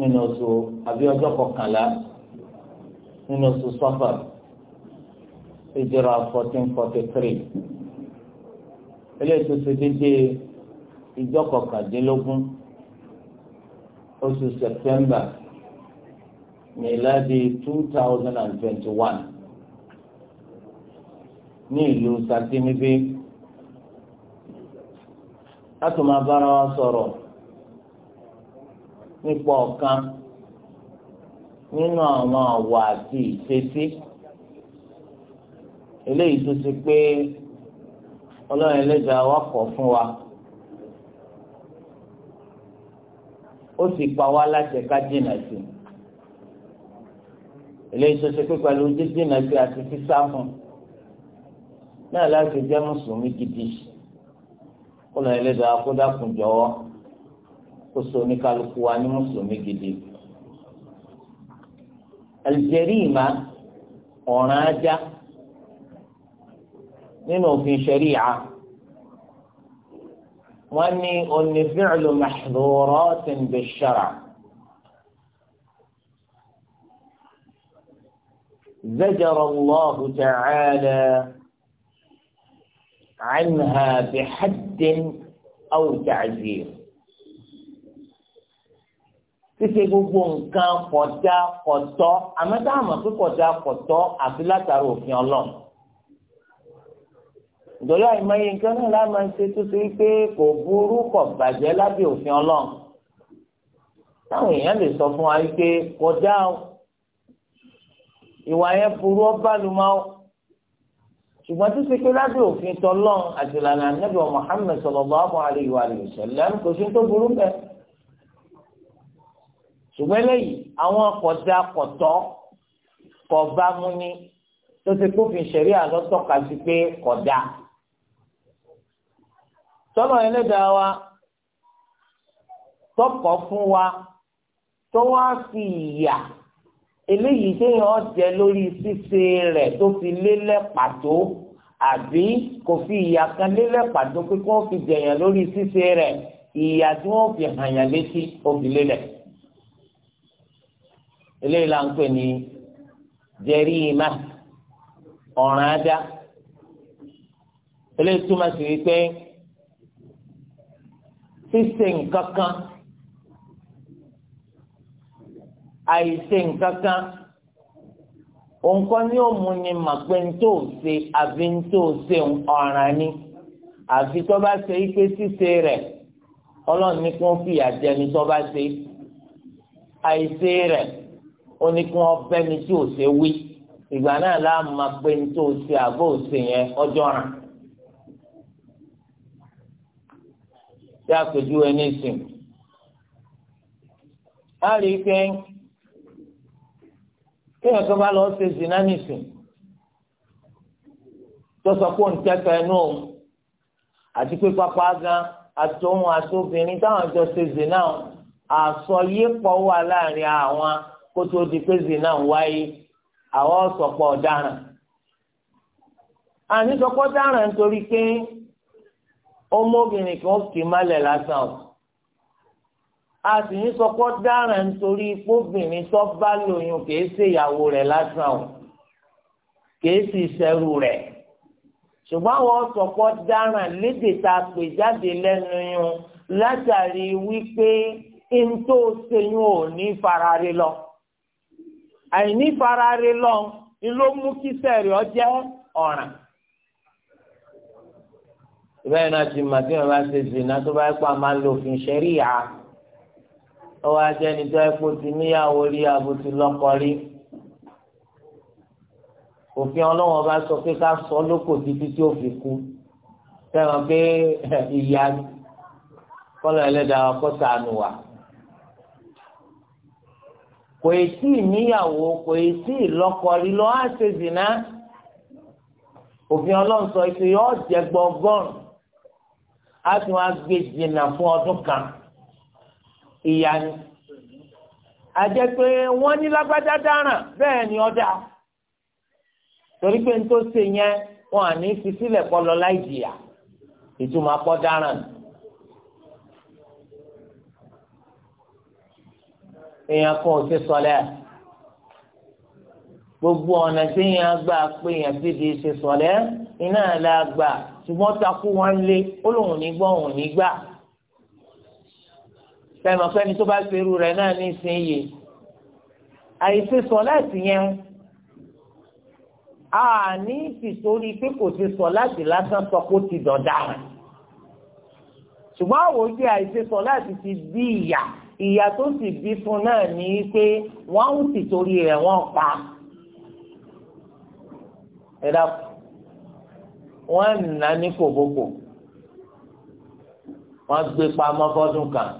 nínú oṣù àbí ọjọ́ kọkànlá nínú oṣù sọ́fà ìjọra fourteen forty three eléyìí tó ṣe déédéé ìjọ kọkàndínlógún oṣù sẹpẹmbà míládì two thousand and twenty one ní ìlú sátínibí láti máa bára wa sọ̀rọ̀ nípa ọ̀kan nínú àwọn àwọ̀ àti ìṣesí eléyìí tó ṣe pé ọlọ́run ẹlẹ́dàá wa kọ̀ fún wa ó sì pa wá láṣẹ ká jìnnà sí eléyìí tó ṣe pé pẹ̀lú jíjìnnà sí àti sísá fún náà láti jẹ́ mùsùlùmí gidi ọlọ́run ẹlẹ́dàá kó dákun jọ̀wọ́. kòsò ní kálukú wa ní mùsùlùmí gidi aljerima ọ̀ràn ajá nínú òfin ṣẹ̀ríà wọ́n ní onífẹ́ẹ̀lù mahdhuratin bish-shar'a. زجر الله تعالى عنها بحد أو تعزير ṣíṣe gbogbo nǹkan kọjá kọtọ àmọ́ tá a mọ̀ pé kọjá kọtọ àfi látara òfin Ọlọ́run ìdọ̀lú àìmọye nǹkan náà la máa ń ṣe tó ṣe pé kò burú kò bàjẹ́ lábẹ́ òfin Ọlọ́run táwọn èèyàn lè sọ fún wa wípé kọjá o ìwà yẹn burú ọba ló máa ń ṣùgbọ́n tó ṣe pé lábẹ́ òfin tọ́lọ́run àti ìlànà Ànábì Muhammad sallallahu alaihi wa sallam kò sí tó burú bẹ́ẹ̀ ṣùgbọ́n eléyìí àwọn kọ̀dá kọ̀tọ́ kọ̀ọ̀bá mú ní tó ti kófin ṣẹ̀rí àlọ́tọ́ka sí pé kọ̀dá. tọ́lọ̀ ẹlẹ́dàá wa tọkọ̀ fún wa tó wá fi ìyà eléyìí téèyàn jẹ lórí ṣíṣe rẹ̀ tó fi lélẹ̀ pàtó àbí kò fi ìyà kan lélẹ̀ pàtó pé kí fi jẹ̀yàn lórí ṣíṣe rẹ̀ ìyà tí wọ́n fi hàn yàn létí ó fi eléyìí là ń pè ní jẹríìmá ọ̀ràn ajá eléyìí túmọ̀ sí wípé ṣíṣe nǹkan kan àìṣe nǹkan kan nǹkan ní òmu ni mà ṣe àbí ṣe ọ̀ràn ni àfi tó bá ṣe ike ṣíṣe rẹ̀ ọlọ́run ní kí wọ́n fìyà jẹni tó bá ṣe àìṣe rẹ̀ ó ní kí wọ́n tí ò ṣe wí ìgbà náà la máa pé ní tó ṣe àbó òṣè yẹn ọjọ́ ràn. tí a pè ju ẹni sìn. a rí i pé kéèyàn kan bá lọ ṣe zina nìsín tó sọ pé òun tẹ́tọ̀ ẹnu òun àti pé pápá gan àtòun àtòbìnrin táwọn jọ ṣe zina àsọyépọ̀ wà láàrin àwọn kó tó di pé zina ń wáyé àwọn sọ̀pọ̀ ọ̀daràn àní sọ̀pọ̀ ọ̀daràn nítorí pé ọmọbìnrin kan kì í malẹ̀ lásán o a sì ní sọ̀pọ̀ ọ̀daràn nítorí pọ́bìnrin tó bá lóyún kì í ṣèyàwó rẹ̀ lásán o kì í sì ṣẹ́rù rẹ̀ ṣùgbọ́n àwọn sọ̀pọ̀ dáràn lédè tá a pè jáde lẹ́nu yun látàrí wípé ntòseyún ò ní farare lọ àìní farare lọ́n ni ló mú kí sẹ́ẹ̀rì ọ jẹ́ ọ̀ràn. ìbẹ́ẹ̀ náà ti mà tí wọ́n bá ṣe zina tó bá yẹ kó a máa lo òfin ṣẹ́ríyà ọwọ́ ajẹ́ni tó yẹ kó ti níyàwó rí abo ti lọ́kọ rí òfin ọlọ́wọ́n bá sọ pé ká sọ lóko títí tí ó fi kú fẹ́ràn pé ìyá kọ́lọ̀ ẹlẹ́dàá kọ́ sànù wà kò ì tí ì níyàwó kò ì tí ì lọ́kọ rí lọ á ṣe zìnà òfin ọlọ́run sọ pé yọ jẹ gbọgọrùn á tún wá gbé jìnnà fún ọdún kan ìyá ni àjẹ pé wọn ní lágbájá dáràn bẹ́ẹ̀ ni ọdá torí pé n tó ṣe yẹn wọn à ní fi sílẹ̀ kọ lọ láì jìyà ìtumọ̀ akọ dáràn ni. èèyàn kan ò ṣe sọlẹ gbogbo ọ̀nà tí èèyàn gbà pé èèyàn ti di ṣe sọlẹ iná la gbà ṣùgbọ́n takú wọn lé ó lòun ní gbọ́ òun ní gbà fẹ́ẹ̀mọ̀ pẹ́ni tó bá ṣerú rẹ̀ náà ní ìsinyìí àìṣe sọlẹ ti yẹn a ní tìtorí pé kò ti sọ láti lásán sọ kó ti dọ̀daràn ṣùgbọ́n àwòjẹ àìṣe sọ láti ti bí ìyà ìyá tó sì bí fún náà ní pé wọ́n ń sì torí rẹ̀ wọ́n pa ẹ dákú wọ́n nà ní kòbókò wọ́n gbé pamọ́ fọ́dún kan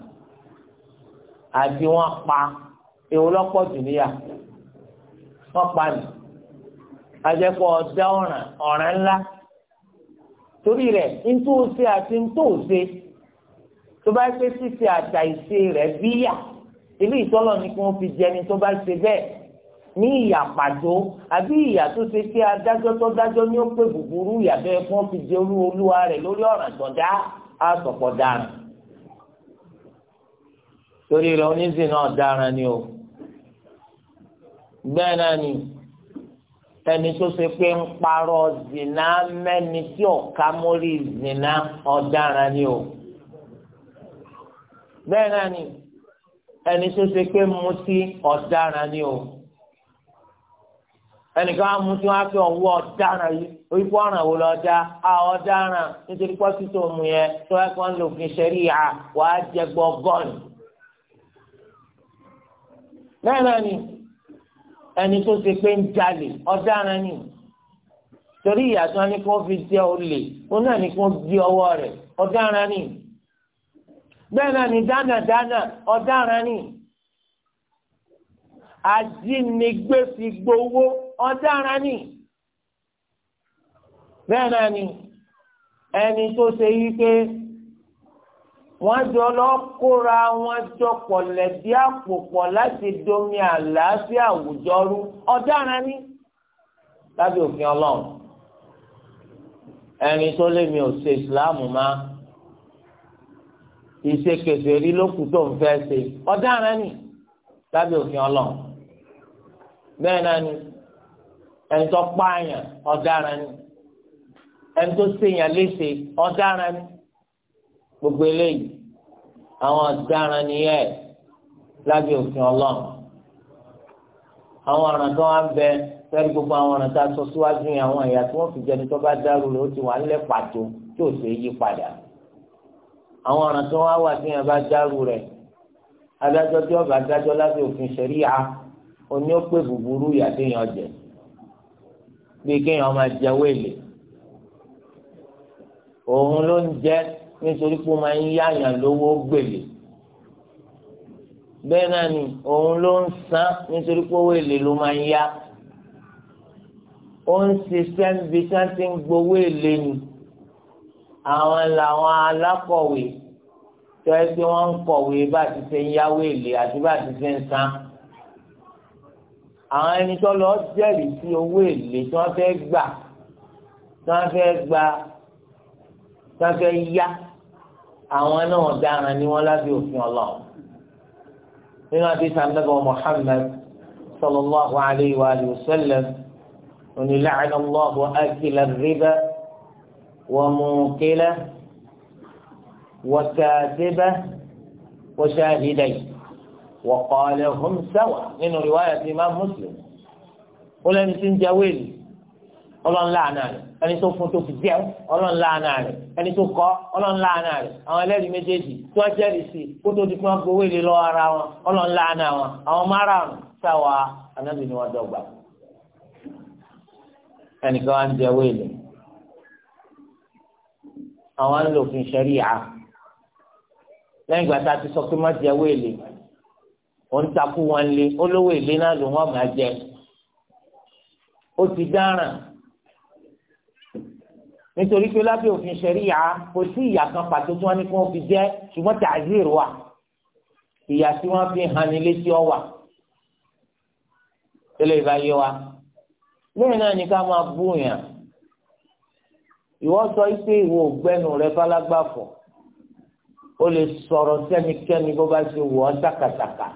àti wọ́n pa èwo lọ́pọ̀ jù níyà wọ́n pa nì ajẹ́pọ̀ ọ̀dá ọ̀ràn ọ̀ràn ńlá torí rẹ̀ ntòsí àti ntòsí tó bá ṣe ṣíṣe àtà ìṣe rẹ̀ bíyà ilé ìtọ́lọ̀ ni kí wọ́n fi jẹni tó bá ṣe bẹ́ẹ̀ ní ìyà pàdó àbí ìyà tó ṣe kí adájọ́ tó dájọ́ ní ó pè búburú ìyà bẹ́ẹ̀ kí fi jẹ olú olúwa rẹ̀ lórí ọ̀ràn tọ̀dá àsọ̀pọ̀ dáràn torí rẹ̀ oníṣìí náà dáràn ni o bẹ́ẹ̀ náà ni ẹni tó ṣe pé ń parọ́ zìnnà mẹ́ni tí ọ̀ka mórí zìnnà ọ̀daràn ni o bẹ́ẹ̀ náà ni ẹni tó ṣe pé mutí ọ̀daràn ni o ẹnìkan á mutí wọn á fi ọwọ́ ọ̀daràn yìí oríkó ọ̀ràn wo lọ dá a ọ̀daràn nítorí pọ́sí tó mu yẹn tó ẹ̀ kàn lò fi ṣẹ̀rí à wàá jẹ gbọ́gọ́nì. bẹ́ẹ̀ náà ni ẹni tó ṣe pé ń jalè ọ̀daràn ni torí ìyàtọ̀ ni kò fi jẹ́ olè ó náà ni kò gbé ọwọ́ rẹ̀ ọ̀daràn ni bẹ́ẹ̀ náà ni dánadáná ọ̀daràn ni ajínigbé fi gbowó ọ̀daràn ni bẹ́ẹ̀ náà ni ẹni tó ṣe yí pé wọ́n jọ lọ kóra wọn jọ pọ̀ lẹ́bí àpò pọ̀ láti domi àlàáfíà àwùjọ rú ọ̀daràn ni lábẹ́ òfin ọlọ́run ẹni tó lé mi ò ṣe ìsìláàmù máa ìṣe kèfèrí lókù tó ń fẹ́ ṣe ọ̀daràn ni lábẹ́ òfin ọlọ́run bẹ́ẹ̀ náà ni ẹni tó pààyàn ọ̀daràn ni ẹni tó ṣèyàn léṣe ọ̀daràn ni gbogbo eléyìí àwọn ọ̀daràn ni ẹ̀ lábẹ́ òfin ọlọ́run àwọn ọ̀ràn tó wá ń bẹ fẹ́ẹ́ gbogbo àwọn ọ̀ràn tá a sọ síwájú yẹn àwọn ẹ̀yà tí wọ́n fi jẹni tó bá dárú rẹ̀ ó ti wà ń lẹ́ pàtó tí ò sì yí padà àwọn ọ̀ràn tó wá wà tí yẹn bá dárú rẹ̀ adájọ́ tí ọba adájọ́ lábẹ́ òfin ṣẹ̀ríà oní ó pè búburú ìyà tí yẹn jẹ bí kéèyàn máa jẹ wéèlè òun ló ń jẹ nítorí pé ó máa ń yáyàn lówó gbèlè bẹ́ẹ̀ náà ni òun ló ń san nítorí pé owó èlé ló máa ń yá ó ń ṣiṣẹ́ níbi tí wọ́n ti ń gbowó èlé ni àwọn làwọn alákọ̀wé tó ẹ pé wọ́n ń kọ̀wé bá ti ṣe ń yáwó èlé àti bá ti ṣe ń san àwọn ẹni tó lọ jẹ́rìí sí owó èlé tí wọ́n fẹ́ gbà tí wọ́n fẹ́ gbà tí wọ́n fẹ́ yá àwọn náà dára ni wọ́n lábẹ́ òfin ọlọ́run nínú àdìsá nàbọ̀ Muhammad sallallahu alayhi wa sallam onílànà allahu akila riba. وموقلة وكاتبة وشاهدين وقال هم سوا من رواية الإمام مسلم قل أن سنجاويل ọlọ́run láàánú rẹ̀ ẹni tó fún tó fi jẹ́ ọlọ́run láàánú rẹ̀ ẹni tó kọ́ ọlọ́run láàánú rẹ̀ àwọn ẹlẹ́rìí méjèèjì tó wá jẹ́rìí sí kó tó di pé wọ́n gbowó èlé lọ́wọ́ ara wọn ọlọ́run láàánú wọn àwọn márààrún sáwà anábì ni wọ́n dọ́gba. ẹnìkan wá ń jẹ owó èlé àwọn ń lò fún ṣẹ̀ríà lẹ́yìn ìgbà tá a ti sọ pé má jẹ wéèlè ó ń takú wọn lé olówó èlé náà ló wọn máa jẹ ó ti dáràn nítorí pé lábẹ́ òfin ṣẹ̀ríà kò sí ìyà kan pàtó tí wọ́n ní kí wọ́n fi jẹ́ ṣùgbọ́n tàzíìr wà ìyà tí wọ́n fi hàn ní létí ọ wà tẹ́lẹ̀ ìbáyé wa lẹ́yìn náà ni ká máa bú yàn ìwọ sọ pé ìwọ ògbẹ́nu rẹ bálágbá fọ̀ o lè sọ̀rọ̀ sẹ́nikẹ́ni bó bá ṣe wọ̀ ọ́ sákàtàkà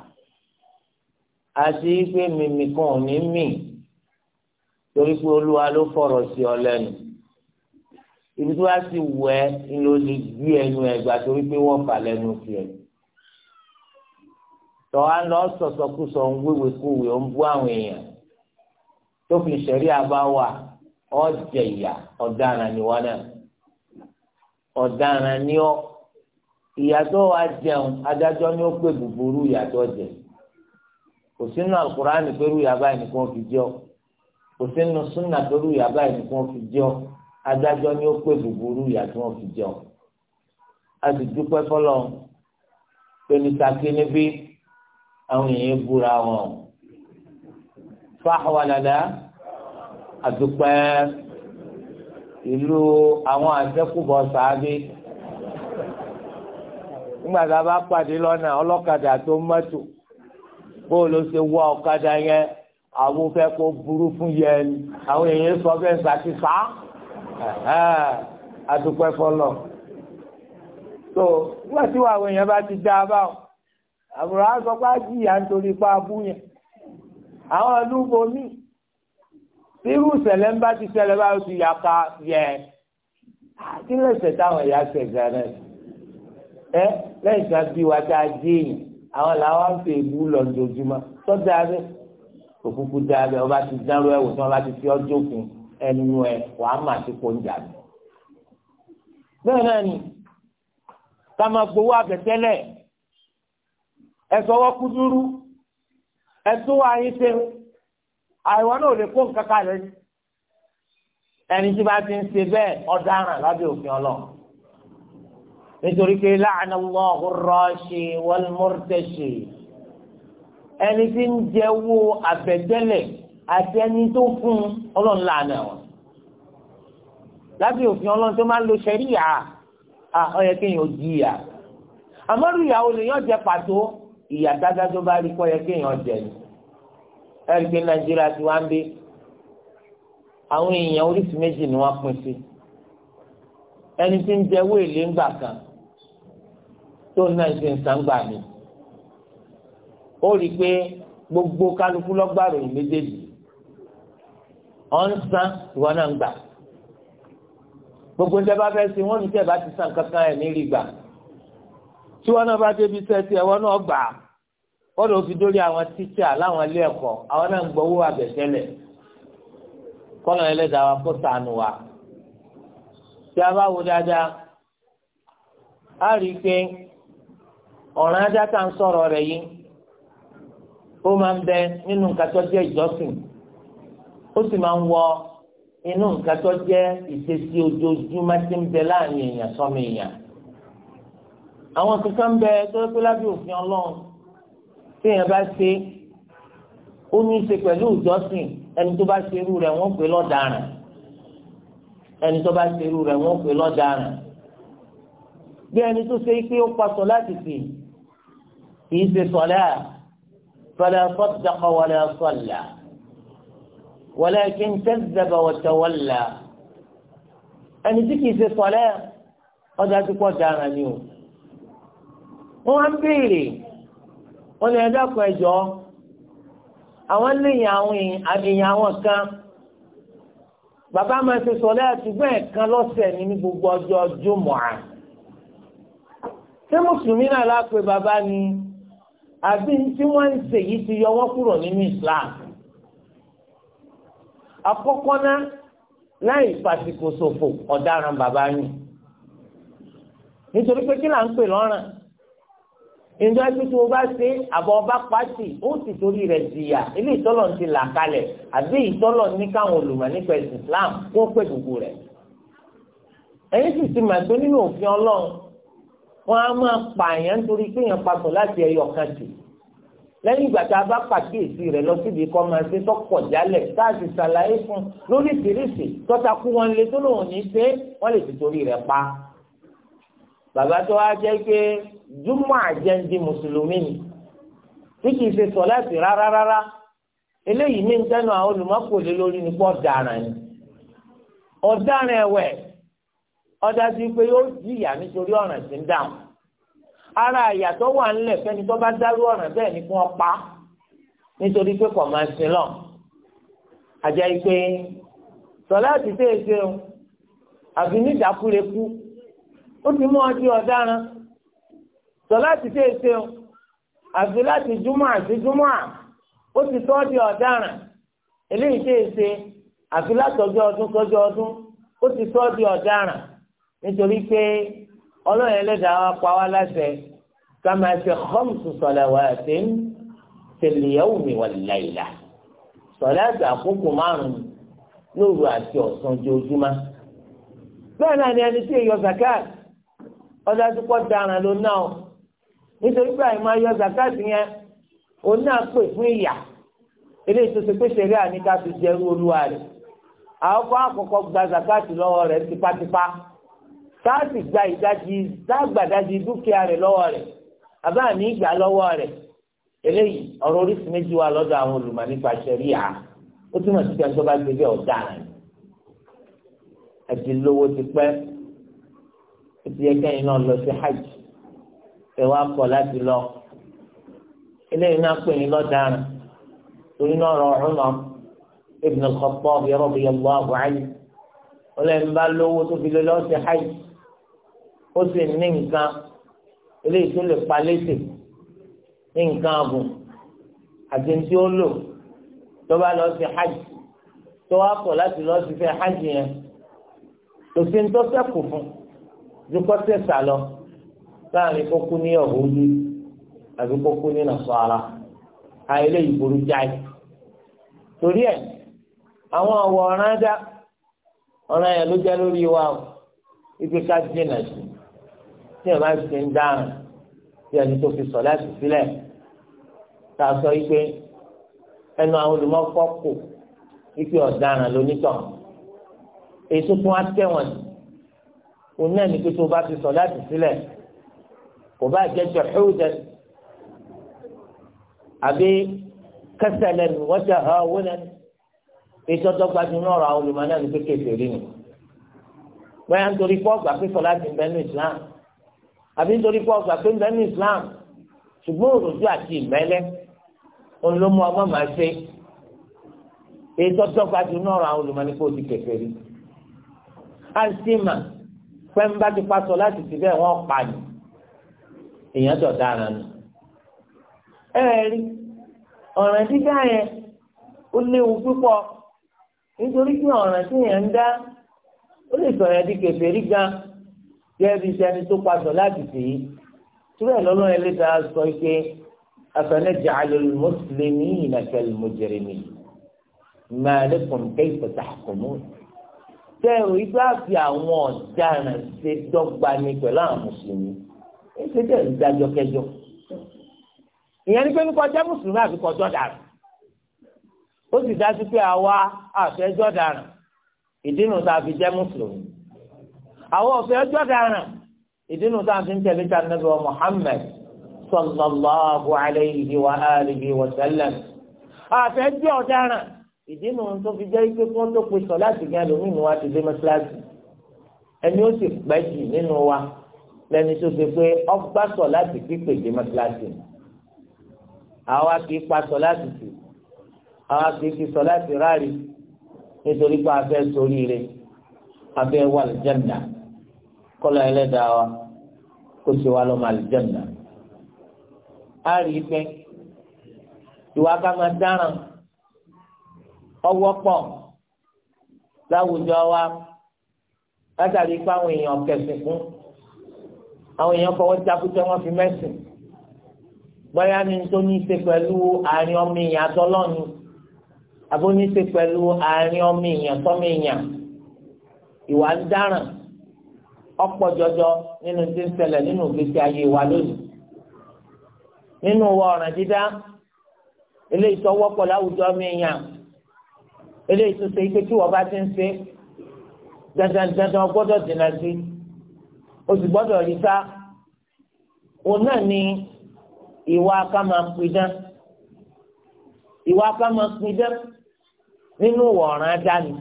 àti pé mímì kan ò ní mì torí pé olúwa ló fọ̀rọ̀ sí ọ lẹ́nu ibi tí wọ́n ti wọ̀ ẹ́ ló lè gbé ẹnu ẹ̀ torí pé wọ́n fà lẹ́nu tiẹ̀ tọ́ a lọ sọ̀sọ̀kúsọ̀ ń wéwèé kúwèé ó ń bú àwọn èèyàn tó fi ṣẹ̀rí àbá wà ọjà ìyà ọ̀daràn ni wọn náà ọ̀daràn ni ọ ìyàtọ̀ wa jẹun adájọ́ ni ó pè búburú ìyàtọ̀ jẹ kò sínú alukurani pẹ̀lú ìyàbá yìí nìkan fi jẹ́ ọ kò sínú súnà pẹ̀lú ìyàbá yìí nìkan fi jẹ́ ọ adájọ́ ni ó pè búburú ìyàtọ̀ wọn fi jẹ́ ọ a sì dúpẹ́ fọlọ́ pẹ̀lúta kíní bí àwọn èèyàn búra wọn fáwọn dada àdúpẹ́ ìlú àwọn àjẹkùbọ̀ sàábé nígbà tá a bá pàdé lọ́nà ọlọ́kadà tó mọ́tò bóòlù ṣe wọ ọ̀kadà yẹn àwọn fẹ́ kó burú fún yẹn àwọn èèyàn sọ bẹ́ẹ̀ sàti sá àdúpẹ́ fọlọ́ tó nígbà tí àwọn èèyàn bá ti dá a bá o àbúrò á sọ pé á jìyà nítorí pa abú yẹn àwọn ìlú bomi irú ìṣẹ̀lẹ̀ ń bá ti ṣẹlẹ̀ bá ti yà ká yẹ kí ló ṣe táwọn ẹ̀yà ṣe gánà ẹ lẹ́yìn tí wọ́n bí wa tá a dé yìí àwọn làwọn ń fi ègbú lọ dojúmọ́ tó dáadé òkúkú dáadé ọba ti dáró ẹ̀wò tí wọ́n bá ti fi ọjọ́ kun ẹnu ẹ̀ wàá mà sí kó ń jà mí. bẹ́ẹ̀ náà ni ká máa gbowó àbẹ̀tẹ́lẹ̀ ẹ̀ sọ wọ́n kúdúrú ẹ̀ tó wá yín ṣe àìwọ náà lè kó nǹkan kalẹ̀ ní. ẹni tí bá ti ń ṣe bẹ́ẹ̀ ọ̀daràn lábẹ́ òfin ọlọ́run. nítorí pé láàánú Allahu rọ́ọ̀ṣì wal murtashi. ẹni tí ń jẹ́wọ́ àbẹ̀tẹ́lẹ̀ àti ẹni tó fún ọlọ́run láàánú ẹ̀wọ̀n. lábẹ́ òfin ọlọ́run tó máa ń lo ṣẹ̀ríyà ó yẹ kéèyàn àmọ́rú ìyàwó lè yọ jẹ pàtó ìyà dáadáa tó bá rí kọ́ yẹ kéèyàn jẹ ni ẹ̀rí pé nàìjíríà ti wá ń bí àwọn èèyàn oríṣi méjì ni wọ́n pín sí ẹni tí ń jẹ wéèlé ńgbà kan tó náà ṣe ń sàǹgbà mi ó rí i pé gbogbo kálukú lọ́gbàrò méjèèjì ọ̀ ń san ìwọ náà ń gbà gbogbo ń tẹ́bá fẹ́ sí wọ́n ní tẹ́ bá ti san kankan ẹ̀ ní rí gbà tí wọ́n náà bá débi sẹ́ẹ̀tì ẹ̀wọ́n náà gbà á kọ́dọ̀ ó fi dórí àwọn tíṣà láwọn ilé ẹ̀kọ́ àwọn náà ń gbowó àbẹ̀tẹ́lẹ̀ kọ́nà ẹlẹ́dàá wa kó ṣàánú wa tí a bá wo dáadáa a rí i pé ọ̀ràn ajá tá à ń sọ̀rọ̀ rẹ̀ yìí ó máa ń bẹ nínú nǹkan jẹ́ ìjọsìn ó sì máa ń wọ inú nǹkan jẹ́ ìṣesí ojoojúmọ́ tí ń bẹ láàrin èèyàn sọ́mi èèyàn àwọn kankan bẹ tó pé lábẹ́ òfin ọlọ́run téèyàn bá ṣe ó ní í ṣe pẹ̀lú ìjọsìn ẹni tó bá ṣe irú rẹ̀ wọ́n pè lọ́daràn ẹni tó bá ṣe irú rẹ̀ wọ́n pè lọ́daràn bí ẹni tó ṣe pé ó pa sọ̀láàtì sí kì í ṣe sọ̀lá fala saddaqa wala salla walakin kazzaba wa tawalla ẹni tí kì í ṣe sọ̀lá ọjà tó pọ̀ dára ni o wọ́n á béèrè wọ́n ní ẹjọ́ kan ẹjọ́ àwọn léyìn àwọn èèyàn àwọn kan bàbá máa ṣe sọlẹ́ àtúgbọ́n ẹ̀kan lọ́sẹ̀ ní ní gbogbo ọjọ́ jùmọ̀ à ṣé mùsùlùmí náà lápè bàbá ni àbí tí wọ́n ń ṣe yìí ti yọ wọ́n kúrò nínú Islam àkọ́kọ́ náà láì fàsìkò ṣòfò ọ̀daràn bàbá yìí nítorí pé kí là ń pè lọ́ràn ìjọ ẹbí tí mo bá ṣe àbọ̀ ọba pàṣẹ ó sì torí rẹ̀ jìyà ilé ìtọ́lọ̀ ti là kalẹ̀ àbí ìtọ́lọ̀ ní káwọn olùmọ̀ nípa ẹ̀sìn Islam kó pè gbogbo rẹ̀. ẹ̀yin sì ti màgbé nínú òfin ọlọ́run wọn á máa pààyàn nítorí pé èèyàn papọ̀ láti ẹyọ kan sí lẹ́yìn ìgbà tá a bá pàkíyèsí rẹ̀ lọ síbi kọ́ máa ṣe tọkọ̀ jálẹ̀ káàdì ṣàlàyé fún lóríṣiríṣi tọ́takú wọn lé tó lòun ní ṣe wọ́n lè ti torí rẹ̀ pa bàbá tó wá jẹ́ pé júmọ̀ àjẹ́ndì mùsùlùmí ni tí kìí ṣe sọ̀láàtì rárá rárá eléyìí ní ntẹ́nu àwọn olùmọ́kòlè lórí nípa ọ̀daràn ni ọ̀daràn ẹ̀wẹ̀ ọ̀dájú pé yóò jìyà nítorí ọ̀ràn tí ń dáhùn ara àyàtọ̀ wà ńlẹ̀ fẹ́ni tó bá dárú ọ̀ràn bẹ́ẹ̀ ni kí wọ́n pa nítorí pé kò máa sin lọ àjẹ́ pé sọ̀láàtì tẹ̀ ṣe àbí nídàkúrekú ó ti mú ọ di ọ̀daràn sọ láti ṣe é ṣeun àfi láti júmọ̀ àti júmọ̀ ó ti tọ́ di ọ̀daràn eléyìí ṣe é ṣe àfi látọjọ́ ọdún tọjọ́ ọdún ó ti tọ́ di ọ̀daràn nítorí pé ọlọ́run ẹlẹ́dàá wa pa wá láṣẹ ká máa ṣe khamsu salawatin fil yawmi wal layla sọ̀láàtì àkókò márùn-ún lóru àti ọ̀sán ojoojúmọ́ bẹ́ẹ̀ náà ni ẹni tí èèyàn zakat ọjà tó pọ̀ daran ló ná o nítorí pé àìmọ̀ ayọ̀ zakati yẹn òun náà pè fún ìyà eléyìí tó ṣe pé ṣeré àníká fi jẹrú olúwa rẹ̀ àwọn kọ́ àkọ́kọ́ gba zakati lọ́wọ́ rẹ̀ tipátipá sáàsì gba ìdajì sáàgbàdajì dúkìá rẹ̀ lọ́wọ́ rẹ̀ àbá àmì ìgbà lọ́wọ́ rẹ̀ eléyìí ọ̀rọ̀ oríṣi méjì wà lọ́dọ̀ àwọn olùmọ̀ nípa ṣẹ̀ríà ó túmọ̀ sí pé ẹni tó bá gbé bẹ́ẹ̀ ọ̀daràn ẹ̀ ti lówó ti pẹ́ ìdí ẹgbẹ́ yìí náà lọ sí hajj ẹ wá kọ̀ láti lọ eléyìí náà pè ní lọ́daràn torí náà rọ Umar ibn al-Khattab radiyallahu anhu ọlẹ́yìn bá lówó tó fi lé lọ sí hajj ó sì ní nǹkan eléyìí tó lè pa létè ní nǹkan ààbò àti tí ó lò tó bá lọ sí hajj tó wá kọ̀ láti lọ sí fẹ́ hajj yẹn kò fún un dukọ́ tẹ̀sà lọ láàrin kókó ní ọ̀húndú àbí kókó ní nàṣọ́ra àìlè ìbòrú jáì torí ẹ̀ àwọn ọ̀wọ̀ ọ̀ràn dá ọ̀ràn yẹn ló jẹ́ lórí wa o ibi ká dínà sí tí ẹ̀ máa ti ń dáhùn tí ẹni tó fi sọ̀ láti sílẹ̀ tá a sọ yí pé àwọn olùmọ̀ọ́kọ́ kò ikú ọ̀daràn lónítọ̀ èso tún á tẹ̀wọ̀n òun náà ní pé tó o bá fi sọ láti sílẹ̀ kò bá jẹ́ jọ̀húdẹ àbí kẹsẹ̀lẹ̀ ní wọ́n ti hàn owó náà ètò tó gbajúmọ̀ ọ̀rọ̀ àwọn olùmọ̀ náà ní pé kèfèrí ni bóyá nítorí pé ọgbà pé sọ láti bẹ́ẹ̀ ní Islam àbí nítorí pé ọgbà pé bẹ́ẹ̀ ní Islam ṣùgbọ́n òròjú àti ìmẹ́lẹ́ òun ló mú ọgbọ́n máa ṣe ètò tó gbajúmọ̀ ọ̀rọ̀ àwọn olùmọ̀ ní pé ó ti kèfèrí. àìsí màá pẹ́ńbà ti paṣọ láti ti bẹ́ẹ̀ wọ́n pa ni èèyàn dọ̀dá ara ni. ẹ rí ọ̀ràn dídá yẹn ó léwu púpọ̀ nítorí pé ọ̀ràn tí yẹn ń dá ó lè sọ̀rọ̀ ẹ̀ di kèfèrí gan gẹ́gẹ́ bí sẹ́ni tó paṣọ láti tì í túbẹ̀ lọ́lọ́run ẹlẹ́dàá sọ pé أفنجعل المسلمين كالمجرمين ما لكم كيف تحكمون tẹ̀rù igbá fi àwọn ọ̀daràn ṣe dọ́gba ni pẹ̀lú àwọn mùsùlùmí èsì tẹ̀ dájọ́ kẹjọ. ìyẹn ni pé kí kọjá mùsùlùmí àfi kọjọ́ dàrú ó sì dájú pé àwa àfẹ́jọ́ dàrú ìdínú tá a fi jẹ́ mùsùlùmí àwọn ọ̀fẹ́jọ́ dàrú ìdínú tá a fi ń tẹ̀lé ta nàbẹ̀ wa Muhammad sallallahu alayhi wa alihi wa sallam ìdínà tó fi jẹ́ pé kó tó pe sọ láti gan lómìn wa ti dé mọ́ṣáláṣí ẹni ó sì pẹ́ jù nínú wa lẹ́ni tó fi pé ọgbà sọ láti pípé dé mọ́ṣáláṣí àwa kì pa sọ láti tì àwa kì í fi sọ láti ráàlì nítorí pé a fẹ́ sórí rẹ̀ a wà lìjẹ́nà kọ́lá ẹlẹ́dàá wa kó ṣe wa lọ́mọ àlìjẹ́nà. a rí i pé ìwà ká máa dáràn ọwọ́ pọ̀ láwùjọ wa látàrí pé àwọn èèyàn kẹsìn fún àwọn èèyàn fọwọ́ jákútẹ́ wọn fi mẹ́sìn bóyá ní tó ní í ṣe pẹ̀lú àárín ọmọ èèyàn àtọ́lọ́ni àbó ní í ṣe pẹ̀lú àárín ọmọ èèyàn sọ́mọ èèyàn ìwà ń dáràn ọ̀pọ̀ jọjọ nínú tí ń ṣẹlẹ̀ nínú ìgbésí ayé wa lónìí nínú wa ọ̀ràn dídá eléyìí tó wọ́pọ̀ láwùjọ ọmọ èèyàn eléyìí tó ṣe pé tí wọ́n bá ti ń ṣe dandan dandan gbọ́dọ̀ dènà sí o sì gbọ́dọ̀ rí sá òun náà ni ìwà ká máa pidán ìwà ká máa pidán nínú wọ̀ràn dání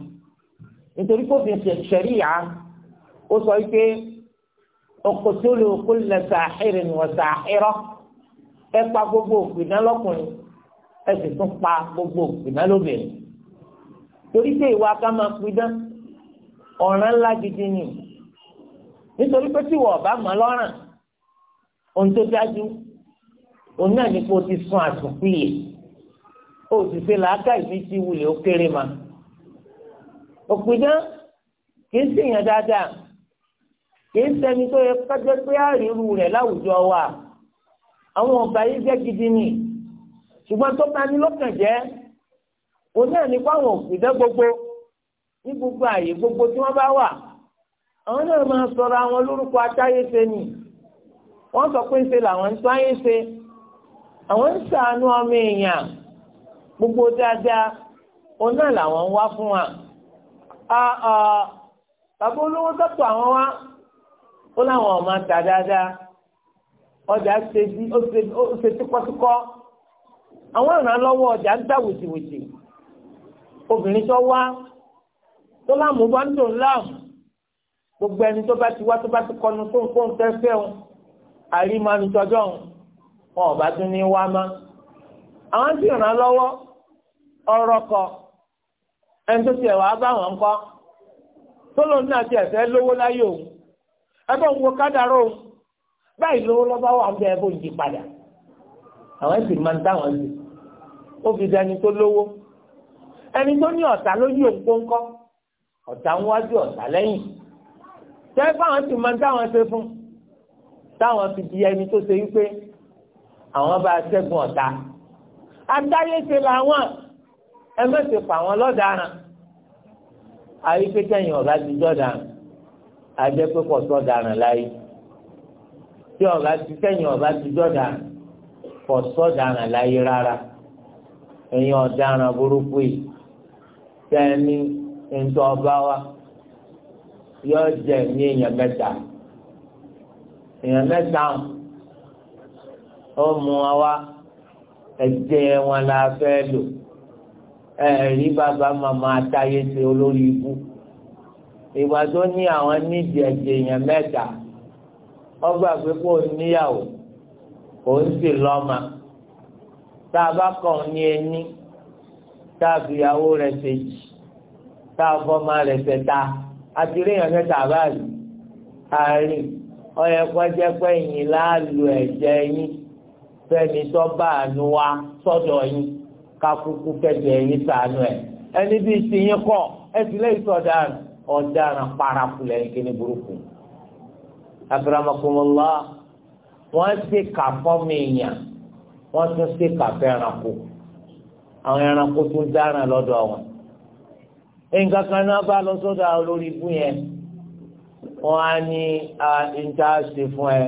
nítorí kó fi ṣẹ̀ríyà ó sọ pé uqtulu kulla sahirin wa sahira ẹ pa gbogbo òpìdán lọ́kùnrin ẹ sì tún pa gbogbo òpìdán lóbìnrin torí pé ìwà ká máa pidán ọ̀ràn ńlá gidi ni nítorí pé tí wọ́n bá mọ̀ lọ́ràn ohun tó dájú òun náà ní kó o ti sun àtúnpìlẹ̀ o sì ṣe làákà ìbí tí wulẹ̀ ó kéré ma òpìdán kìí ṣèyàn dáadáa kìí ṣẹni tó yẹ kájọ pé àrírù rẹ̀ láwùjọ wa àwọn ọba yìí jẹ́ gidi ni ṣùgbọ́n tó bá ní lọ́kàn jẹ́ òun náà ní fáwọn òṣìṣẹ́ gbogbo ní gbogbo àyè gbogbo tí wọ́n bá wà àwọn náà máa sọ̀rọ̀ àwọn lórúkọ atáyéṣe ni wọ́n sọ pé ṣe làwọn ń tún ayé ṣe àwọn ń ṣàánú ọmọ èèyàn gbogbo dáadáa òun náà làwọn ń wá fún wa bàbá olówó sọ́tò àwọn wá ó láwọn ọmọ ta dáadáa ọjà ṣe bí ó ṣe tíkọ́tíkọ́ àwọn ìrànlọ́wọ́ ọjà ń dà wìtìwìtì obìnrin tó wá tó láàmú bá ń dùn láàmú gbogbo ẹni tó bá ti wá tó bá ti kọnu tó ń kó ń fẹ́fẹ́ o àrímánu tọjọ́ o wọn ò bá tún ní wá má. àwọn tí ràn án lọ́wọ́ ọ̀rọ̀ kọ ẹni tó tiẹ̀ wàá bá wọn kọ́ tó lòun náà tiẹ̀ fẹ́ lówó láyé òun ẹbọ ń wo kádàrá òun báyìí lówó lọ́ba wà ń bẹ ẹbọ ń jí padà àwọn ẹ̀sìn máa ń dá sí ó dání tó lówó ẹni tó ní ọ̀tá lójú òǹkóńkọ́ ọ̀tá ń wájú ọ̀tá lẹ́yìn tẹ́ fáwọn ti máa táwọn ṣe fún táwọn fi di ẹni tó ṣe wípé àwọn bá ṣẹ́gun ọ̀tá adáyéṣe làwọn ẹ mẹ́sẹ̀ fà wọn lọ́daràn àyíké tẹ̀yìn ọ̀gá ti jọ̀daràn àjẹpẹ́pọ̀ sọ̀daràn láyé tí ọ̀gá ti tẹ̀yìn ọ̀gá ti jọ̀daràn pọ̀ sọ̀daràn láyé rárá ẹ̀yin ọ̀daràn burúkú yìí tẹ́ni ntọ́ ọba wa yọ jẹ ní èèyàn mẹ́ta èèyàn mẹ́ta ó mú wa wá ẹ̀jẹ̀ wọn la fẹ́ lò ẹ̀rí bàbá màmá táyé ṣe olórí ibú ìgbà tó ní àwọn nídìí ẹ̀jẹ̀ èèyàn mẹta ọgbà pé o níyàwó kò ń sì lọ́mà tá a bá kàn ní ẹni. tá a fi ìyàwó rẹ̀ ṣèjì tá a fọmọ rẹ̀ ṣẹta àti rí ìyànjẹ tàbá rí àárín ọyẹ kọjá pé yìnyín láàlú ẹ̀jẹ̀ yín fẹ́ni tó bá àánú wa sọ́dọ̀ yín kakuku kẹjọ yín sànú ẹ ẹni bí kọ ẹ sì lè sọ ọ̀daràn ọ̀daràn paraku burúkú wọn kà fọmọ èèyàn wọn tún kà kù. àwọn ẹranko tó ń dáràn lọ́dọ̀ àwọn. nǹkan kan náà bá lọ sọ́dọ̀ àwọn olórí ibú yẹn wọ́n á ní níta ṣe fún ẹ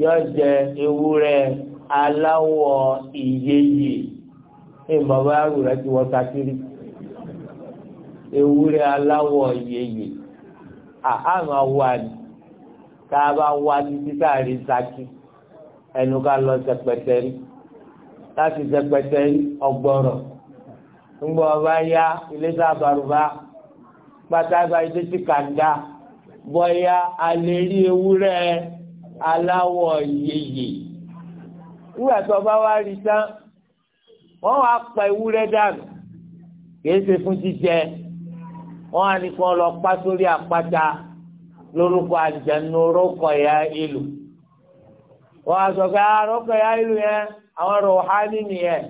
yóò jẹ ewúrẹ́ aláwọ̀ ìyeyè ìmọ̀ bá rù rẹ ti wọ́ sakiri ewúrẹ́ aláwọ̀ ìyeyè àmọ́ wà ní tá a bá wá títí káàrí saki ẹnu ká lọ sẹpẹtẹrí. láti zẹpẹtẹ ọgbọrọ ńgbọ ọba ya iléeṣẹ àbàrùbá pátá ibà ilé tí kàńdá bọyá alẹ rí ewúrẹ́ yeye nígbà tó ọba wa rí tán wọn wá pa ewúrẹ́ dànù kìí ṣe fún jíjẹ wọn á ní kí lọ pa sórí àpáta ya ìlú wọn á sọ ah, ya ìlú àwọn rọ̀hání nìyẹn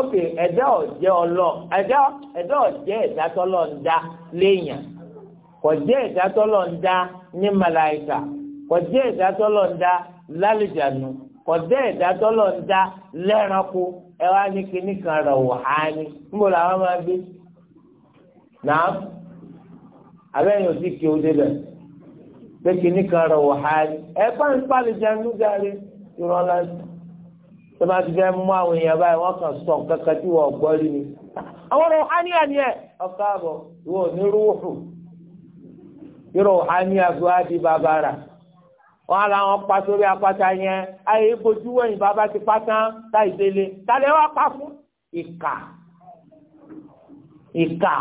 ok ẹ̀dá ọ̀jẹ́ ọlọ́ ẹ̀dá ẹ̀dá ọ̀jẹ́ ẹ̀dá tọ́lọ̀ ń dá léèyàn kò jẹ́ ẹ̀dá tọ́lọ̀ ń dá ní màláìkà kò jẹ́ ẹ̀dá tọ́lọ̀ ń dá lálùjànù kò jẹ́ ẹ̀dá tọ́lọ̀ ń dá lẹ́ranko ẹ wá ní kinní kan rọ̀hání níbo làwọn máa gbé náà ò sì kí o pé kinní kan jẹun ìrọ̀lá tó bá ti fẹ́ mú àwọn èèyàn báyìí wọ́n kàn sọ kankan tí wọ́n gbọ́ rí ni. àwọn rọ̀háníà ni ẹ̀ ọ̀ka àbọ̀ ìwọ ní rúwùhù yọrọ rọ̀háníà tó wá di bàbàrà. wọ́n á láwọn pa sórí apáta yẹn ayé bojú wẹ̀yìn bàbá ti pa tán táì délé tálẹ̀ wá pa fún. ìkà ìkà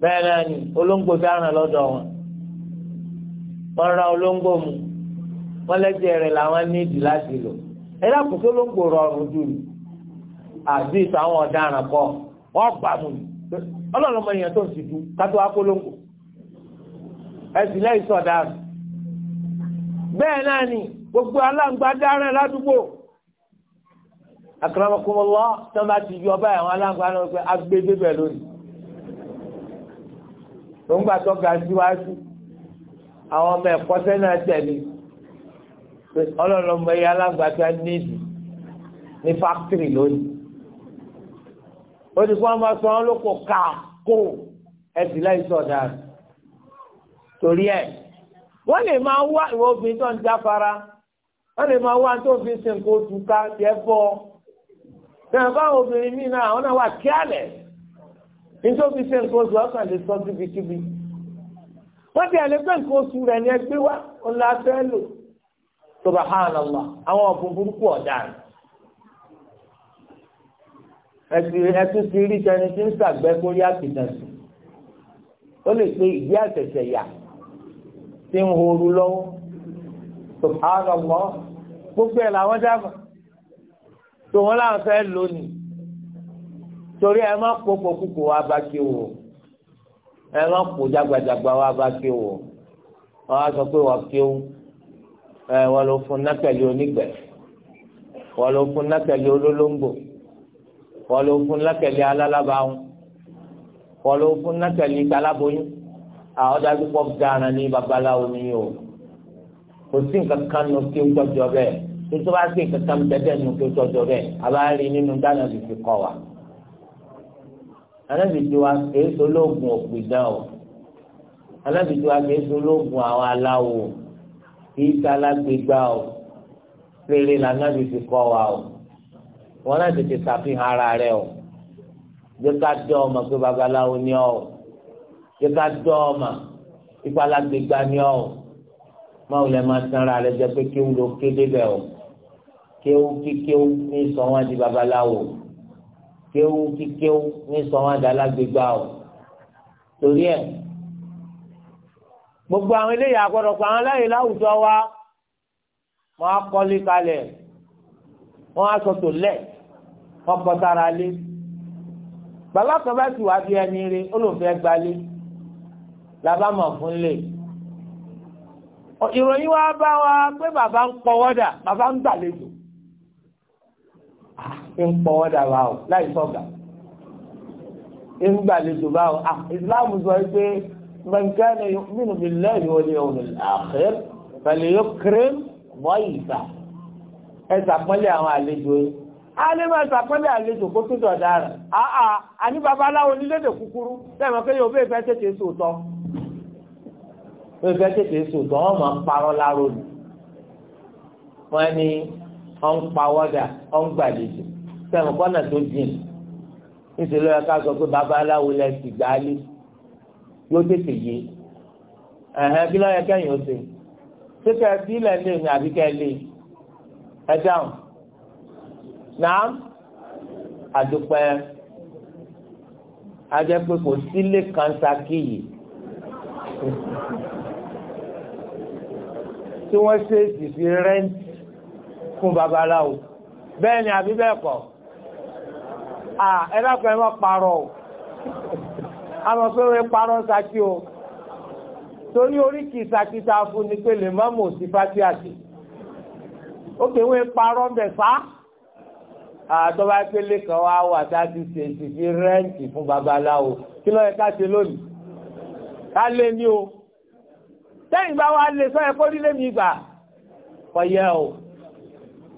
bẹ́ẹ̀ náà ni olóńgbò dáràn lọ́dọ̀ wọn. wọ́n ra olóńgbò mu wọ́n lẹ́jẹ̀ rẹ̀ làwọn ní ìdí láti lò. ẹ dákun tó ló ń gbòòrò ọrùn dùn àbí ìtàwọn ọ̀daràn pọ̀ wọ́n bá mu ọlọ́run ọmọ èèyàn tó ń sìnkú kátó lẹ́yìn sọ̀daràn bẹ́ẹ̀ gbogbo ala dáràn ládùúgbò akramakumullah tí wọ́n bá ti yọ àwọn pé agbègbè lónìí ń gbà tó ga síwájú àwọn pé ọlọ́lọ́mọ ẹ̀yà alágbàtà nídìí ní fákítìrì lónìí ó ti fún ọmọ sọ ọ́n ló kó ká kó ẹ̀sìn láì sọ̀dà torí ẹ̀ wọ́n lè máa wá ìwọ obìnrin tó ń jáfara wọ́n lè máa wá tó fi ṣe nǹkan oṣù ká tiẹ̀ bọ́ náà báwọn obìnrin míì náà àwọn náà wà kíálẹ̀ nítorí ṣe nǹkan oṣù ọ̀sán lè sọ síbikíbi wọ́n ti ẹ̀ lè pẹ́ nǹkan oṣù rẹ̀ ní ẹgbẹ́ wa ọ̀la fẹ́ lò subahánàlá àwọn ọ̀bùn burúkú ọ̀daràn ẹtù ti rí tẹni tí ń sàgbẹ́ kórí àpìtàsì ó lè pe ìdí àtẹ̀tẹ̀ yà tí ń horu lọ́wọ́ subahánàlá gbogbo ẹ̀ làwọn dábàá tó wọn làwọn fẹ́ lónìí torí ẹ má kó kókókó wa bá kí wò ẹ má kó jágbàjàgbà wa bá kí wò wọn á sọ pé wọn kí wò ẹ wọn ló fún nákàlí onígbẹ wọn ló fún nákàlí olólóńgbò wọn ló fún nákàlí alálàbáwọn wọn ló fún nákàlí taláboyún àwọn dájú pọ dára ní babaláwo ni o kò sí nǹkan kan nù kí n gbọdọ bẹ́ẹ̀ kí n tó bá sí nǹkan kan bẹbẹ nù kí n gbọdọ bẹ́ẹ̀ a bá rí nínú dáná lè kọ wa alábìtú wa kìí sológun òpìdán o alábìtú wa kìí sológun àwọn aláwo o kìí sálágbègbà o rere lànà bí ti kọ́ wa o wọn náà tètè ṣàfihàn ara rẹ o jẹ ká dán ọmọ pé babaláwo ni ọ o jẹ ká dán ọmọ ìpalágbègbà ni ọ o máa lè máa tan rẹ jẹ pé kéwù ló kéde bẹ o kéwù kíkéwù ní sọ di babaláwo kéwù kíkéwù ní sọ di alágbègbà o torí ẹ gbogbo àwọn eléyà àgbọ̀dọ̀ pa àwọn aláyè láwùjọ wa wọ́n á kọ́lé kalẹ̀ wọ́n á sọ tò lẹ̀ wọ́n kọ́ sára lé bàbá kan bá ti wá bí ẹni rí olùfẹ́ gbalé làbá mọ̀ fún lè ìròyìn wa bá wa pé bàbá ń pọwọ́dà bàbá ń gbàlejò ah, ń pọwọ́dà wa o láì sọ̀gà ń gbàlejò báwo Islam ah, sọ pé. من كان يؤمن بالله واليوم الآخر فليكرم ضيفه ẹ ṣàpọ́nlé àwọn àlejò yìí a lè máa ṣàpọ́nlé àlejò kó tó dọ̀dá rẹ̀ àà àní babaláwo nílédè kúkúrú lẹ́mọ̀ pé yóò bẹ́ẹ̀ fẹ́ tètè sòtọ́ bẹ́ẹ̀ fẹ́ tètè sòtọ́ wọ́n máa ń parọ́ láró ni wọ́n ní ọ̀ pawọ́dà ọ̀ gbàlejò sẹ́wọ̀n kọ́nà tó jìn níṣẹ́ ló sọ pé babaláwo lẹ́sìn gbálẹ́ yóò tètè yé ẹ̀hẹ́n bí lọ́yẹ kẹ́yìn ó ṣe ṣé kẹ́ ẹ sílẹ̀ lé ní àbí kẹ́ ẹ lé ẹ dáhùn náà àdúpẹ́ ajẹ́ pé kò sílé kansa kéyìí tí wọ́n ṣe sì fi rẹ́ǹtì fún babaláwo bẹ́ẹ̀ ni àbí bẹ́ẹ̀ kọ́ ẹ dákun ẹ má parọ́ o. àmọ́ pé wọ́n parọ́ saki o torí oríkì sakita fún ni pé lè má mọ̀ sí fati àti ókè wọ́n parọ́ mbẹ̀ fa àtọ́ba pélé kan wá wà tá a ti ṣe ìṣèṣì rẹ́ǹtì fún babaláwo kí ló yẹ ká ṣe lónìí ká lé ní o tẹ́yìn bá wá lè sọ ẹ kó nílé mi gbà kò yẹ o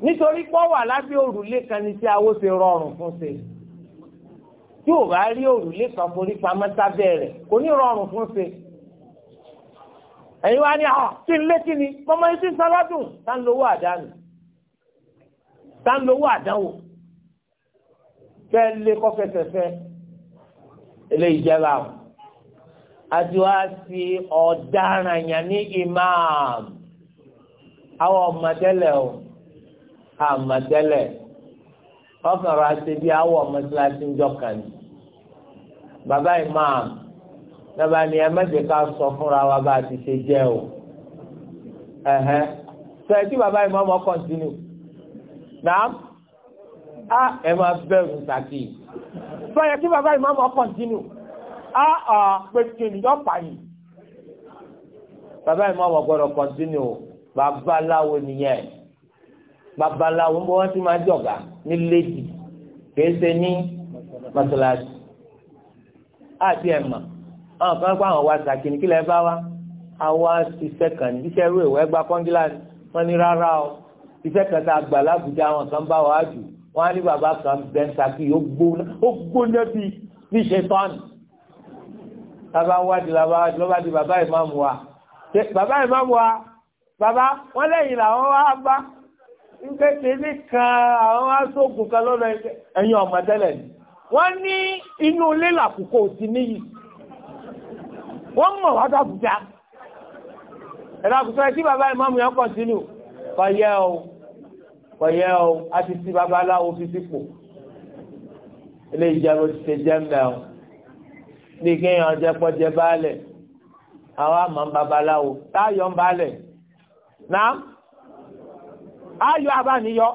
nítorí pọ́ wà lábẹ́ òrùlé kan ní tí awó ṣe rọrùn fún ṣe tí ò bá rí òrùlé kan forí pamọ́ sábẹ́ rẹ̀ kò ní rọrùn fún ṣe. ẹ̀yin wá ní ọ̀ ah, kí n lé kí ni mọ́mọ́ yìí ti ń sọ́lọ́dún tá ń lówó àdánù tá ń lówó àdánwò fẹ́ lé kọ́fẹsẹ̀fẹ́ eléyìí jẹ́ra o àti wá sí ọ̀daràn yẹn ní imam àwọn ọmọdélẹ̀ o àmọ̀délẹ̀ ọkàn rà ṣe bí àwọn ọmọdélẹ̀ ti ń jọ kàn ní bàbá imam nàbà ni ẹ mẹ́jẹ ká sọ fúnra wa bá a ti ṣe jẹ́ o ẹ̀hẹ́n sọ ẹ tí bàbá imam ọ kọ́ntínú náà á ẹ máa bẹ̀rù sàkì sọ ẹ tí bàbá imam ọ kọ́ntínú á ọ̀ pẹ̀tù ènìyàn pààyàn bàbá imam ọ gbọ́dọ̀ kọ́ntínú babaláwo nìyẹn babaláwo bó wọ́n ti máa jọ̀gà ní lẹ́dì kìí ní mọ́tòláṣí àti ẹ̀mọ̀ àwọn kan pa àwọn wa sàkíní kí lẹ́ bá wa àwa ṣiṣẹ́ kan ní iṣẹ́ ìwé ìwé gba kọ́ńgílà wọn ní rárá o iṣẹ́ kan tá a gbà lábùjá àwọn kan bá wa jù wọn á ní bàbá kan bẹ́ńtà kí ó gbóná bí bí ṣe tọ́nù bàbá wádìí làbá wádìí lọ́ba di bàbá ìmáàmù wa bàbá ìmáàmù wa bàbá wọn lẹ́yìn làwọn wá bá ń pèsè ní kan àwọn aṣọ́gun kan lọ́dọ̀ ẹ̀yìn ọ̀mọ̀tẹ́lẹ̀ ni wọ́n ní inú ilé làkùkọ sí níyì wọ́n mọ̀ wá dákúta ẹ̀dàkùtọ́ ẹtí bàbá ìmáàmù yẹn kọ̀ntínú kọ̀yẹ́ o kọ̀yẹ́ o a ti ti bàbá aláwo fi sípò ilé ìjẹun ti ṣe jẹ́ mbẹ́ o bí kéèyàn jẹ́ pọ́jẹ́ baálẹ̀ àwọn àmọ́ ń babaláwo táyọ̀ ń baálẹ̀ náà ayọ̀ abániyọ̀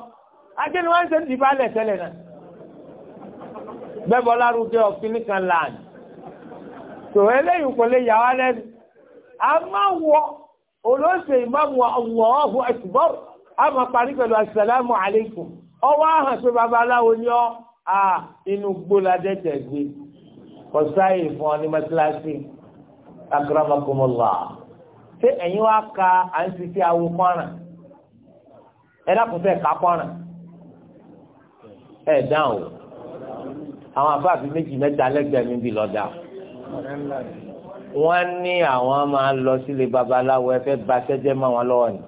ajẹ́ni wọ́n ń ṣe ti baálẹ̀ tẹ́lẹ̀ náà bẹ́bọ̀ lárugẹ ọ̀fin nìkan land tò eléyìí kò lè yà wá lẹ́nu a máa wọ olóṣè ìmáàmù ọ̀wọ́ ọ̀hún ẹ̀sùbọ́ a máa parí pẹ̀lú asàlámù alaykum ọwọ́ àhàn pé babaláwo ni ọ́ a inú gbóládẹ́tẹ̀ gbé kọ̀sáyè fún ọ ní mọ́tíláṣí akramakumula ṣé ẹ̀yin wá ka à ń sisi awo kọ́ràn ẹ dákun fẹ́ ká kọ́ràn ẹ dáhùn àwọn àfáàfin méjì mẹ́ta lẹ́gbẹ̀ẹ́ mi bì lọ́dà wọ́n ní àwọn máa lọ sílé babaláwo ẹ fẹ́ ba sẹ́jẹ́ mọ́ wọn lọ́wọ́ ni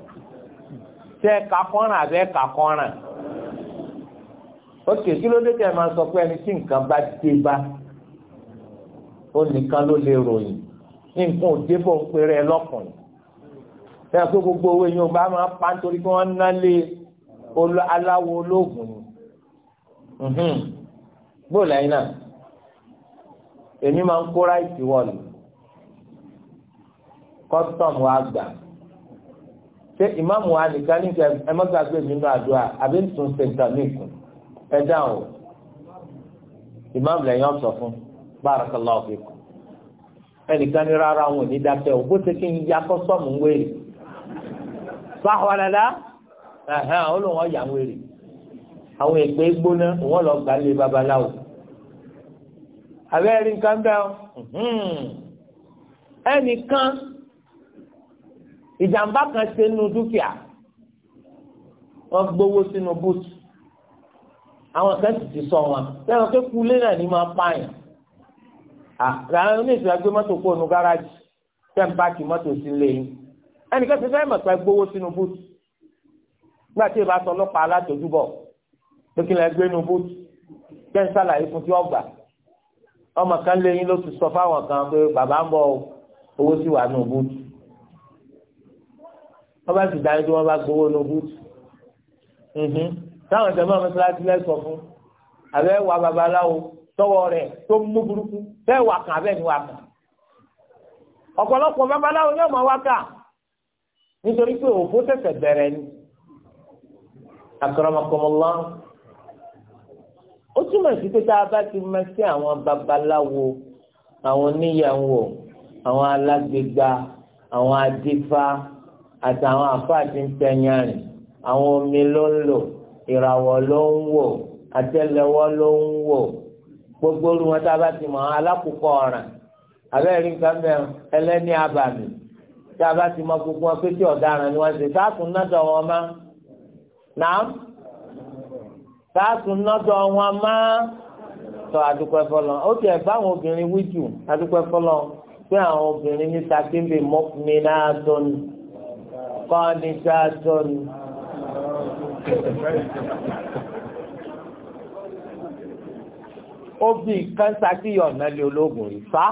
tẹ kakọ́ràn abẹ́ kakọ́ràn ókè kí ló dé tẹ máa sọ pé ẹni tí nǹkan bá dé bá ó nìkan ló lè ròyìn nǹkan ò dé ń pèrè lọ́kùnrin fẹ́ẹ́ pé gbogbo owó yín o bá máa pa nítorí pé wọ́n ná aláwo olóògùn ni. gbóò lẹ́yìn náà èmi máa ń kó ráìtì wọ̀lù kọ́sítọ́ọ̀mù wa gbà ṣé ìmáàmù wa nìkan ní kẹ ẹ mi àdúrà àbí ń tún ẹ dáhùn o ìmáàmù lẹ́yìn ọ̀sọ̀ fún barakallahu fikum ẹnìkan ní rárá wọn ò ní o bó ṣe kí n ya kọ́sítọ́ọ̀mù àwọn èpè gbóná wọ́n lọ gbà lé babaláwo abẹ́rẹ́ nǹkan bẹ́ẹ̀ ẹnìkan ìjàmbá kan ṣe nínú dúkìá wọ́n gbowó sínú búùtù àwọn kan sì ti sọ wọn lẹ́nu pé kulé náà ní máa pààyàn àwọn oníṣẹ́ gbé mọ́tò kó nu gáràjì tẹ́ ń báàkì mọ́tò sí lẹ́yìn ẹnìkan ti fẹ́ mọ̀ pé gbowó sínú búùtù nígbà tí ìbá sọ ọlọ́pàá alátọ́jú bọ̀ lókìlẹ̀ ẹgbẹ́ inú bóòtù bẹ́ẹ̀ sàlàyé fún tí wọ́n gbà ọmọ kan lẹ́yìn ló ti sọ fáwọn kan pé bàbá ń bọ̀ owó sì wà nù bóòtù wọ́n bá sì dájú tí wọ́n bá gbowó nù bóòtù mhm. táwọn ìjọba mọ́sálásí lẹ́sọ̀ fún àbẹ́ wà babaláwo tọwọ́ rẹ̀ tó mú burúkú bẹ́ẹ̀ wà kàn abẹ́ ni wà kàn ọ̀pọ̀lọpọ̀ babaláwo ni ọmọ wa kà nítorí pé òfó tẹ̀sẹ̀ bẹ̀rẹ̀ ni àkàràmọ̀kọ̀mọ̀lá ó túmọ̀ sí pé tá a bá ti mọ sí àwọn babaláwo àwọn oníyàwó àwọn alágbègbà àwọn adífá àtàwọn àfáàtì ń tẹ̀yàn rìn àwọn omi ló ń lò ìràwọ̀ ló ń wò àtẹ́lẹwọ́ ló ń wò gbogbo orí wọn tá a bá ti mọ alákòókò ọ̀ràn abẹ́rẹ́ nǹkan mẹ́rin ẹlẹ́ni abàmì tá a bá ti mọ gbogbo wọn pé tí ọ̀daràn ni wọ́n ṣe sáà náà dọ̀ mọ́ náà táàtù nọ́dọ̀ wọn máa sọ àdúpẹ́ fọlọ́ ó tiẹ̀ bá àwọn obìnrin wí jù àdúpẹ́ fọlọ́ pé àwọn obìnrin níta kí n bè mọ́kùnrin náà dọ́nu kọ́ni dáa dọ́nu. Obì kánsá kí ọ̀nà lé ológun rí fa.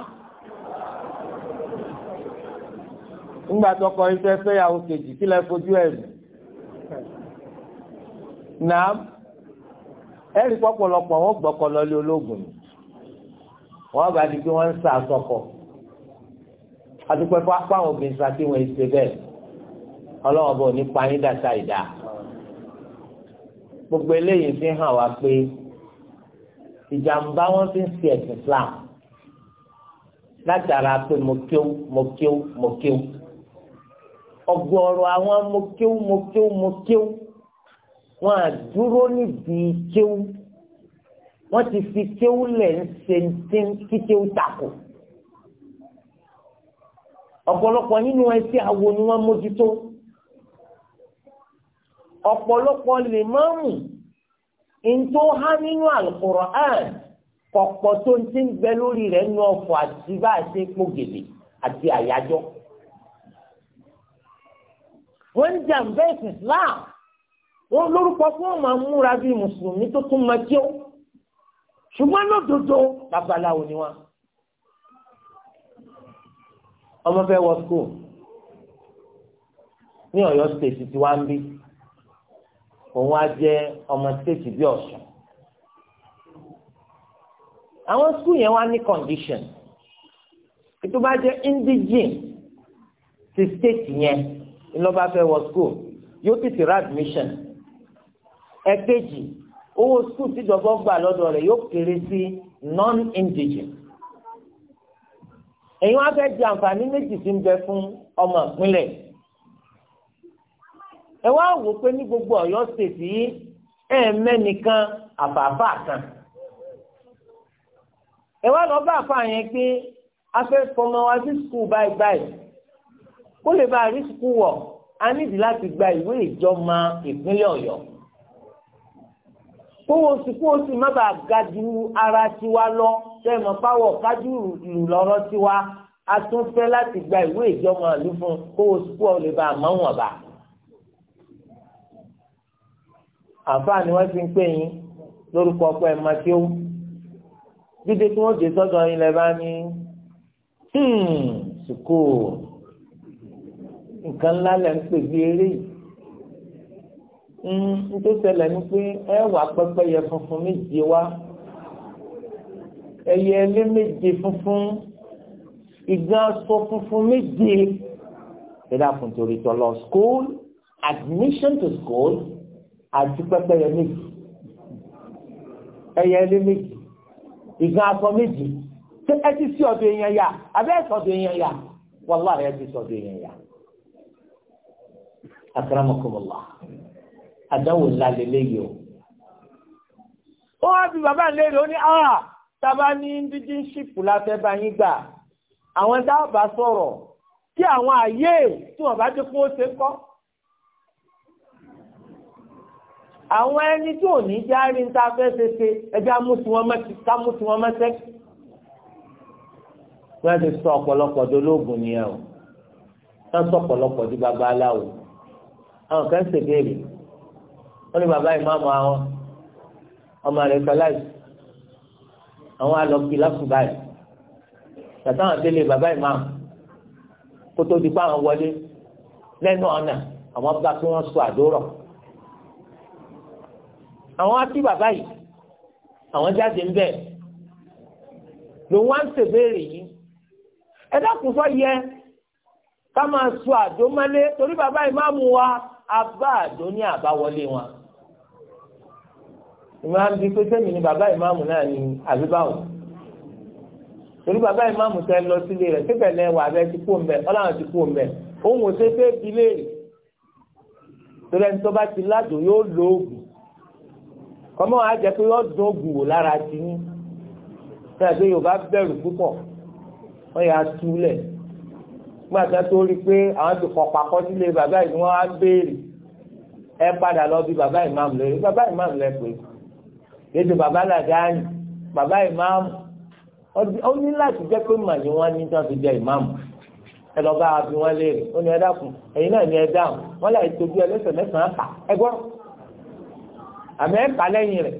Nígbà tó kọ iṣẹ́ fẹ́yàwó kejì kí lẹ fojú ẹ̀ rí ẹ̀rí pọ̀pọ̀lọpọ̀ wọn gbọ́kọ lọ́lé ológun ni wọ́n bá di pé wọ́n ń sa àsọkọ̀ adúpẹ́ fáwọn obìnrin sa kí wọ́n ṣe bẹ́ẹ̀ ọlọ́wọ́n bò ní payín dàtà ìdá gbogbo eléyìí fi hàn wá pé ìjàmbá wọn ti ń ṣe ẹ̀sìn Islam látara pé mo kíw mo kíw mo kíw ọ̀gọ̀ọ̀rọ̀ àwọn mo kíw mo kíw. Mo kíw wọn à dúró níbi kéwú wọn ti fi kéwú lẹ̀ ń ṣe kí kéwú takò ọ̀pọ̀lọpọ̀ nínú ẹsẹ̀ awo ni wọ́n mójútó ọ̀pọ̀lọpọ̀ lè mọ́mù ntó há nínú Al-Qur'an kọ̀pọ̀ tó ti ń bẹ lórí rẹ̀ nù ọ̀fọ̀ àti bá a ṣe pò gèlè àti àyájọ́. wọ́n ń jà ń bẹ́ẹ̀ sí Islam wọn lórúkọ fún ọmọ amúra bíi mùsùlùmí tó tún máa jẹ́ ṣùgbọ́n lódodo babaláwo ni wọn. ọmọ fẹ́ wọ skul ní Ọ̀yọ́ stéètì tí wọ́n ń bí òun á jẹ́ ọmọ stéètì bí Ọ̀ṣun. àwọn skul yẹn wá ní condition ètò bá jẹ́ indigene ti stéètì yẹn ńlọ́ba fẹ́ wọ skul yóò tètè ra admission ẹ̀kejì owó skul tí ìjọba gbà lọ́dọ̀ rẹ̀ yóò kéré sí non-indigent èyí wọn fẹ́ẹ́ di àǹfààní méjì tí ń bẹ fún ọmọ ìpínlẹ̀ ẹ wá wò pé ní gbogbo Ọ̀yọ́ ṣèṣì yìí ẹ mẹnìkan àbàbà kan ẹ wá lọ bá àfa yẹn pé a fẹ́ fọmọ wa sí skul báyìí báyìí kó lè bá a rí skul wọ̀ a nídìí láti gba ìwé ìjọba ìpínlẹ̀ Ọ̀yọ́ kówó oṣù kó oṣù má bàa ga ju ara tiwa lọ sẹ́mi pàwọ̀ kájú lù lọ́rọ́ tiwa a tún fẹ́ láti gba ìwé ìjọmọ ìlú fún kówó oṣù kó lè bá a mọ̀ bá. àǹfààní wọn ti ń pè yín lórúkọ ọpọ ẹ̀ máa tí dídé tí wọ́n dé sọ́dọ̀ yín bá ní hmm, sùkúù nǹkan ńlá lẹ́ ń pè bí eré yìí ń hmm, tó ṣẹlẹ̀ ni pé ẹ wà pẹ́pẹ́yẹ funfun méje wá ẹyẹ ilé méje funfun ìgbà aṣọ funfun méje ìdáàfún torí tọlọ school admission to school àti pẹ́pẹ́yẹ méje ẹyẹ ilé méje ìgbà aṣọ méje ṣé ẹ ti sí ọdún èèyàn yá abẹ́ ẹ̀sọ́ ọdún èèyàn yá wàláhì ẹ ti sọ ọdún èèyàn yá akramakumullah àdáwò ńlá lélẹ́yìí o. ó wá bí bàbá léèrè ó ní ah tábà ní dídínṣìpù láfẹ́ bá yín gbà àwọn dábàá sọ̀rọ̀ tí àwọn àyè tí wọ́n bá ti kún ó ṣe kọ́. àwọn ẹni tí ò ní járe ń ta fẹ́ ṣe ṣe ẹjẹ́ amúsùnwọ́n mẹ́sẹ́. wọ́n ti sọ ọ̀pọ̀lọpọ̀ dolóògùn nìyẹn o wọ́n sọ ọ̀pọ̀lọpọ̀ di babaláwo àwọn kan ṣèbéèrè wọ́n ní bàbá ìmáàmù àwọn ọmọ rẹ̀ sọláì àwọn alọ́kì lákùbá yìí tàtà àwọn délé bàbá ìmáàmù kótó di pa àwọn wọlé lẹ́nu ọ̀nà àwọn bá kí wọ́n sọ àdúrọ̀ àwọn á sí bàbá yìí àwọn jáde ń bẹ̀ lòun wá ń ṣèbéèrè yìí ẹ dákun sọ yẹ ká máa sọ àdó mọ́lé torí bàbá ìmáàmù wa abá àdó ní àbáwọlé wọn ìmọ̀ àbí pé sẹ́mi ni bàbá ìmáàmù náà ni àbí báwo torí bàbá ìmáàmù tẹ lọ sílé rẹ̀ síbẹ̀ lẹ́ wà bẹ́ẹ̀ ti kú mbẹ́ ọlọ́run ti kú mbẹ́ òun ò ṣe fẹ́ bi léèrè torí ẹni tó bá ti ládùn yóò lo oògùn kọ́mọ́ wa jẹ́ pé yóò dún oògùn wò lára ti ní sẹ́yìn pé Yorùbá bẹ̀rù púpọ̀ wọ́n yà á túlẹ̀ gbàtà tó rí i pé àwọn ti kọ̀ pàkọ́ sílé bàbá ìmáàmù wọn á béèrè ẹ padà lọ bí bàbá ìmáàmù lè bàbá ìmáàmù lè pè yéèdè bàbá làdáàni bàbá ìmáàmù ó ní láti jẹ́ pé màní wọn ní tí wọ́n fi jẹ ìmáàmù ẹ lọ bá abi wọn léèrè ó ní ẹ dákun ẹ̀yin náà ní ẹ dáhùn wọn láì tóbi ẹlẹ́sẹ̀ mẹ́sàn-án kà ẹ gbọ́ àmì ẹ̀ kà lẹ́yìn rẹ̀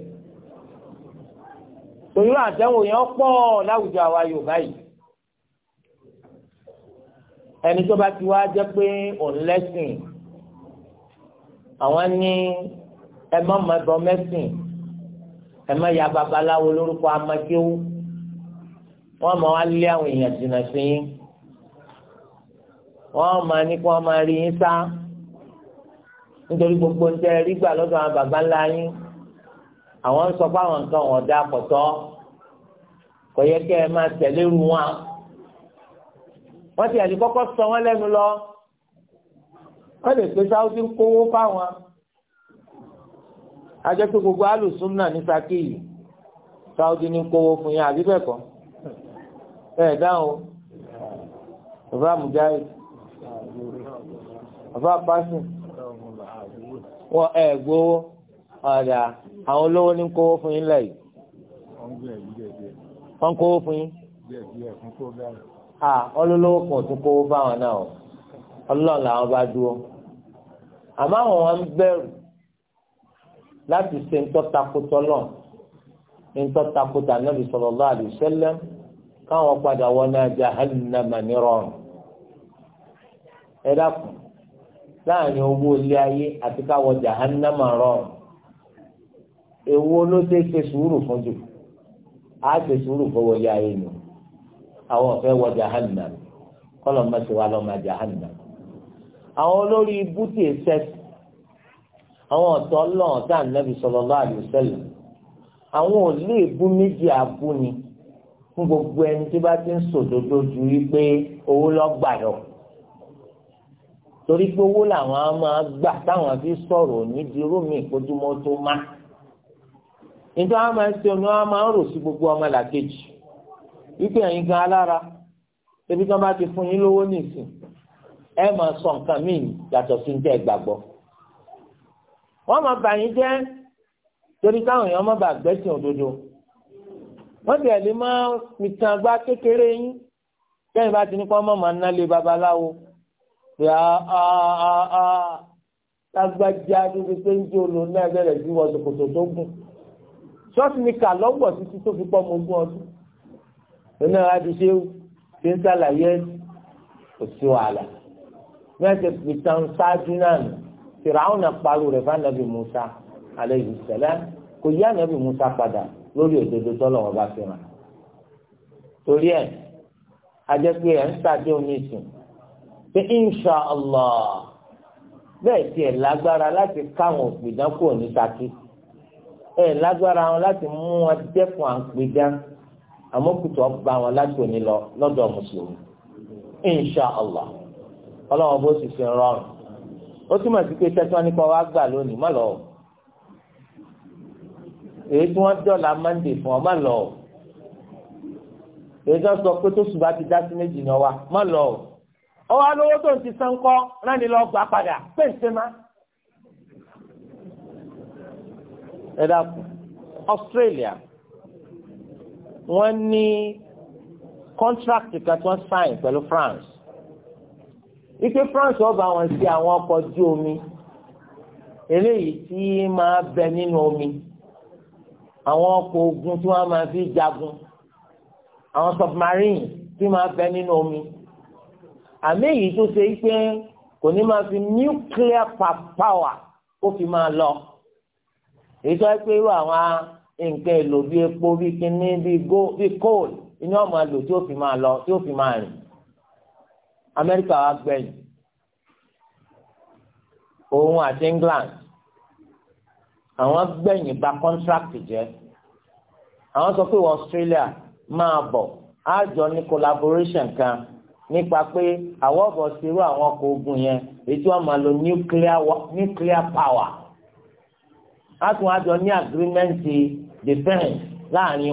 tòyún àtẹ̀wò yẹn pọ̀ láwùjọ àwa Yorùbá yìí ẹni tó bá ti wá jẹ́ pé òun lẹ́sìn àwọn ní ẹ mọ́ mọ́ ẹbọ mẹ́sìn ẹ má ya babaláwo lórúkọ amakéwú wọ́n máa wá lé àwọn èèyàn jìnnà sí yín wọ́n máa ní kí wọ́n máa rí yín sá nítorí gbogbo ń tẹ rí gbà lọ́dọ̀ àwọn baba ńlá yín àwọn ń sọ pé àwọn nǹkan wọn dá pọ̀tọ́ kò yẹ kẹ́ ẹ máa tẹ̀lé ru wọn wọ́n ti àdìkọ́kọ́ sọ wọ́n lẹ́nu lọ wọ́n lè pe sáwọ́sì ń kówó fáwọn ajẹ́ pé gbogbo alùsùnà ní Ṣakí yìí Saudi ní kówó fún yín àbí bẹ́ẹ̀ kọ́ ẹ̀ dáhùn bàbá mujahid bàbá pásìn wọ́n ẹ̀ gbowó ọ̀dà àwọn olówó ní kówó fún yín lẹ́yìn wọ́n kówó fún yín ọlọ́lọ́wọ́ kan tún kówó báwọn náà ọlọ́ọ̀lá wọn bá dúró àmọ́ àwọn wọn ń bẹ̀rù láti ṣe ntọ́takùtọ̀ náà ntọ́takùtà nàbì sallallahu alaihi wasallam káwọn padà wọnà jahannama nírọ̀rùn ẹ dákun láàrin owó ilé ayé àti káwọ jahannama rọrùn èwo ló dé ṣe sùúrù fún jù á ṣe sùúrù fún wọlé ayé nù àwọn ọ̀fẹ́ wọ jahannama kọlọ̀ mọ́ṣẹ́ wa lọ́ọ́ ma jahannama àwọn olórí ibú tì í àwọn ọ̀tọ̀ ọlọ́run tá à ń nẹ́bi sallallahu alaihi wasallam àwọn ò lè bú méjì àbú ni fún gbogbo ẹni tí bá ti ń sòdodo ju wípé owó lọ́gbà lọ torí pé owó làwọn á máa gbà táwọn fi sọ̀rọ̀ nídìí rómi ìkójúmọ́ tó má nítorí àwọn máa ń ṣe omi wọn máa ń rò sí gbogbo ọmọ làkejì wípé ẹ̀yin gan alára ebi tí wọ́n bá ti fún yín lówó nìsín ẹ máa sọ nǹkan míì yàtọ̀ sí ní tẹ́ ẹ gbàgbọ́ wọ́n máa bà yín jẹ́ torí káwọn èèyàn má bàa gbẹ́sìn òdodo wọ́n ti ẹ̀lẹ́ máa mìtàn àgbá kékeré yín kẹ́yìn bá ti ní kó má máa nálé babaláwo pé àà lágbájá níbi pé ń jó lòun náà bẹ̀rẹ̀ sí wọ ṣòkòtò tó gùn ṣọ́ọ̀ṣì ni kà lọ́wọ́ títí tó fi pọ́ mọ ogún ọdún òun náà wá ti ṣe ṣe ń ṣàlàyé kò sí wàhálà bí wọ́n ti pìtàn ṣáájú náà nù fìràwọn náà parú rẹ̀ fún anabi musa aleyhi sẹlẹm kò yí anabi musa padà lórí òdodo tọ́lọ̀ wọn bá fẹ́ràn torí ẹ̀ ajẹ́pé ẹ̀ ń sàdé omi sùn pé insha allah bẹ́ẹ̀ tiẹ̀ lágbára láti káwọn òpìdán kò ní saki ẹ̀ lágbára wọn láti mú wọn dẹ́kun àpìdán àmọ́ ọba wọn láti òní lọ lọ́dọ̀ mùsùlùmí insha allah ọlọ́wọ́n bó sì fi rọrùn ó túmọ̀ sí pé tẹ́tí nípa wa gbà lónìí má lọ. èyí tí wọ́n dọ̀là mọ́ndé fún ọ má lọ. èyí tí wọ́n sọ pé tó ṣùgbọ́n ti dá sí méjì náà wa má lọ. ọwọ́ alówó tó ń ti san kọ́ ránni lọ gbà padà pé ń ṣe má. ẹ dákun Australia wọ́n ní kọ́ńtrákìtì kan tí wọ́n sáìn pẹ̀lú France ike France ọba wọn sí àwọn ọkọ̀ ojú omi eléyìí tí máa bẹ nínú omi àwọn ọkọ̀ ogun tí wọ́n máa fi jagun àwọn submarine tí máa bẹ nínú omi àmì èyí tó ṣe pé kò ní máa fi nuclear power ó fi máa lọ èyí tó ṣe pé irú àwọn nǹkan èlò bíi epo bíi kíní bíi coal iná máa lò tí ó fi máa lọ tí ó fi máa rìn amẹ́ríkà wa gbẹ̀yìn òun àti england àwọn gbẹ̀yìn bà kọ́ńtrákì jẹ àwọn sọ pé australia máa bọ̀ kan nípa pé àwọn ọ̀bọ̀ sírú àwọn ọkọ̀ ogun yẹn èyí tí máa lo nuclear, nuclear power tún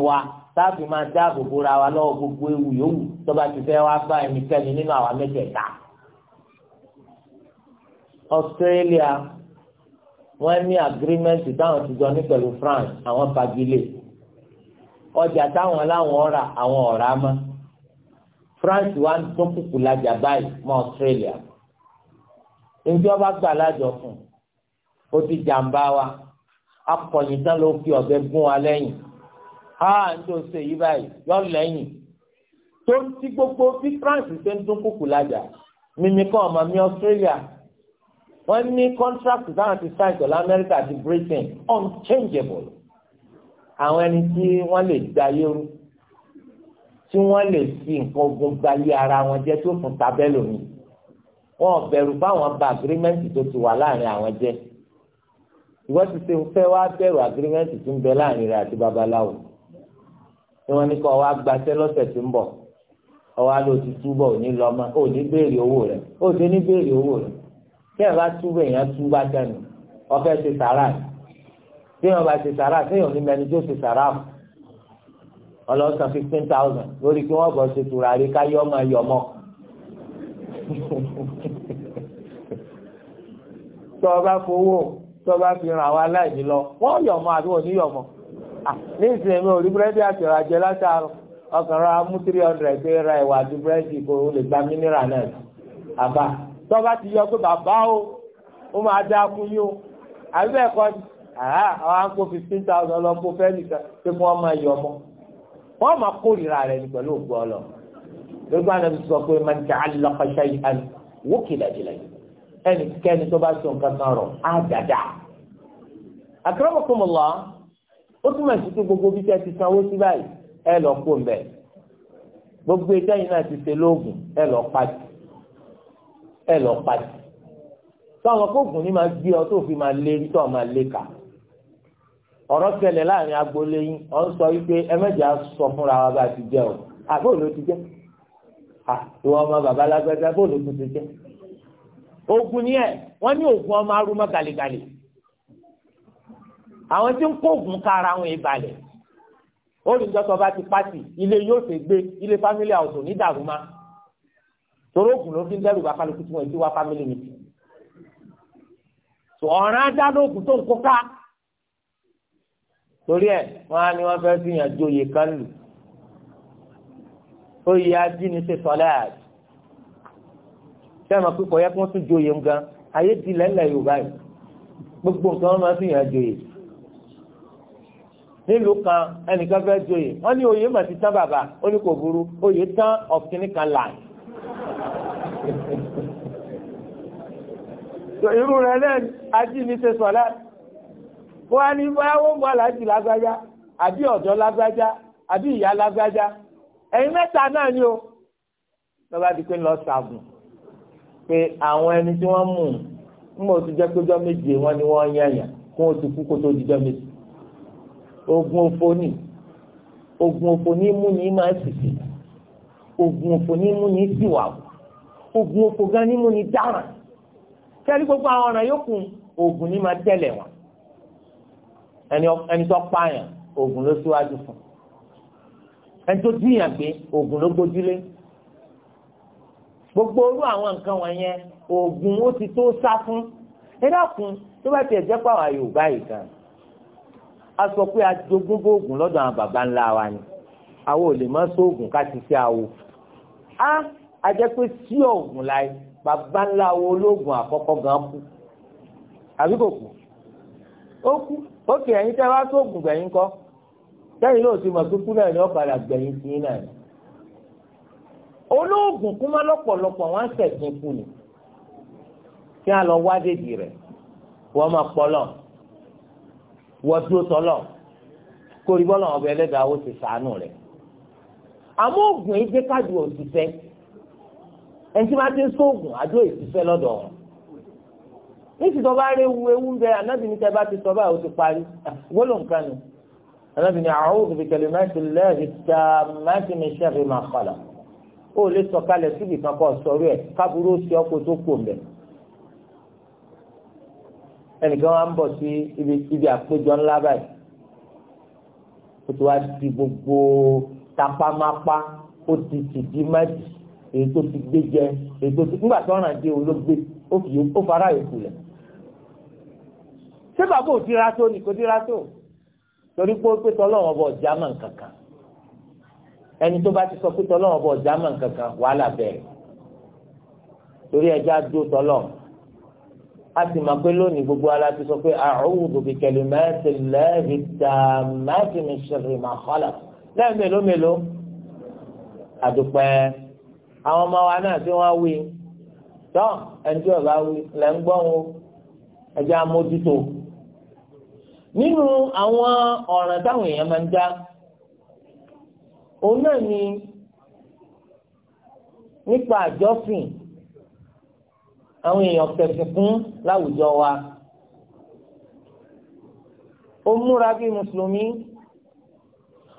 wa. táàbì máa dáàbò bóra wa lọ́wọ́ gbogbo ewu yòówù tó bá ti fẹ́ wá bá ẹnikẹ́ni nínú àwa mẹ́tẹ̀ẹ̀ta. Australia wọ́n ní agreement táwọn ti jọ ní pẹ̀lú France àwọn fagilé ọjà táwọn láwọn ọ̀rà àwọn ọ̀rà mọ́ France wa ń tún kùkù lajà báyìí mọ́ Australia ìjọba gbà lájọ fún ó ti jàǹbá wa akọ̀yìn tán ló fi ọ̀bẹ gún wa lẹ́yìn a ah, ń tó ṣe yí báyìí yọ lẹ́yìn tó ń ti gbogbo bí France ṣe ń dún kùkù lájà mímí kan ọmọ mi Australia wọ́n ní contract táwọn ti sign pẹ̀lú America àti Britain unchangeable àwọn ẹni tí wọ́n lè da yẹ́rú tí wọ́n lè fi nǹkan ogun gbayé ara wọn jẹ́ tó fún tabẹ́lò mi wọ́n bẹ̀rù báwọn ba agreement tó ti wà láàrin àwọn jẹ́ ìwọ́n ti ṣe fẹ́ wá bẹ̀rù agreement tó ń bẹ láàrin rẹ̀ àti babaláwo tí wọ́n ní kọ́ wa gbaṣẹ́ lọ́sẹ̀ tí ń bọ̀ ọwọ́ àlọ́ ti túbọ̀ òní lọ́mọ òní béèrè owó rẹ̀ òní ní béèrè owó rẹ̀ tí ẹ̀ bá túbọ̀ èèyàn túbọ̀ dẹnu ọ̀fẹ́ ṣe sàrà tí wọ́n bá ṣe sàrà tí èèyàn ní mẹni tó ṣe sàrà ọlọ́sàn fifteen thousand lórí kí wọ́n bọ̀ ṣe tùràrí káyọ́ máa yọ̀ mọ́ tọ́ ọ bá fowó tọ́ ọ bá fi ràn àwọn aláìní lọ wọ́n yọ̀ mọ́ àbí wọ́n ní yọ̀ mọ́. Ah, ní ìsìn mi ò rí búrẹ́dì àti ọ̀rọ̀ àjẹ látàárọ̀ ọkàn rà mú three hundred gbé ra ìwà àti búrẹ́dì kó o lè gba mínírà náà àbá tọ́ba ti yọ pé bàbá o ó máa dá kú yín o àbí bẹ́ẹ̀ kọ́ ni àwọn á kó fifteen thousand lọ kó fẹ́ẹ́ nìkan pé kí wọ́n máa yọ ọmọ wọ́n máa kórìíra rẹ̀ ní pẹ̀lú òkú ọlọ lóògbé àná sọ pé máa ń tẹ alọ́kọ̀ṣẹ́ yìí àná wókè lẹ́jìlẹ́ ẹnikẹ́ni tó bá so nǹkan kan rọ̀ á dàda. àkàrà ó túmọ̀ sí pé gbogbo bí tẹ́ ti sanwó sí báyìí ẹ lọ kó ń bẹ̀ gbogbo ìtẹ́yìn náà ti ṣe lóògùn ẹ lọ pàtì ẹ lọ pàtì tọ́wọ́n kóògùn ni máa gbé ọ tó fi máa lé tó ọ máa lé kà ọ̀rọ̀ ṣẹlẹ̀ láàrin agboolé yín ń sọ wípé ẹ mẹ́jọ á sọ fúnra wa bá ti jẹ́ o àbóò ló ti jẹ́ ìwọ ọmọ bàbá lágbẹ́sẹ̀ àbóò ló ti jẹ́ ogun ni ẹ wọ́n ní ogun ọmọ arúmọ gàlégàlé àwọn tí ń kó oògùn ká ara wọn ìbalẹ̀ olùjọsọ bá ti pàtì ilé yóò ṣe gbé ilé family house ò ní dàrú má torí oògùn ló fi ń dẹ́rù bá kálukú tí wọ́n ti wá family mi ọ̀ràn ajá lóògùn tó ń kó ká torí ẹ̀ wọ́n á ní wọ́n fẹ́ fi hàn joyè kan lù oyè ajínigbé sọlẹ́ àti sẹ́wọ̀n pípọ̀ yẹ kí wọ́n tún joyè ń gan ayé dilẹ̀ ńlẹ̀ Yorùbá yìí gbogbo nǹkan wọ́n máa fi hàn joyè nílùú kan ẹnìkan fẹ́ joyè wọ́n ní oyè mà ti tán bàbá ó ní kò burú oyè tán ọ̀kìnní kan là irú rẹ̀ náà ajínigbé ṣe sọ̀lá wọ́n á ní báyàwó ń bọ̀ láti lágbájá àbí ọ̀dọ́ lágbájá àbí ìyá lágbájá ẹ̀yin mẹ́ta náà ni o lọ́ba di pé lọ sàbùn pé àwọn ẹni tí wọ́n mú un ń mọ̀ jẹ́ pé jọ́ méje wọn ni wọ́n yẹ̀yàn kó o kú kó tó di jọ́ méje ogun òfò ni ogun òfò ní mú ní máa sìsì ogun òfò ní mú ní síwàwù ogun òfò gan ní mú ní dáràn kẹ́rí gbogbo àwọn ọ̀ràn yòókù ogun ní máa tẹ̀lé wọn ẹni tó pààyàn ogun ló síwájú fún ẹni tó díyàn gbé ogun ló gbójúlé gbogbo orú àwọn nǹkan wọ̀nyẹn ogun ó ti tó sá fún ẹ dákun tó bá tiẹ̀ jẹ́ pàwọn Yorùbá yìí gan-an a sọ pé a jogún bóògùn lọ́dọ̀ àwọn baba ńlá wa ni àwọn ò lè má sóògùn ká ti ṣe a ajẹ́ pé sí ọ̀gùn láì baba ńlá wo olóògùn àkọ́kọ́ gan kú àbí kò kú ó kú ó kì ẹ̀yin tẹ́ wá sóògùn gbẹ̀yìn kọ́ sẹ́yìn náà ti mọ̀ pé kú náà ni ọ̀kadà gbẹ̀yìn sí náà ni olóògùn kú má lọ́pọ̀lọpọ̀ wọ́n á sẹ̀sìn kú ni kí á lọ wá rẹ̀ wọ́n máa pọ̀ lọ́ọ̀ wọ́n dúró tọ́lọ̀ kó rí bọ́lá ọbẹ̀ ẹlẹ́dàá ó ti sàánù rẹ̀ àmọ́ oògùn yìí jẹ́ káàdì òṣìṣẹ́ ẹni tí wọ́n ti ń sóògùn àjọ ìṣiṣẹ́ lọ́dọ̀ wọn níṣì tó bá rí ewu ewu ń bẹ anábì ní tẹ́bá ti sọ báyìí ó ti parí wọ́lọ̀ nǹkan ni anábì ní a'udhu bi kalimatillahi tammati min sharri ma khalaq ó lè sọ̀kalẹ̀ síbi kan kọ́ sọ̀rọ̀ ẹ̀ kábúrú ó ṣe ọkọ̀ tó kù ń bẹ̀rẹ̀ ẹnìkan wá ń bọ̀ sí ibi ibi àpéjọ ńlá báyìí ó ti wá di gbogbo tapamapa o ti tìdí mẹ́tì èyí tó ti gbé jẹ èyí tó ti nígbà tó ràn dé olóògbé ó fi ó fara yòókù lẹ̀ ṣé bàbá ò ti ra tó ni kò ti ra tó torí pé ó pé tọ́lọ́wọ́n bọ̀ jámọ̀ kankan ẹni tó bá ti sọ pé tọ́lọ́wọ́n bọ̀ jámọ̀ kankan wàhálà bẹ̀rẹ̀ torí ẹja dó tọ́lọ́wọ́n a sì máa pé lónìí gbogbo ara ti sọ pé a'udhu bi kalimati llahi tammati min sharri ma khalaq lẹ́yìn mélòó mélòó àdùpẹ́ àwọn ọmọ wa náà tí wọ́n wí tọ́ ẹni tí ọ̀gá wí lẹ́ ń gbọ́ wọn ẹjẹ́ amójútó nínú àwọn ọ̀ràn táwọn èèyàn máa ń dá òun náà ni nípa àjọsìn àwọn èèyàn kẹsì fún láwùjọ wa ó múra bí mùsùlùmí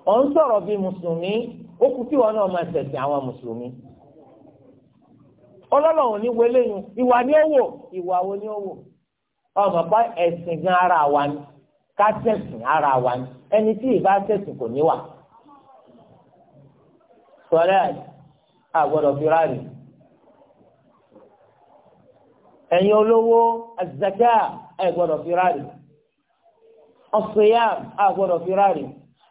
ó ń sọ̀rọ̀ bí mùsùlùmí ó kú kí wọn náà máa ṣẹ̀sìn àwọn mùsùlùmí ọlọ́lọ́run ní wẹlẹ́yìn ìwà ni ó wò ìwà wo ni ó wò ọmọ bá ẹ̀sìn gan ara wa ni ká ṣẹ̀sìn ara wa ni ẹni tí ìbá ṣẹ̀sìn kò níwà sọlẹ́ àgbọ̀dọ̀ fi ráàlì. ẹ̀yin olówó azaka a gbọdọ fi ráàlì a gbọdọ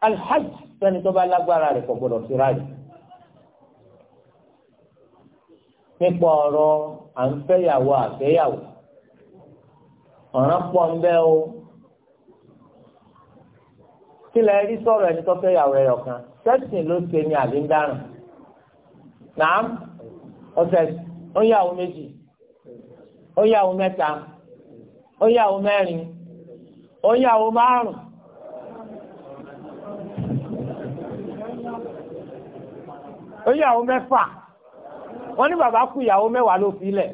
alhaj sẹ́ni tó bá lágbára rẹ̀ kò gbọ́dọ̀ fi ráàlì. ọ̀rọ̀ à ń fẹ́yàwó àfẹ́yàwó ọ̀ràn pọ̀ ń o kí rí sọ̀rọ̀ ẹni tó fẹ́yàwó ẹ̀yọ̀ kan sẹ́sìn ló ṣe ní àbí ń dáràn náà ọ̀sẹ̀ ó yàwó mẹ́ta ó yàwó mẹ́rin ó yàwó márùn ó yàwó mẹ́fà wọ́n ní bàbá kú ìyàwó mẹ́wàá ló filẹ̀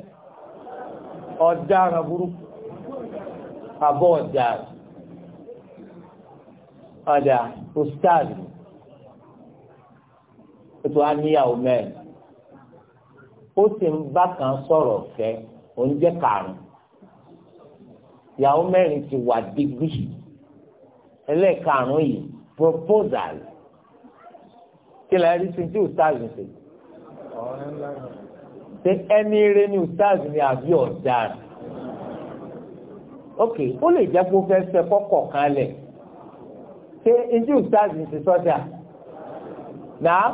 ọ̀daràn burúkú àbọ̀ ọ̀daràn ọ̀dà ustaz ètò àníyàwó mẹ́rin ó sì ń bá kan sọ̀rọ̀ fẹ́ẹ́ òun jẹ́ karùn-ún ìyàwó mẹ́rin ti wà dígbì ẹlẹ́ẹ̀karùn-ún yìí proposal kí lè rí sin tí ustaz ń ṣe ṣe ẹni eré ni ustaz ni àbí ọ̀daràn ok ó lè jẹ́ kó fẹ́ fẹ́ kọ́kọ̀ kan lẹ̀ ṣe ní tí ustaz ń ṣe sọ́jà náà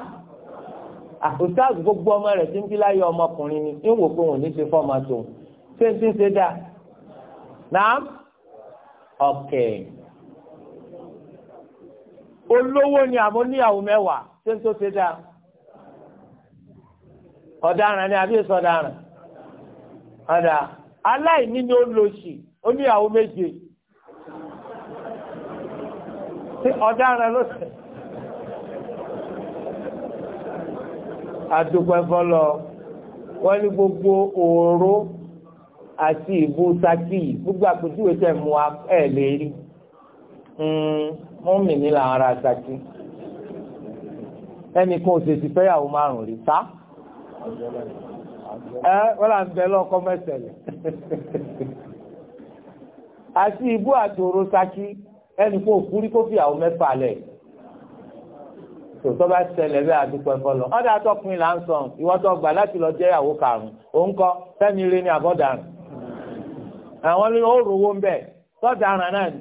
àkùsáàgù gbogbo ọmọ rẹ̀ tí ń bí láyé ọmọkùnrin ni tí ń wò pé òun ní ṣe fọ́ọ̀mà tòun ṣé ń ti ń ṣe dá náà ọ̀kẹ́ olówó ni àmọ́ níyàwó mẹ́wàá ṣé ń tó ṣe dá ọ̀daràn ni àbí èso ọ̀daràn ọ̀dà aláìní ni ó lò sí oníyàwó méje ọ̀daràn ló sẹ̀. adúpẹ́ fọlọ́ wọ́n ní gbogbo òòró àti ìbú saki gbogbo àpèjúwe tẹ̀ mú wa ẹ̀ lè rí mú mi ní làwọn ará saki ẹnì kan òṣèṣì fẹ́yàwó márùn-ún rí sá ẹ wọ́n là ń bẹ lọ́kọ́ mẹ́sẹ̀lẹ̀ àti ìbú àtòrò saki ẹnì kan òkúrí kó fìyàwó mẹ́fà lẹ̀ tòótọ́ bá ṣẹlẹ̀ bẹ́ẹ̀ àdúpẹ́ fọlọ́ ọ̀dà tọkùnrin là ń sọ ìwọ́n tó gbà láti lọ jẹ́ ìyàwó karùn-ún òun kọ́ fẹ́mi rí ni àbọ̀dàrún àwọn ló ń rówó ń bẹ̀ tọ́daràn náà ni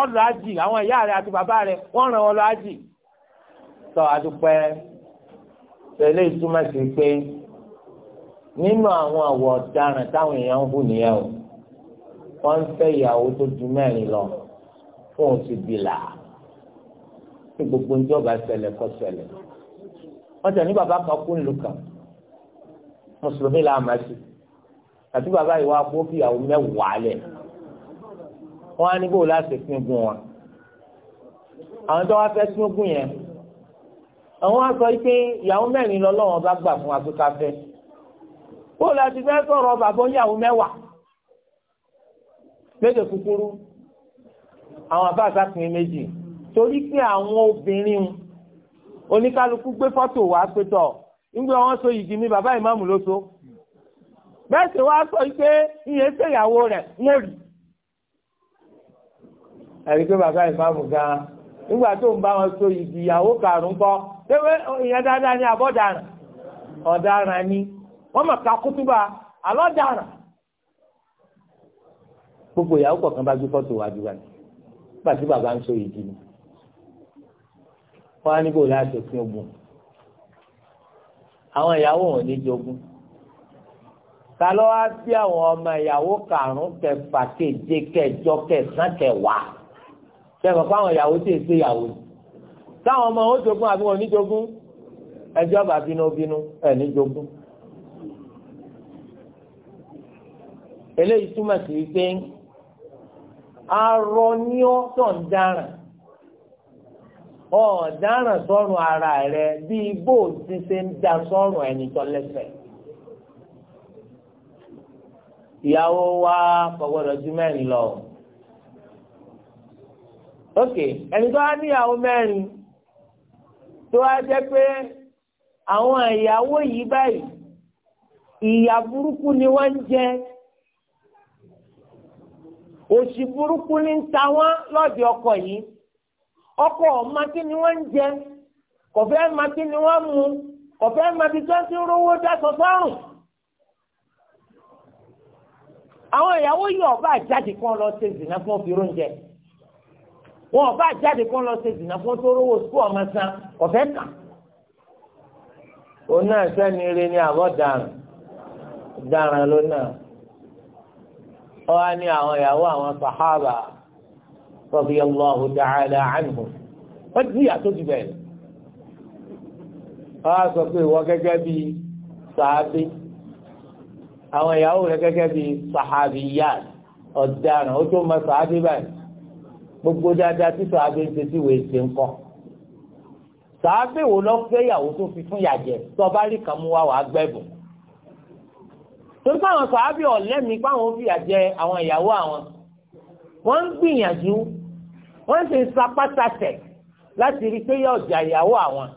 ọ̀rọ̀ ajì àwọn ìyá rẹ àti bàbá rẹ wọ́n ràn ọ́ lọ ajì tọ́ àdúpẹ́ tẹ̀lé ìtumọ̀ sí pé nínú àwọn àwọ̀ ọ̀daràn táwọn èèyàn ń hù nìyẹn o wọ́n ń fẹ́ ìyàwó tó ju mẹ́rin lọ fún òsì bìlà kí gbogbo ń jọba ṣẹlẹ̀ kó ṣẹlẹ̀ wọ́n tẹ̀ ní bàbá kan kú nílùú kan mùsùlùmí là máa ṣe àti bàbá yìí wá kó fìyàwó mẹ́wàá lẹ̀ wọ́n á ní bò láti pín gun wọn àwọn tó wá fẹ́ pín gun yẹn àwọn á sọ pé ìyàwó mẹ́rin lọ́lọ́wọ́n bá gbà fún afrika fẹ́ bò láti fẹ́ sọ̀rọ̀ bàbá ìyàwó mẹ́wàá lédè kúkúrú àwọn àbá àtàkùn méjì torí pé àwọn obìnrin oníkálukú gbé fọ́tò wá pé tọ̀ nígbà wọn so yìí ni bàbá ìmáàmù ló so bẹ́ẹ̀ sì wá sọ pé ìyẹn ṣèyàwó rẹ̀ ń rí ẹ̀rí pé bàbá ìmáàmù gan nígbà tó ń bá wọn so yìí ìyàwó karùn kọ́ pé ìyẹn dáadáa ni àbọ̀dàràn ọ̀daràn ni wọ́n mọ̀ ká kútúbà alọ́daràn. gbogbo ìyàwó kọ̀ọ̀kan bá gbé fọ́tò wájú wa ni nígbà tí bàbá ń so yìí ni wọn á níbò láti òfin ogun àwọn ìyàwó wọn ní jogún ta ló wá bí àwọn ọmọ ìyàwó karùnún kẹfà keje kẹjọ kẹsàn kẹwàá sẹfọ fáwọn ìyàwó tí èsì ìyàwó táwọn ọmọ wọn jogún àbí wọn ní jogún ẹjọ bá bínú bínú ẹ ní jogún. eléyìí túmọ̀ sí pé arọ ní ọ́ tó ń dáràn ọ̀daràn sọ́run ara rẹ̀ bí igbó ti ṣe ń da sọ́run ẹni tó lẹ́sẹ̀. ìyàwó wa kò gbọdọ̀ ju mẹ́rin lọ. ok ẹni tó wá níyàwó mẹ́rin tó wá jẹ́ pé àwọn ìyàwó yìí báyìí ìyà burúkú ni wọ́n ń jẹ òṣì burúkú ni ń ta wọ́n lọ́dọ̀ ọkọ yìí. Ọkọ ọ̀ma kí ni ń jẹ ni wọ́n mu kọ̀fẹ́ ma rówó dáṣọ àwọn ìyàwó yìí ọba àjáde kan lọ ṣe zìnà fún oúnjẹ wọn ọba àjáde kan lọ ṣe zìnà fún tó rówó sukú ọmọ san kọ̀fẹ́ kàn. òun náà sẹ́ni ni àbọ̀ dàrán dàrán radiyallahu ta'ala anhu wọ́n ti yàtọ̀ jù bẹ́ẹ̀ wọ́n á sọ pé ìwọ gẹ́gẹ́ bí sàábí àwọn ìyàwó rẹ̀ gẹ́gẹ́ bí sàhábìyàn ọ̀daràn ó tó mọ sàábí báyìí gbogbo dáadáa tí sàábí ń ṣe tí wòye ṣe ń kọ́ sàábì wo lọ fẹ́ ìyàwó tó fi fún yàjẹ́ tọba rí kan mú wa wàá gbẹ́bùn. torí pé àwọn sàábì ọ̀lẹ́mi páwọn fi yàjẹ́ àwọn ìyàwó àwọn wọ́n ń gbìyànjú wọ́n sì ń sapátasẹ̀ láti rí i pé yóò jà ìyàwó àwọn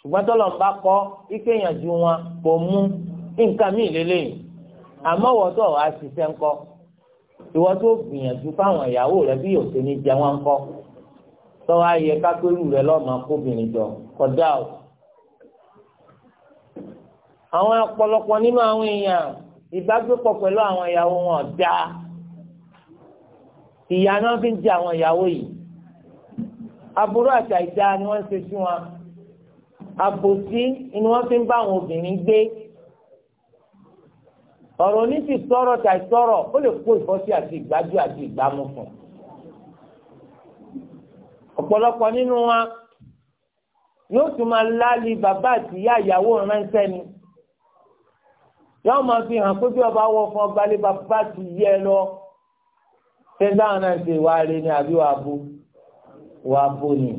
ṣùgbọ́n tọ́lọ̀ ń bá kọ́ ike ìyànjú wọn kò mú nǹkan míì lélẹ́yìn àmọ́ wọ́n tó wàá ṣiṣẹ́ ńkọ́ ìwọ́n tó gbìyànjú fáwọn ìyàwó rẹ bí yóò ṣe ní jẹ wọn ńkọ́ tọ́wọ́ ayẹ kápẹ́rù rẹ lọ́mọ kóbìnrin jọ kọjá o. àwọn ọ̀pọ̀lọpọ̀ nínú àwọn èèyàn ìbágbépọ̀ pẹ̀lú àwọn ìyàwó wọn dáa ìyá náà fi ń jẹ àwọn ìyàwó yìí aburú àti àìdá ni wọ́n ṣe sí wọn àbòsí ni wọ́n fi ń bá àwọn obìnrin gbé ọ̀rọ̀ ní ti sọ̀rọ̀ tàì sọ̀rọ̀ ó lè kó ìfọ́sí àti ìgbájú àti ìgbámú fún un ọ̀pọ̀lọpọ̀ nínú wa yóò tún máa láàlì bàbá àti ìyá ìyàwó ránṣẹ́ ni yóò máa fi hàn pé bí ọba wọ fún ọgbàlè bàbá ti yẹ lọ ṣé táwọn náà ṣe wá rí ni àbí wàá bú wàá bú ni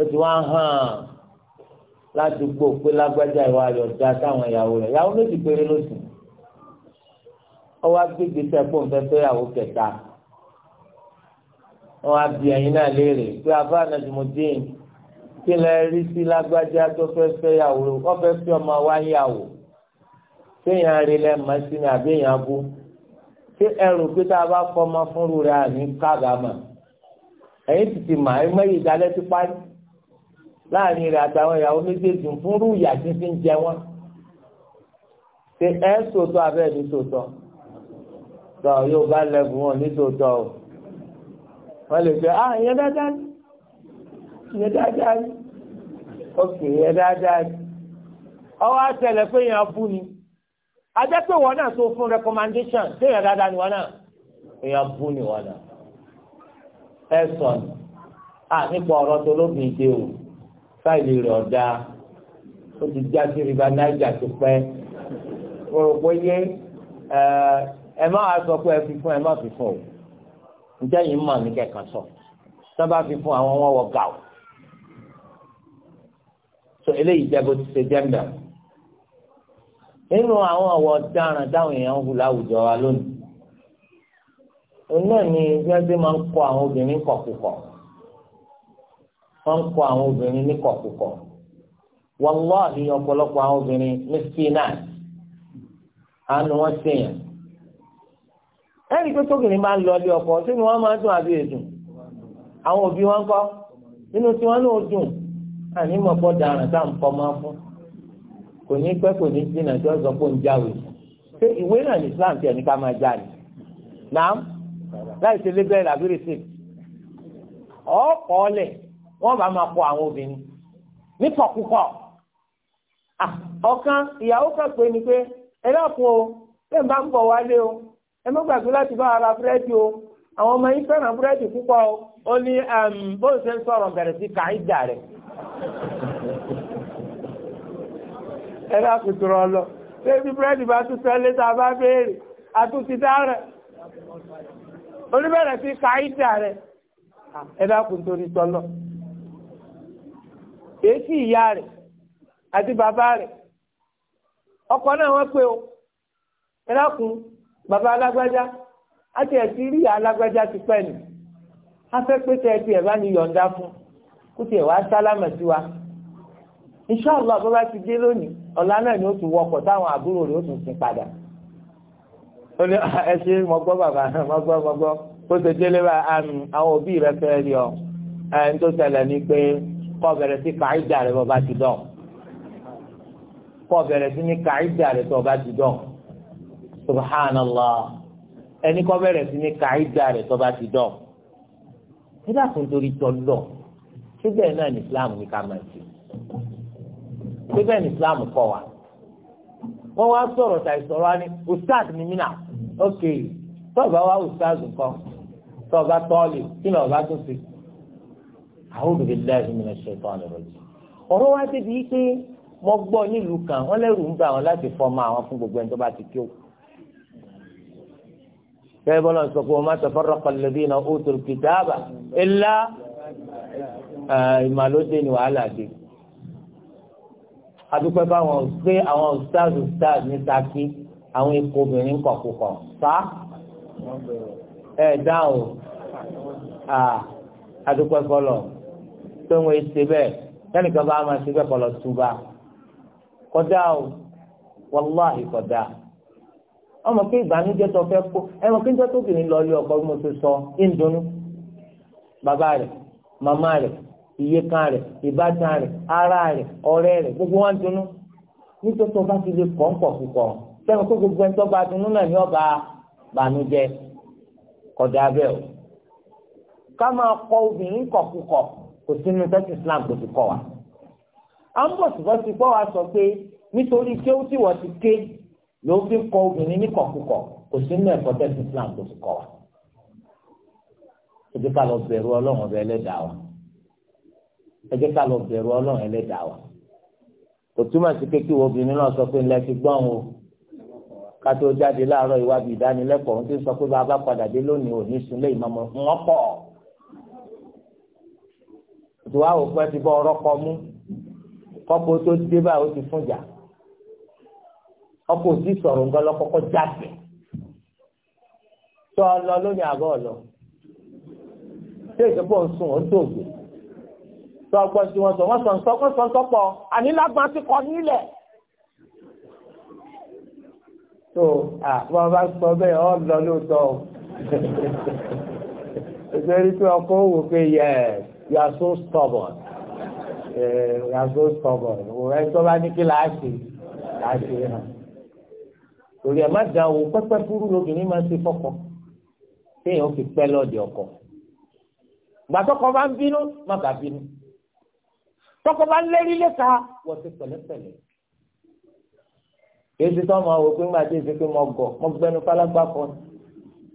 ó ti wá hàn láti gbọ́ pé lágbájá ìwà rẹ̀ ọ̀dà táwọn ìyàwó rẹ̀ ìyàwó méjì péré ló sùn ọwọ́ agbègbè sẹ́kùn fẹ́fẹ́ ìyàwó kẹta wọn á bí ẹ̀yin náà léèrè pé abá nàìjíríà kí lẹ rí sí lágbájá tó fẹ́ fẹ́ ìyàwó kọ́ fẹ́ fẹ́ ọmọ wáyàwó séèyàn rí lẹ́ẹ̀mọ́sí ni àbí èèyàn bú ṣé ẹrù pé tá a bá fọmọ fúnru rẹ àní kábàámà ẹ̀yìn títí mà ẹ mọ ìdálẹ́ ti parí láàrin rẹ àtàwọn ìyàwó méjèèjì fúnru ìyà títí ń jẹ wọn ṣé ẹ sòótọ́ abẹ́ ẹ̀ ní sòótọ́ tọ́ yóò bá lẹ́gùn wọn ní sòótọ́ o wọ́n lè fẹ́ ah ìyẹn dáadáa ni ìyẹn dáadáa ni ok ìyẹn dáadáa ni ọwọ́ àtẹlẹ pé èèyàn bú ni ajẹ́ pé wọn náà tó fún recommendation téèyàn dáadáa ni wọn náà èèyàn bú ni wọn náà ẹ sọ ni à nípa ọ̀rọ̀ tó lóbìn dé o fáìlì rẹ̀ ọ̀dà ó ti já sí rìbá náírà tó pẹ́ mo rò pé yé ẹ má wàá sọ pé ẹ fi fún ẹ má fi fún o ǹjẹ́ yìí ń mọ̀ ní kẹ̀kẹ́ sọ tí wọ́n bá fi fún àwọn wọn wọ gàù so eléyìí jẹ́ bó ti ṣe jẹ́ ń bẹ̀rẹ̀. nínú àwọn ọ̀wọ̀ ọ̀daràn táwọn èèyàn ń hù láwùjọ wa lónìí náà ni bí máa ń kọ àwọn obìnrin kọ̀kùkọ̀ wọ́n ń kọ àwọn obìnrin ní kọ̀kùkọ̀ wàláhì ọpọlọpọ àwọn obìnrin ní spinach àánú wọn sèèyàn ẹnì pé tóbìnrin máa ń lọ ilé ọkọ sínú wọn máa ń dùn àbí èdùn àwọn òbí wọn kọ nínú tí wọn náà dùn àní mọ̀pọ̀ daràn tá à kò ní pẹ́ kò ní jìnnà tí wọ́n sọ pé ń jáwèé ṣé ìwé náà ní Islam tiẹ̀ ní ká máa já ni nàám láì ṣe lébẹ́rẹ́ làbí rìsíìtì ọ̀ọ́kọ̀ ọ̀lẹ̀ wọ́n bá máa kọ àwọn obìnrin nípọ̀kúkọ̀ ọ̀kan ìyàwó kan pé ni pé ẹ dákun o bẹ́ẹ̀ bá ń bọ̀ wálé o ẹ má gbàgbé láti bá ara búrẹ́dì o àwọn ọmọ yín fẹ́ràn búrẹ́dì púpọ̀ o ó ní bóun ṣe ń sọ̀rọ̀ bẹ̀rẹ̀ sí kàá ìjà rẹ̀. ẹ̀rọ àkùtùrù ọlọ lẹ́bí búrẹ́dì bá tún sọ lẹ́ta bá béèrè àtúntì dárẹ̀ oníbẹ̀rẹ̀ sí káìdà rẹ̀ ẹ̀rọ àkùtùrù tọlọ èsì ìyá rẹ̀ àti bàbá rẹ̀ ọkọ náà wọ́n pé o ẹ̀rọ àkùn bàbá alágbájá àti ẹ̀sìn rí alágbájá ti pẹ́ nì afẹ́ pé tẹ́ ti ẹ̀ bá ní yọ̀ǹda fún kó tiẹ̀ wá sálámà sí wa inṣọ́ọ̀lá bàbá ti dé lónìí ọ̀la náà ni ó tún wọkọ̀ táwọn àbúrò rẹ̀ ó tún sin padà ó ní ẹ ṣe mo gbọ́ bàbá mo gbọ́ mo gbọ́ kó ṣe délé bá àwọn òbí rẹ fẹ́ rí ọ ẹni tó ṣẹlẹ̀ ni pé kọ́ bẹ̀rẹ̀ sí ka ìjà rẹ bọ́ba ti dán kọ́ bẹ̀rẹ̀ sí ní ka ìjà rẹ bọ́ba ti dán subhanallah ẹni kọ́ bẹ̀rẹ̀ sí ní ka ìjà rẹ bọ́ba ti dán nígbà tó ń torí tọ́ lọ síbẹ̀ náà ní Islam ní ká máa ṣe pé bẹ́ẹ̀ ni Islam kọ́ wa wọ́n wá sọ̀rọ̀ tàì sọ̀rọ̀ wa ni ustaz ni mí náà ok tọ́ọ̀bá wa ustaz kọ́ tọ́ọ̀bá tọ́ọ̀lì kí ni ọ̀bá tún sí a'udhu billahi minash shaitani rajim ọ̀rọ̀ wa ti di pé mo gbọ́ nílùú kan wọ́n lẹ́rù ń gbà wọn láti fọ́ọ̀mù àwọn fún gbogbo ẹni tó bá ti kí o. bẹ́ẹ̀ bọ́lá sọ pé wa ma tafarraqa alladhina utul kitaba illa ìmàlódé ni wàhálà dé adúpẹ́ bá wọn pé àwọn ustaz ustaz ní Ṣakí àwọn ikú obìnrin kọ̀kọ̀kọ̀ fa ẹ̀ dáhùn adúpẹ́ fọlọ̀ tó ń wọ́n ṣe bẹ́ẹ̀ kẹ́nìkan bá máa ṣe bẹ́ẹ̀ kọlọ̀ túbà kọjá o wàláhì kọjá ọmọ kí ìbànújẹ́ tó fẹ́ kó ẹmọ kí ń jẹ́ tóbìnrin lọ ilé ọkọ bí mo ti sọ ń dunnú bàbá rẹ̀ màmá rẹ̀ ìyekan rẹ̀ ìbátan rẹ̀ ara rẹ̀ ọ̀rẹ́ rẹ̀ gbogbo wọn dunú nítorí tó bá ti lè kọ́ ń pọ̀ púpọ̀ sẹ́wọ̀n tó gbogbo ẹni tó bá dunú náà ní ọba bànújẹ́ kọ̀dà bẹ́ẹ̀ o ká máa kọ obìnrin kọ̀kúkọ̀ kò sínú tẹ́sí Islam kò ti kọ́ wa à ń bọ̀ ṣùgbọ́n ti gbọ́ wa sọ pé nítorí pé ó ti wọ̀ ti ké ló fi kọ obìnrin ní kọ̀kúkọ̀ kò sínú ẹ̀kọ́ tẹ́sí Islam kò ti kọ́ wa. ṣé kí ká lọ bẹ̀rù Ọlọ́run ọbẹ̀ ẹlẹ́dàá wa ẹ jẹ́ ká lọ bẹ̀rù ọlọ́run ẹlẹ́dàá wa kò túmọ̀ sí pé kí obìnrin náà sọ pé ńlẹ́ ti gbọ́n o ká tó jáde láàárọ̀ ìwádìí ìdánilẹ́kọ̀ọ́ ń ti sọ pé bàbá padà dé lónìí ò ní sunlé ìmọ̀mọ́ wọn pọ̀ tó wá òpin ti bọ́ ọ̀rọ̀ kọ mú kọ́pọ̀ tó dé báyìí ó ti fún jà ọkọ̀ òsì sọ̀rọ̀ nǹkan lọ́kọ́kọ́ jáde tó ọ lọ lónìí àgọ́ ọ lọ tó ìdókòwò sùn ó tó ògbè tó ọgbọ́n tí wọ́n sọ wọ́n sọ nsọ́ wọ́n sọ nsọ́ pọ̀ ànílágbọ́n ti kọ́ nílẹ̀. tó à wọ́n bá sọ bẹ́ẹ̀ ọ́ lọ lóòótọ́ o nítorí pé ọkọ̀ wò pé yẹ you are so stubborn you are so stubborn ẹ tó bá ní kí láàṣì láàṣì hàn torí ẹ má dà wò pẹ́pẹ́ fúrú lóbìnrin máa ń ṣe fọ́kọ téèyàn fi pẹ́ lọ́ọ̀dì ọkọ gbàtọ́kọ bá ń bínú má kà bínú tọkọ bá lérí lẹ́ka wọ́n ti pẹ̀lẹ́pẹ̀lẹ́ kìí ṣe sọ́mọ àwọn òpin máa dé ìṣèké mọ gọ̀ mọ gbẹnu pálágbá kan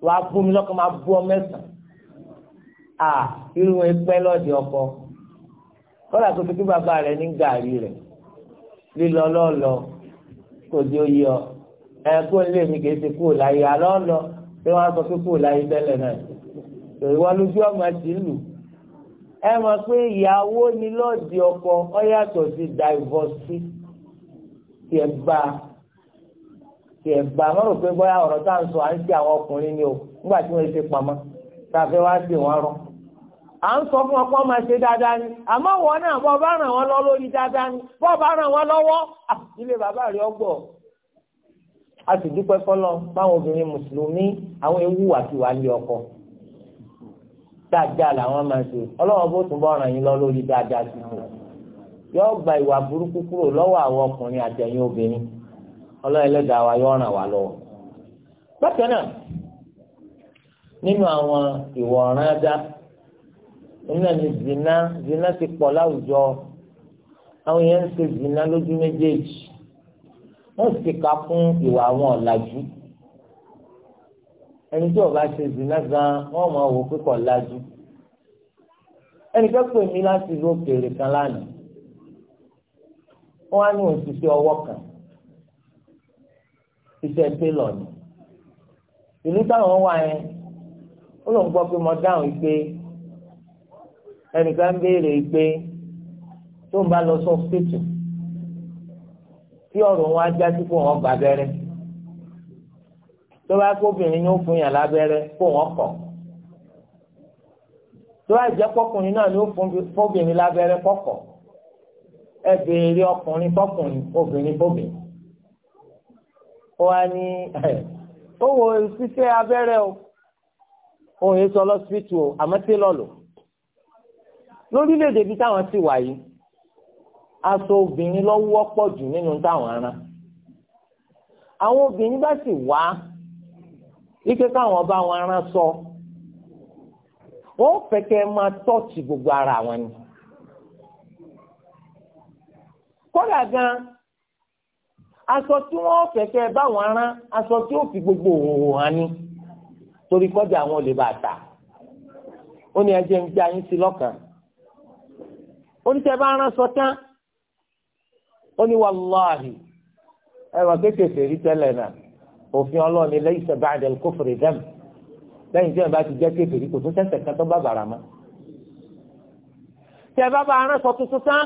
wàá bú mi lọ́kàn máa bú ọ mẹ́sàn-án à irú wọn pẹ́ lọ́ọ̀dì ọkọ kọ́lá tó fi kí bàbá rẹ̀ ní gàárì rẹ̀ lílọ lọ́ọ̀lọ́ kò dé oyè ọ ẹ kó lé mi kìí ṣe kúrò láyé alọ́ọ̀lọ́ pé wọ́n á sọ pé kúrò láyé tẹ́lẹ̀ náà ìwọ lójú ọmọ ti lù ẹ mọ̀ pé ìyàwó ni lọ́ọ̀dì ọkọ ọ yàtọ̀ sí dàìvọ́sì tí ẹ bá tí ẹ bá má rò pé bóyá ọ̀rọ̀ tá à sọ à ń ṣe àwọn ọkùnrin ni o nígbà tí wọ́n ṣe pamọ́ tá a fẹ́ wá sí wọn rán à ń sọ fún ọpọ máa ṣe dáadáa ni àmọ́ wọn náà bọ́ bá ràn wọ́n lọ lórí dáadáa ni bọ́ bá ràn wọ́n lọ́wọ́ ilé bàbá rẹ̀ ọgbọ̀ a sì dúpẹ́ fọlọ́ báwọn obìnrin mùsùlùmí àwọn ewu àti wàá lé ọkọ dáadáa làwọn máa ṣe ọlọ́wọ́ bó tún bọ́ ràn yín lọ lórí dáadáa sí i yọ gba ìwà burúkú kúrò lọ́wọ́ àwọn ọkùnrin àtẹ̀yìn obìnrin ọlọ́wọ́ ẹlẹ́dàá wa yọ ràn wá lọ́wọ́. bákan náà nínú àwọn ìwọ̀ ọ̀ràn dá iná ni zina zina ti pọ̀ láwùjọ àwọn èèyàn ń ṣe zina lójú méjèèjì wọ́n sì ká fún ìwà àwọn ọ̀làjú ẹni tí ọba ṣe zina gan wọn máa wò pé kò lajú ẹni tó pè mí láti ìlú òkèèrè kan lánàá wọn á ní òṣìṣẹ́ ọwọ́ kan iṣẹ́ télọ̀ ni ìlú táwọn wà yẹn ó lóun gbọ́ pé mo dáhùn pé ẹnìkan ń béèrè pé tó ń bá lọ sọ fíìtì tí ọ̀rọ̀ wọn á já sí fún wọn gbàbẹ́rẹ́ tó bá kó obìnrin yóò fún yàn lábẹ́rẹ́ kó wọ́n kọ̀ tó bá jẹ́ kọkùnrin náà yóò fún obìnrin lábẹ́rẹ́ kọ̀kọ̀ ẹ béèrè ọkùnrin fọkùnrin obìnrin fóbìnrin ó wá ní ó wo ṣíṣẹ́ abẹ́rẹ́ o òun èso lọ́sibítù o àmọ́ tí lọ́lọ́ lórílẹ̀‐èdè bíi táwọn ti wà yìí aṣọ obìnrin lọ́wọ́ pọ̀ jù nínú táwọn ará àwọn obìnrin bá sì wá. Si ike káwọn ọba wọn rán sọ wọn fẹ́ máa gbogbo ara wọn ni kódà gan aṣọ tí wọn fẹ́ bá gbogbo òwò hàn ni torí kọjá àwọn olè bá ta ó ní ẹjẹ ń gbé ayín sí lọ́kàn oníṣẹ́ bá rán sọ tán ó ní kékeré rí tẹ́lẹ̀ náà. òfin Ọlọ́run ni laysa ba'da al-kufri dam lẹ́yìn tí wọ́n bá ti jẹ́ kéferì kò tún sẹ́sẹ̀ kan tó bá bàrà mọ́. tẹ bá bá aránṣọ tuntun tán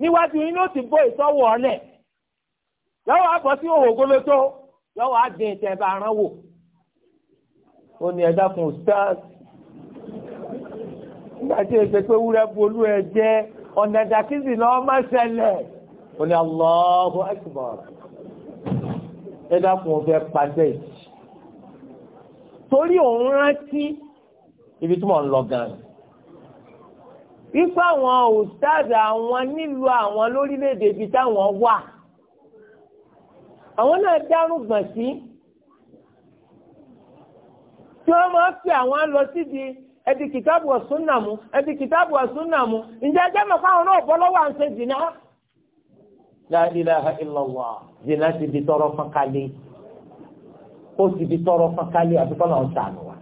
níwájú yín ló ti bó ìtọ́wọ̀ ọ̀lẹ̀ yọ̀wọ̀ àbọ̀ sí òwò gólótó yọ̀wọ̀ àdín e tẹ bá arán wò. ó ní ẹ̀dá fún stars nígbà tí èsè pé wúrẹ́ bu olú ẹ̀ jẹ́ ọ̀nà ìdàkísì lọ́ọ́ má ṣẹlẹ̀ ó ní Allahu akbar ẹ dákun ó fẹ́ pàṣẹ yìí torí òun rántí ibi tí wọ́n ń lọ gan-an ipa àwọn òtáàdì àwọn nílùú àwọn lórílẹ̀‐èdè ibi táwọn wà àwọn náà dárúgbọ̀n sí tí wọ́n máa fi àwọn lọ síbi ẹ̀dì kìtàbù ọ̀sùn nàmú ẹ̀dì kìtàbù ọ̀sùn nàmú ǹjẹ́ ẹjẹ́ mọ̀ fáwọn náà bọ́ lọ́wọ́ à ń ṣe jìnnà la ilaha illallah zina ti di tọrọ fún kálí ó ti di tọrọ fún kálí àti kọ́nà ọ̀tá nù wa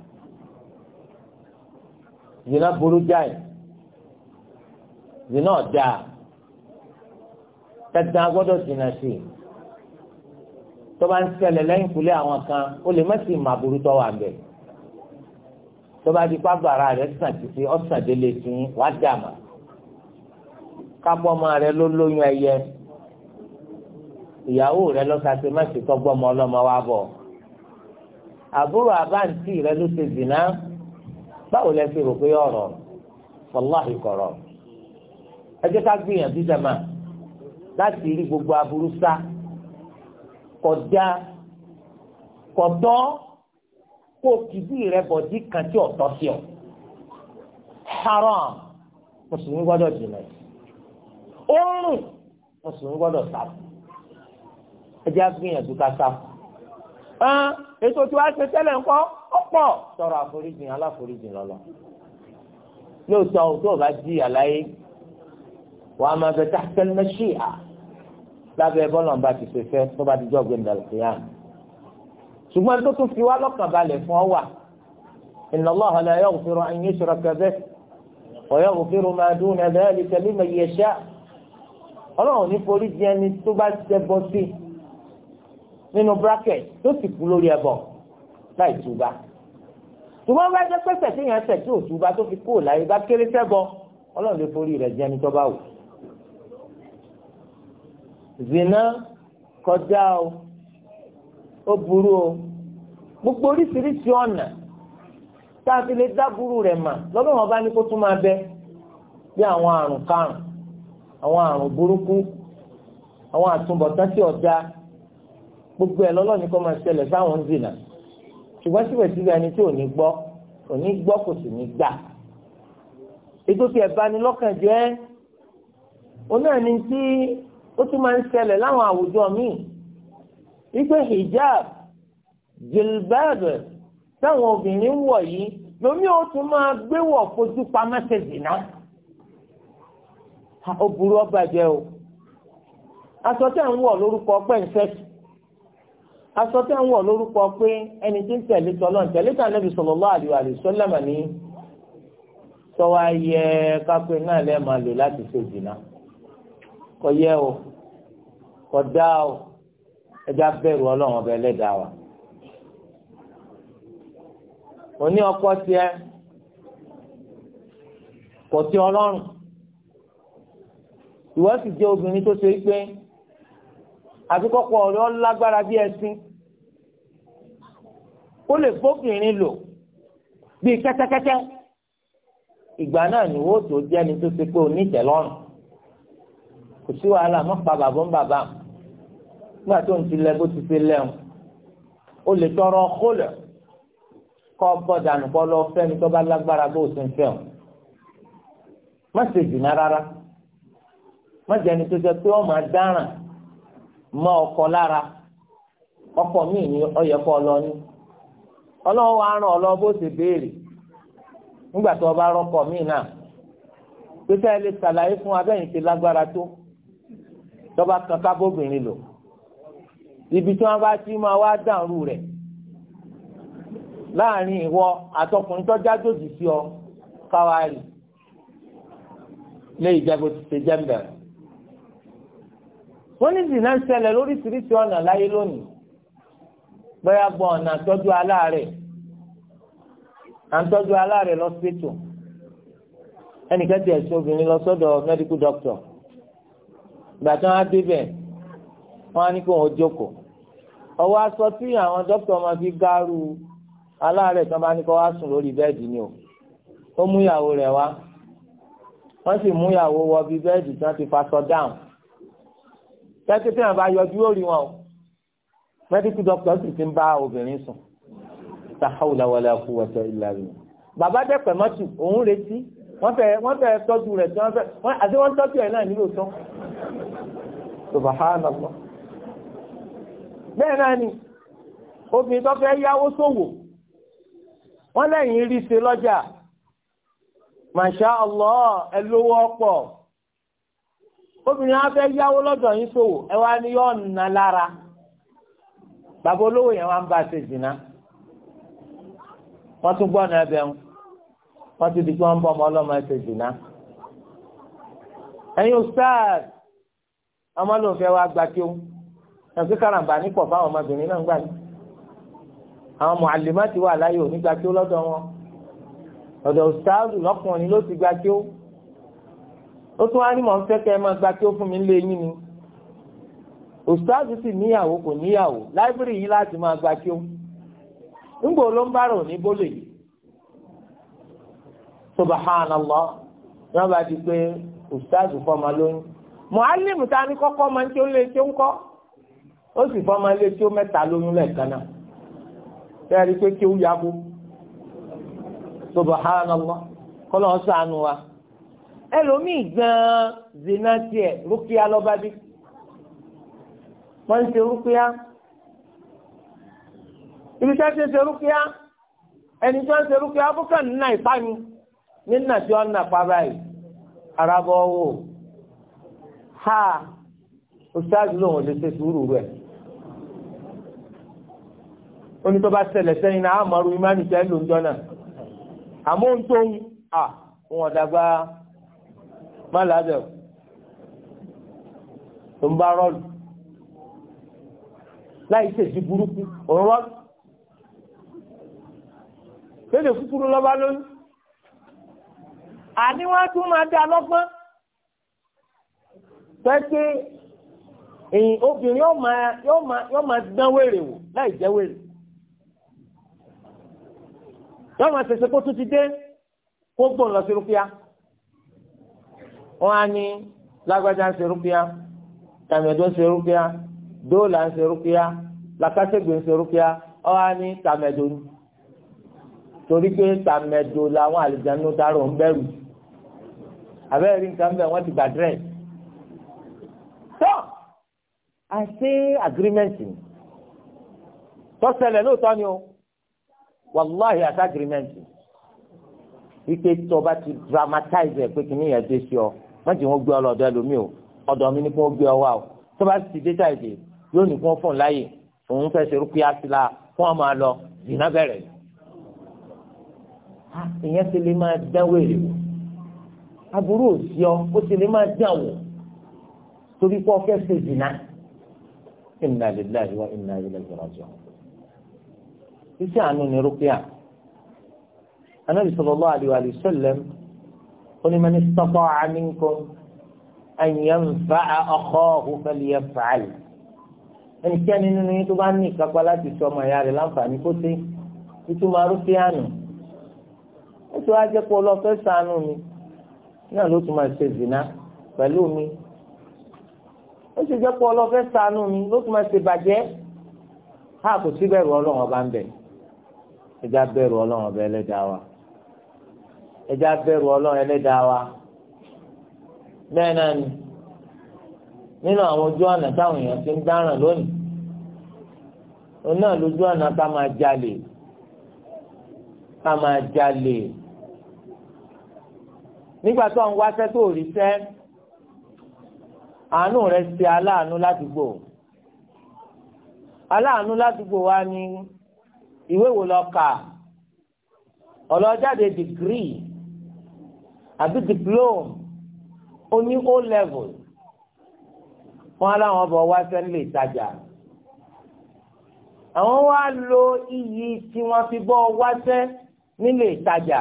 zina burú jáì zina ọ̀dà tẹ̀tẹ̀ agbọ́dọ̀ zina sí i tó bá ń ṣẹlẹ̀ lẹ́yìn kulé àwọn kan ó lè má sì má burú tọ́ wà bẹ́ẹ̀ tó bá di pàgbára rẹ̀ sàn títí ọ̀sàn délé sí wàá dàmà kápọ̀ ọmọ rẹ̀ ló lóyún ẹyẹ. ìyàwó rẹ lọ́sàsẹ́ má sì tọ́gbọ́ ọmọ ọlọ́mọ wa bọ̀ àbúrò àbáǹtì rẹ ló ṣe zìnà báwo lẹ fi rò pé ọ̀rọ̀ wàláhì kọ̀rọ̀ ẹ ká gbìyànjú láti rí gbogbo aburú sá kọjá kọtọ́ kó kìdí rẹ bọ̀dí kan sí ọ haram mùsùlùmí gbọ́dọ̀ jìnnà ó mùsùlùmí gbọ́dọ̀ ẹjẹ́ agbìyànjú ká sá fún. ẹn ètò tí wàá ṣe tẹ́lẹ̀ ńkọ́ ọ̀pọ̀ sọ̀rọ̀ àforíjìn aláforíjìn lọ́lọ́ lóòótọ́ òtó ò bá jí àlàyé wàá máa bẹ táṣẹ́ mẹ́ṣíà lábẹ́ bọ́lọ̀mbà ti ṣe fẹ́ tó bá ti jọ́ gbé ndàlùkìyàn ṣùgbọ́n tó tún fi wá lọ́kàn balẹ̀ fún ọ wà inna Allaha la yaghfiru an yushraka bihi wa nínú bracket tó sì kú lórí ẹbọ láì túba ṣùgbọ́n bá jẹ́ pẹ́sẹ̀ tí yẹn sẹ̀ tí ò túba tó fi kú ò láyé bá kéré sẹ́bọ ọlọ́run lè forí rẹ̀ jẹ́ni tó bá wù. zina kọjá o ó burú o gbogbo oríṣiríṣi ọ̀nà tá a fi lè dábúrú rẹ̀ mà lọ́dún wọn bá ní kó tún máa bẹ bí àwọn àrùn karùn àwọn àrùn burúkú àwọn àtúbọ̀tán tí ọ̀dà gbogbo ẹ̀ lọ́lọ́ ní kó máa ṣẹlẹ̀ sáwọn zina ṣùgbọ́n síbẹ̀síbẹ̀ ẹni tí ò ní gbọ́ ò ní gbọ́ kò sì ní gbà ètò tí bá ní lọ́kàn jẹ́ òun náà tí ó tún máa ń ṣẹlẹ̀ láwọn àwùjọ míì wípé hijab jilbab táwọn obìnrin ń wọ̀ yìí lomi ó tún máa gbéwọ̀ fojú pamọ́ ṣe zina ó burú ọgbàjẹ́ o aṣọ tẹ̀ ń wọ̀ lórúkọ pẹ́ńsẹ́sì aṣọ tẹ́ ń wọ̀ lórúkọ pé ẹni tí ń tẹ̀lé tọ́lọ́ ń tẹ̀lé tàn Nabi sallallahu alaihi wasallam ní sọ́wọ́ ayẹ kápẹ́ náà lẹ́ẹ̀ máa lò láti ṣe ìdìnnà kò yẹ o kò dá o ẹja bẹ̀rù ọlọ́run ọbẹ̀ ẹlẹ́dàá wa. òní ọkọ tiẹ kò tí ọlọ́run ìwọ jẹ́ obìnrin tó ṣe pé àbíkọ́kọ́ ọ̀rẹ́ ọ lágbára bí ẹṣin ó lè bóbìnrin lò bíi kẹ́tẹ́kẹ́tẹ́ ìgbà náà ni wọ́n tó jẹ́ni tó ti pé onítẹ̀lọ́rùn kò sí wàhálà má pa bàbá ń bàbá nígbà tó ń ti lẹ bó ti ṣe lẹ́hùn ó lè tọrọ kólẹ̀ kọ́ bọ́dànù kọ́ lọ fẹ́ni tó bá lágbára bó ti ń fẹ́ má ṣe jìnnà rárá má jẹ́ni tó jẹ́ pé ọmọ adáràn mọ́ ọkọ lára ọkọ míì ni ó yẹ kó lọ ní ọlọ́wọ́ wa ràn ọ lọ bó ṣe béèrè nígbà tó o bá rọ́pò míì náà pété ẹ lè ṣàlàyé fún abẹ́yìn ti lágbára tó tọ́ba kan kábóbìnrin lò ibi tí wọ́n bá ti máa wá dàrú rẹ̀ láàrin ìwọ àtọkùnrin tó jájòjì sí ọ káwárì lé ìjẹ́bù ti ṣe jẹ́mbẹ̀rẹ̀. wọ́n ní ìdìnnà ń ṣẹlẹ̀ lóríṣiríṣi ọ̀nà láyé lónìí bóyá gbọ́n ọ̀nà àtọ́jú aláàárẹ̀ àtọ́jú aláàárẹ̀ lọ́sítò ẹnìkan tiẹ̀ sí obìnrin lọ sọ́dọ̀ medical doctor ìgbà tí wọ́n á débẹ̀ wọ́n á ní kó wọn jókòó ọwọ́ aṣọ tí àwọn dókítà máa fi gáàrú aláàárẹ̀ tí wọ́n bá ní kó wá sùn lórí bẹ́ẹ̀dì ni o ó mú ìyàwó rẹ̀ wá wọ́n sì mú ìyàwó wọ bí bẹ́ẹ̀dì tí wọ́n ti fa sọ dáhùn kẹ́kẹ́ tí wọ́n bá yọjú ó wọn o. mẹ́díkù dọ́kítọ̀ sì ti ń bá obìnrin sùn tahawla wala ilari illa billah bàbá òun retí wọ́n fẹ́ wọ́n fẹ́ tọ́jú rẹ̀ tí wọ́n fẹ́ wọ́n àti wọ́n tọ́jú ẹ̀ náà nílò tán obìnrin tó obìnrin á yáwó yín ẹ wá bàbá olówó yẹn wá ń bá a ṣe zìnà wọ́n tún gbọ́nà ẹbẹ̀ ń wọ́n ti di pé wọ́n ń bọ́ ọmọ ọlọ́mọ ẹ ṣe zìnà. ẹ̀yin ustaz ọmọ ló ń fẹ́ wá gba kí ó ẹ̀sì karambà nípọ̀ fáwọn ọmọbìnrin náà ń gbà ní. àwọn mùálímátì wà láyé òní gba kí ó lọ́dọ̀ wọn ọ̀dọ̀ ustaz lọ́kùnrin ló ti gba kí ó ó tún wá ní mọ̀ ń fẹ́ kẹ́ ẹ máa gba kí ó fún mi lé yín ni. ustaz sì níyàwó kò níyàwó láìbírì yìí láti máa gba kí ó ńgbò ló ń bára òní bólè yìí subahánàlá ní wọn bá di pé ustaz fọmọ lóyún ta ni kọkọ ma ń tí ó lé tí ó ń kọ́ ó sì fọmọ lé tí ó mẹ́ta lóyún lẹ́ẹ̀kan náà bẹ́ẹ̀ rí pé kí ó yàgò subahánàlá wa ẹlòmíì gan-an wọ́n ń ṣe rúkúyá ibi tí wọ́n ti ń ṣe rúkúyá ẹni tí wọ́n ń ṣe rúkúyá fúnkàn nínà ìpani nínà tí wọ́n ń nà pa báyìí arábọ̀ wò ha oṣáájú lòun ò lè ṣe sùúrù rẹ̀ onítọ́ bá ṣẹlẹ̀ sẹ́yìn náà àmọ́rú imáni tẹ́ ló ń jọ náà àmọ́ ń tó ń à wọn dàgbà má làbẹ̀ ń bá rọ́ọ̀lù láì tèsí burúkú òun wá lédè kúkúrú lọ́ba lóyún àní wọ́n tún máa dá lọ́gbọ́n pẹ́ẹ́tẹ́ èyí obìnrin yóò máa yóò máa yóò máa dán wèrè wò láì jẹ́ wèrè yóò máa ṣẹ̀ṣẹ̀ kó tún ti dé kó gbòòn lọ sí rúpíà wọ́n á ní lágbájá ń ṣe rúpíà tàmẹ̀dọ́ ń ṣe rúpíà dóòlà ń ṣe rúkìá làkàṣègbè ń ṣe rúkìá ọ̀hà ní tàmẹ̀dò ni torí pé tàmẹ̀dò làwọn àlìjánu dárò ń bẹ̀rù àbẹ́rẹ́ nǹkan bẹ́ẹ̀ wọ́n ti gbà dírẹ̀ tó àṣé agreement tọ́sẹ̀lẹ̀ lóòótọ́ ni o wàláhì àṣà agreement wípé tọba ti dramatize ẹ pé kí ni ìyàgbé sí ọ má jẹ́ wọ́n gbé ọ lọ́dọ̀ ẹlòmíì o ọ̀dọ̀ mi ni kí wọ́n gbé ọ wá o tọba ti dé táìdè yóò ní kí wọ́n fún un láàyè òun fẹ́ ṣe rúkúyà sí la kí wọ́n máa lọ zina bẹ̀rẹ̀ ìyẹn ti lè máa dánwò èrè wò aburú òsì ọ ó ti lè máa dánwò torí pé ọfẹ́ ṣe zina inna lillahi wa inna ilaihi raji'un iṣẹ́ àánú ni rúkúyà anabi sallallahu alaihi wa sallam onímọ̀ ní sọ́kọ́ àmínkùn an yanfa'a akhahu falyaf'al ẹnikẹ́ni nínú yín tó bá ní ìkápá láti sọ ọmọ ìyá rẹ̀ láǹfààní kó sí ìtumọ̀ arúgbó àná ó ti wá jẹ́ pé ọlọ́fẹ́ sànú mi náà ló tún máa ṣe zìnà pẹ̀lú mi ó sì jẹ́ pé ọlọ́fẹ́ sànú mi ló tún máa ṣe bàjẹ́ a kò sí bẹ̀rù ọlọ́run ọba ń bẹ̀ ẹja bẹ̀rù ọlọ́run ọba ẹlẹ́dàá wa ẹja bẹ̀rù ọlọ́run ẹlẹ́dàá wa bẹ́ẹ̀ náà ni nínú àwọn ojú ọ̀nà táwọn èèyàn ti ń dáràn lónìí òun náà lójú ọ̀nà ká máa jalè ká máa jalè nígbà tó ń wáṣẹ́ tó rí sẹ́ àánú rẹ̀ ṣe aláàánú ládùúgbò aláàánú ládùúgbò wa ni ìwé wo lọ kà ọlọ́jáde dìgírì àbí dìpúlọ́ọ̀mù oní O level wọn aláwọn ọwa wá n'ile ìtajà àwọn wá lo iyì tí wọ́n fi bọ́ wáṣẹ́ nílé ìtajà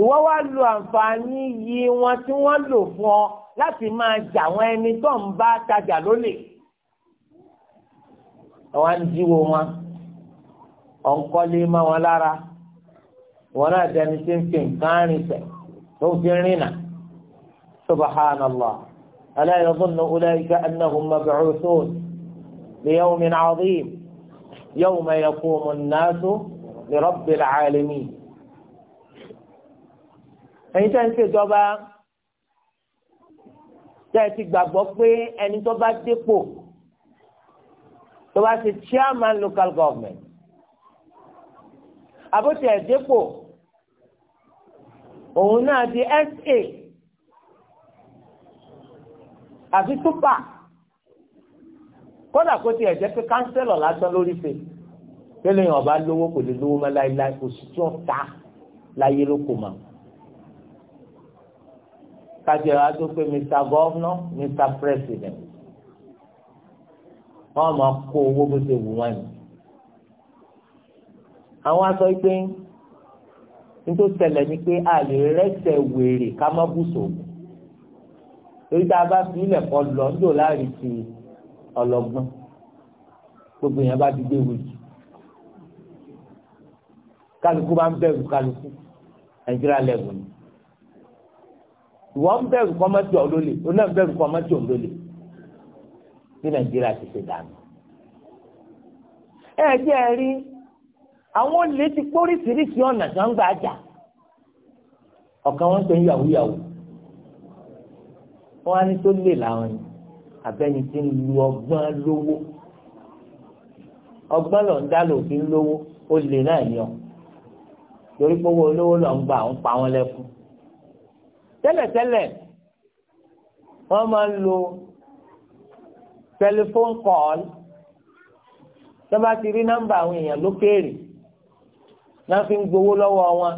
ìwọ wá lo àǹfààní yìí wọn tí wọ́n lò fún ọ láti máa jà wọn ẹni tó ń bá tajà lólè àwọn àǹdíwò wọn ọ̀nkọ́lé má wọn lára wọn náà dẹni tí ń fi nǹkan rìn tó fi ألا يظن أولئك أنهم مبعوثون ليوم عظيم يوم يقوم الناس لرب العالمين ẹ̀yin tẹ́ ń ṣèjọba tẹ́ ẹ ti gbàgbọ́ pé ẹni tó bá dépò tó bá ṣe chairman local government àbótiẹ̀ dépò òun náà di SA àfi túpà kódà kó tiẹ̀ jẹ́ pé kánsẹ́lọ̀ lásán lórí fè tẹ́lẹ̀ yẹn ọba lówó kò lè lówó mọ́ láéláé kò sì tún ta láyé ló kò mọ́. kájọ wa tó pé mr governor mr president wọ́n máa kó owó bó ṣe wù wọ́n yìí. àwọn aṣọ ìpín nítorí tẹ́lẹ̀ ni pé a lè rẹ́sẹ̀ wèrè ká má bùsọ̀ ògùn torí tá a bá fi ilẹ̀ kọ lọ ńdò láàrin ti ọlọ́gbọ́n gbogbo yẹn bá ti gbé wòlíì kálukú bá ń bẹ̀rù kálukú nàìjíríà lẹ́gùn ni ìwọ ń bẹ̀rù kọ́mọ́tì ọ̀lólè oná ń bẹ̀rù kọ́mọ́tì ọ̀lólè bí nàìjíríà ti ṣe dànù. ẹ jẹ́ ẹ rí àwọn olè ti póríṣiríṣi ọ̀nà tí wọ́n ń gbà jà ọ̀kan wọn ń pè ní yàwúyàwó wọ́n á ní tó lè làwọn yìí abẹ́ni tí ń lu ọgbọ́n lówó ọgbọ́n lọ ń dá lòfin lówó ó lè náà yàn torí pé owó olówó lọ ń gbà ń pa wọn lẹ́kùn tẹ́lẹ̀tẹ́lẹ̀ wọ́n máa ń lo tẹlifóòn kọ́ọ̀lù tó bá ti rí nọ́mbà àwọn èèyàn lókèèrè náà ń gbowó lọ́wọ́ wọn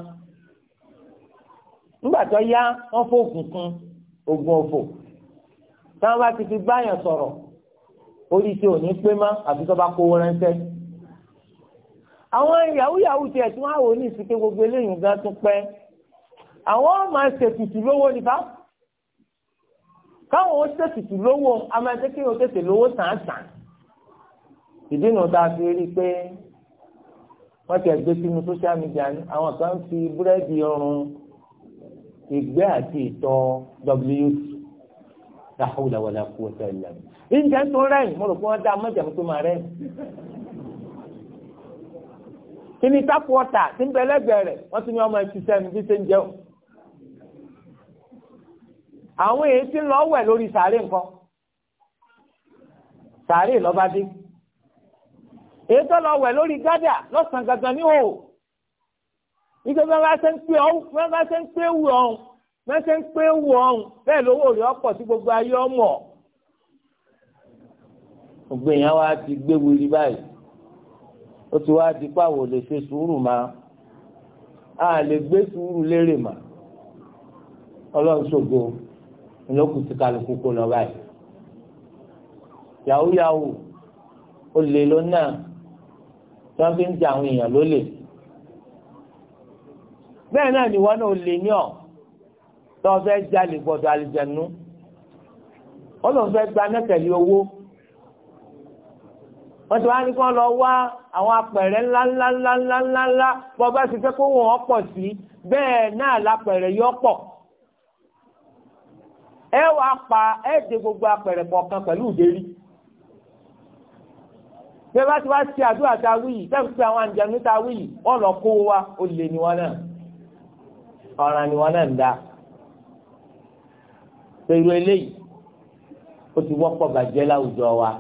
nígbà tó yá wọ́n fòkùn kún ogun ọ̀fọ̀ táwọn bá ti fi báyàn sọ̀rọ̀ orí tí ò ní pé má àfi tó bá kówó ránṣẹ́ àwọn yahoo yahoo tiẹ̀ tí wọ́n á wò ní ìsìnké gbogbo eléyìí gan tún pẹ́ àwọn máa ṣètùtù lówó nípa káwọn ó ṣètùtù lówó amáṣẹ́kẹ́ ó tètè lówó sàǹsàn ìdí nu ta fi rí i pé wọ́n ti ẹ̀gbẹ́ sínú sóṣíà mídíà àwọn kan fi búrẹ́dì ọrùn ìgbẹ́ àti ìtọ̀ wt láhùlà wàlà kú ọ̀tọ̀ ìlà mi. ǹjẹ́ tó rẹ́yìn mo rò pé wọ́n dá mọ́jàmú tó máa rẹ́yìn. kí ni tápù ọ̀tà tí ń bẹ lẹ́gbẹ̀ẹ́ rẹ̀ wọ́n ti ní ọmọ ẹtì sẹ́nu bí ṣe ń jẹun. àwọn èyí ti ń lọ wẹ̀ lórí sàárè nǹkan sàárè lọ́ba dé èyí tó lọ wẹ̀ lórí gádà lọ́sàn-án gangan ní òòrùn nígbà bí wọ́n bá ṣe ń pé ọ̀hún wọ́n bá ṣe ń pé wù ọ̀hún wọ́n ṣe ń pé wù ọ̀hún bẹ́ẹ̀ lówó rẹ̀ ọ̀pọ̀ tí gbogbo ayé ọmọ. gbogbo èèyàn wá ti gbé wuli báyìí ó ti wá di pàwọ̀ lè ṣe sùúrù máa a lè gbé sùúrù lérè mà ọlọ́run ṣògo ìlọ́kùn ti kálukú kó lọ báyìí. yàwó yàwó olè lọ náà tí wọ́n fi ń jà àwọn èèyàn lólè bẹ́ẹ̀ náà ni wọ́n náà lè ní ọ̀ tó fẹ́ jalè gbọ́dọ̀ àlìjẹ̀nu ó lọ fẹ́ gba nẹ́tẹ̀lé owó wọ́n ti wá ní kí wọ́n lọ wá àwọn apẹ̀rẹ̀ ńláńláńláńláńlá bọ́ bá ti fẹ́ kó wọn ọ̀pọ̀ sí bẹ́ẹ̀ náà lápẹ̀rẹ̀ yọ pọ̀ ẹ wàá pa ẹ dé gbogbo apẹ̀rẹ̀ kọ̀ọ̀kan pẹ̀lú ìdérí bí ẹ bá ti wá ṣe àdúrà ta wíyì tẹ́ ń pe àwọn àǹjẹ̀nu ta wíyì wọ́n lọ kó wa ó lè wọn náà ọ̀ràn ni wọn náà ń dá pẹ̀lú eléyìí ó ti wọ́pọ̀ bàjẹ́ láwùjọ wa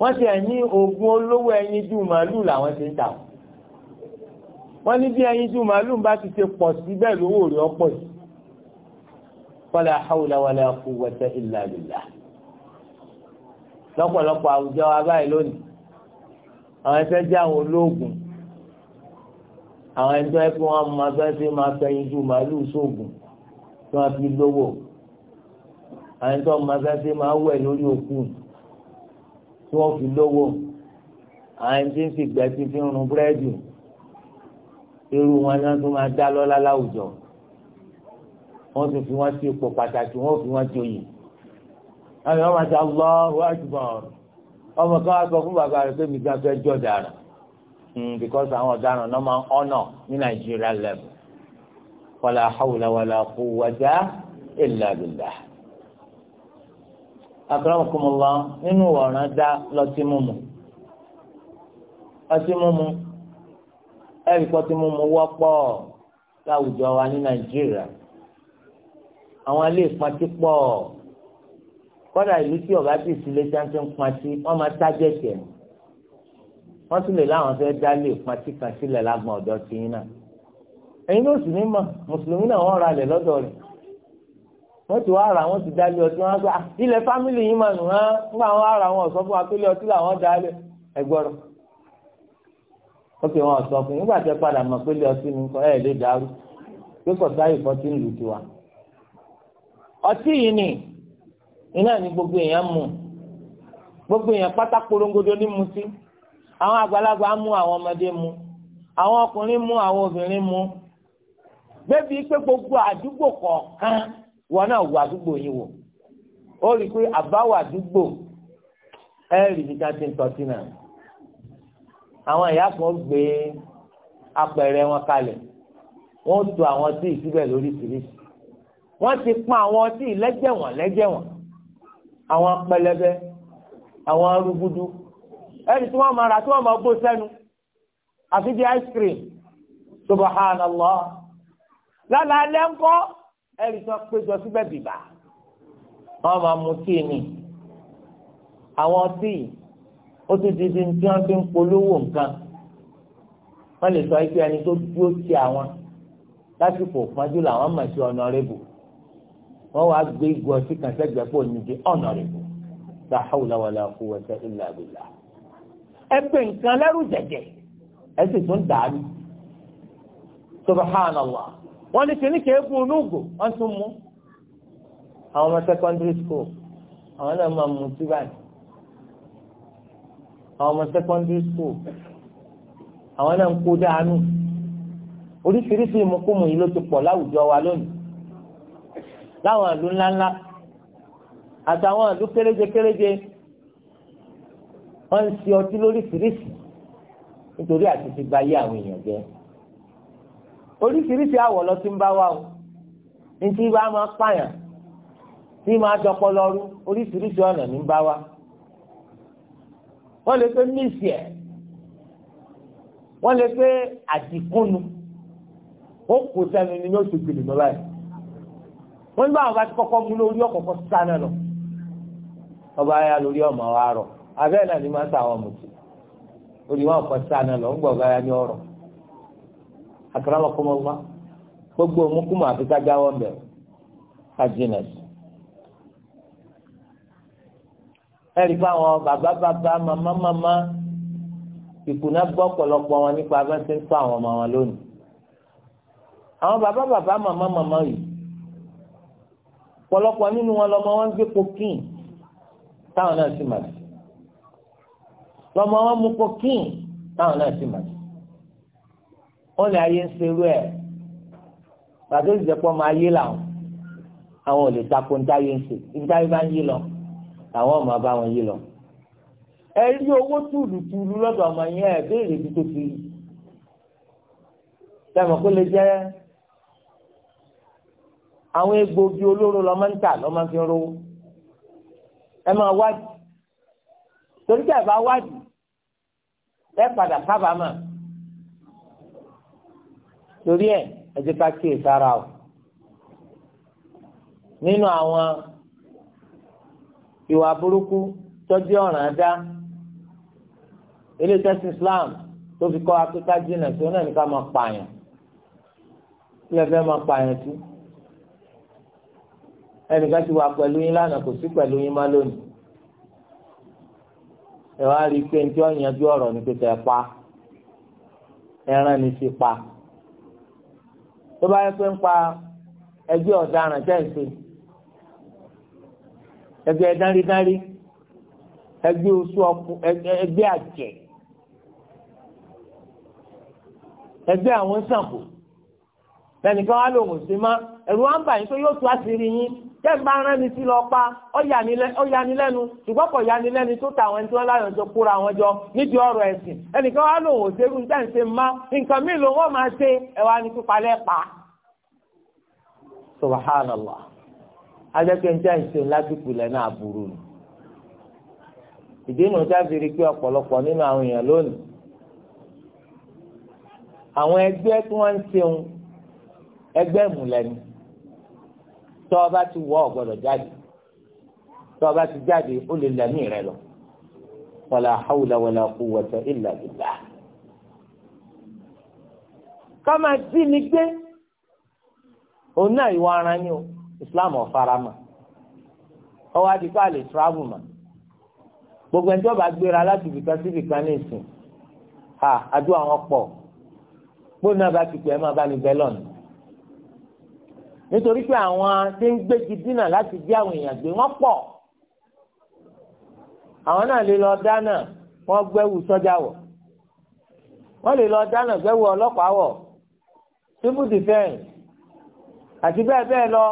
wọ́n ti ẹ̀ ní oògùn olówó ẹyin ju màálù làwọn ti ń tà wọ́n ní bí ẹyin ju màálù bá ti ṣe pọ̀ sí bẹ́ẹ̀ lówó rẹ̀ ọ̀pọ̀ yìí fala hawla wala quwwata illa billah lọ́pọ̀lọpọ̀ àwùjọ wa báyìí lónìí àwọn ẹsẹ̀ jẹ́ àwọn olóògùn àwọn ẹni tó yẹ kí wọ́n máa fẹ́ ṣe máa fẹ̀yìn ju màálù sóògùn tí wọ́n fi lówó àwọn ẹni tó máa fẹ́ ṣe máa wẹ̀ lórí òkú tí wọ́n fi lówó àwọn ẹni tí ń sì gbẹ́ tí fi ń run búrẹ́dì irú wọn náà tó máa dá lọ́lá láwùjọ wọ́n sì fi wọ́n sí ipò pàtàkì wọ́n fi wọ́n joyè àwọn ọmọ àti àlọ́ wọ́n àti bọ̀ ọmọ kan sọ fún bàbá rẹ̀ pé mi gbà fẹ́ jọ̀ dára. Mm, because àwọn ọ̀daràn náà máa ń ọ̀nà ní nàìjíríà level wàlà hawla wàlà quwwata illa billah. akramakumullah nínú ọ̀ràn dá lọ́tí mímu ọtí mímu ẹ̀rí pọ́tí mímu wọ́pọ̀ láwùjọ wa ní nàìjíríà àwọn ilé ìpàtí pọ̀ kọ́dà ìlú tí ọ̀gá ti sílé tí wọ́n ti ń pàtí wọ́n máa tájẹ̀tì ẹ̀mí wọ́n tún lè láwọn fẹ́ dálé pàtí kan sílẹ̀ lágbọ̀n ọ̀dọ́ tiyín náà ẹ̀yin ló sì ní mọ̀ mùsùlùmí náà wọ́n ra lẹ̀ lọ́dọ̀ rẹ̀ wọ́n ti wá ra wọ́n ti dálé ọtí wọn gbà ah, ilẹ̀ fámìlì yìí mà nù hàn nígbà wọn ara wọn ọ̀sọ́ fún wa pé ilé ọtí làwọn dálé ẹgbọ́rọ̀ ó fi wọn ọ̀sọ́ fún nígbà tẹ padà mọ̀ pé ilé ọtí nìkan ẹ̀ lè dàrú pé kò sáyè kan ti ń lù tiwa ọtí yìí ni iná ni gbogbo èèyàn mú gbogbo èèyàn pátá àwọn àgbàlagbà mú àwọn ọmọdé mu àwọn ọkùnrin mú àwọn obìnrin mu bébí pé gbogbo àdúgbò kọ̀ọ̀kan wọn náà wọ àdúgbò yìí wò ó rí i pé àbáwọ̀ àdúgbò ẹ rí ibi tá a ti ń tọ́tí náà àwọn ìyá kan gbé apẹ̀rẹ̀ wọn kalẹ̀ wọ́n tò àwọn tí ì síbẹ̀ lóríṣiríṣi wọ́n ti pọ́n àwọn tí ì lẹ́jẹ̀wọ̀n lẹ́jẹ̀wọ̀n àwọn pẹlẹbẹ àwọn arúgúdú ẹni tí wọ́n máa rà tí wọ́n máa bó sẹ́nu àfi bí ice cream subhanallah lálẹ́ alẹ́ ńkọ́ ẹni tí wọ́n péjọ síbẹ̀ bìbà wọ́n máa mu tíì ni àwọn tíì ó tún ti di tí wọ́n fi ń polówó nǹkan wọ́n lè sọ pé ẹni tó dúró ti àwọn lásìkò pọ́njú làwọn mọ̀ sí ọ̀nàrẹ́bù wọ́n wá gbé ìgò ọtí kan sẹ́gbẹ̀ẹ́ pò ní di ọ̀nàrẹ́bù la hawla wala quwwata illa billah ẹ pè nǹkan lẹ́rù jẹ̀jẹ̀ ẹ sì tún dàrú subhanallah wọ́n ní kíní kéékù onúgò wọ́n tún mú àwọn ọmọ secondary school àwọn náà máa mú sí báyìí àwọn ọmọ secondary school àwọn náà ń kó dáánù oríṣiríṣi ìmúkúmu yìí ló ti pọ̀ láwùjọ wa lónìí láwọn ìlú ńláńlá àtàwọn ìlú kéréje kéréje wọ́n ń ṣe ọtí lóríṣiríṣi nítorí àti ti gba ayé àwọn èèyàn jẹ́ oríṣiríṣi àwọ̀ lọ ti ń bá wa o ní tí bá máa pààyàn tí máa dọpọ lọ́rú oríṣiríṣi ọ̀nà ní ń bá wa wọ́n lè pé míìsì ẹ̀ wọ́n lè pé àdìkúnnu ó kò sẹ́nu ni yóò ṣe gbèlè lọ báyìí wọ́n ní báwọn bá ti kọ́kọ́ mú lórí ọ̀kọ̀ọ̀kan sáná lọ ọba ayá lórí ọmọ wa rọ̀ abẹ́ẹ̀ náà ni máa ń ta àwọn mùtì olùwà ọ̀kan sáà náà lọ ń gbọ̀ gáyà ní ọ̀rọ̀ àkàràwọ̀ kọ́mọ́ wá gbogbo òmùkùmọ̀ àti kájáwọ́ ń bẹ̀rù kájínà sí. ẹ̀rí fáwọn bàbá bàbá màmá màmá ìkùnà gbọ́ pọ̀lọpọ̀ wọn nípa abẹ́sẹ̀ ń tọ́ àwọn ọmọ wọn lónìí. àwọn bàbá bàbá màmá màmá yìí pọ̀lọpọ̀ nínú wọn lọ́mọ wọn gbé kokéènì táwọn náà sì mà sí lọ́mọ wọn mú cocaine táwọn náà sì mà sí wọn lè ayé ń serú ẹ̀ pàtó ìjẹ́pọ̀ máa yé làwọn àwọn ò lè takò ntáyé ń sè ntáyé bá ń yí lọ làwọn ọmọ bá wọn yí lọ. ẹ rí owó tùlùtùlù lọ́dọ̀ ọmọ yẹn ẹ béèrè bí tó ti rí sẹ́mi kó lè jẹ́ àwọn egbògi olóró lọ́mọ ń tà lọ́mọ fi ń rówó ẹ máa wádìí torí tẹ̀ bá wádìí bẹ́ẹ̀ padà kábàámà torí ẹ̀ ẹ jẹ́ ká kíyè sára o nínú àwọn ìwà burúkú tọ́jú ọ̀ràn dá ilé tẹ́sí Islam tó fi kọ́ akíká jìnnà tó náà nìkan máa pààyàn tí ẹ fẹ́ máa pààyàn sí ẹnìkan ti wà pẹ̀lú yín lánàá kò sí pẹ̀lú yín má lónìí ẹ wá rí i pé njẹ́ ọ̀yanjú ọ̀rọ̀ ni pé tẹ̀ pa ẹran ni ti pa tó bá yẹ pé ń pa ẹgbẹ́ ọ̀daràn jẹ́ǹsì ẹgbẹ́ dáridári ẹgbẹ́ oṣù ọkù ẹgbẹ́ àjẹ́ ẹgbẹ́ àwọn sàǹkó lẹ́nìkan wá lòun ò sí mọ́ ẹ̀rù wa ń bà yín pé yóò tú àṣírí yín tẹ́ ń bá rán mi sí lọ pa ó yanilẹ́nu ṣùgbọ́n kò yanilẹ́nu tó ta àwọn ẹni tí wọ́n láyọ̀ jọ kóra àwọn jọ nídìí ọ̀rọ̀ ẹ̀sìn ẹnìkan wá lòun ò ṣerú ní tẹ́ǹsì mọ́ nǹkan míì lòun ó máa ṣe ẹ̀wà ní pípalẹ́ pa. subhanallah ajẹ́pẹ́ ń tẹ́ǹsì lásìkò ilẹ̀ náà burú ni ìdí ìnù jáde rí pé ọ̀pọ̀lọpọ̀ nínú àwọn èèyàn lónìí àwọn ẹgbẹ́ tí wọ́n ń ṣeun ẹgbẹ́ ìmùlẹ́ni tọ́ ọba ti wọ́ ọ̀gbọ́dọ̀ jáde tọ́ ọba ti jáde ó lè lẹ́mí rẹ lọ wàlà hàwùlà wàlà quwwata illa billah. kọ́mà tí mi gbé òun náà ìwọ ara ni o Islam ọ̀farama ọwọ́ adigun àlè travel ma gbogbo ẹni tí wọ́n bá gbéra láti ibìkan sí ibìkan ní ìsìn àdúrà wọn pọ̀ gbóná bá ti pè é má bá ní bẹ́lọ̀nù nítorí pé àwọn tí ń gbégi dínà láti jẹ́ àwọn èèyàn gbé wọ́n pọ̀ àwọn náà lè lọ dáná wọ́n gbẹ́wù sọ́jà wọ̀ wọ́n lè lọ dáná gbẹ́wù ọlọ́pàá wọ̀ civil defence àti bẹ́ẹ̀ bẹ́ẹ̀ lọ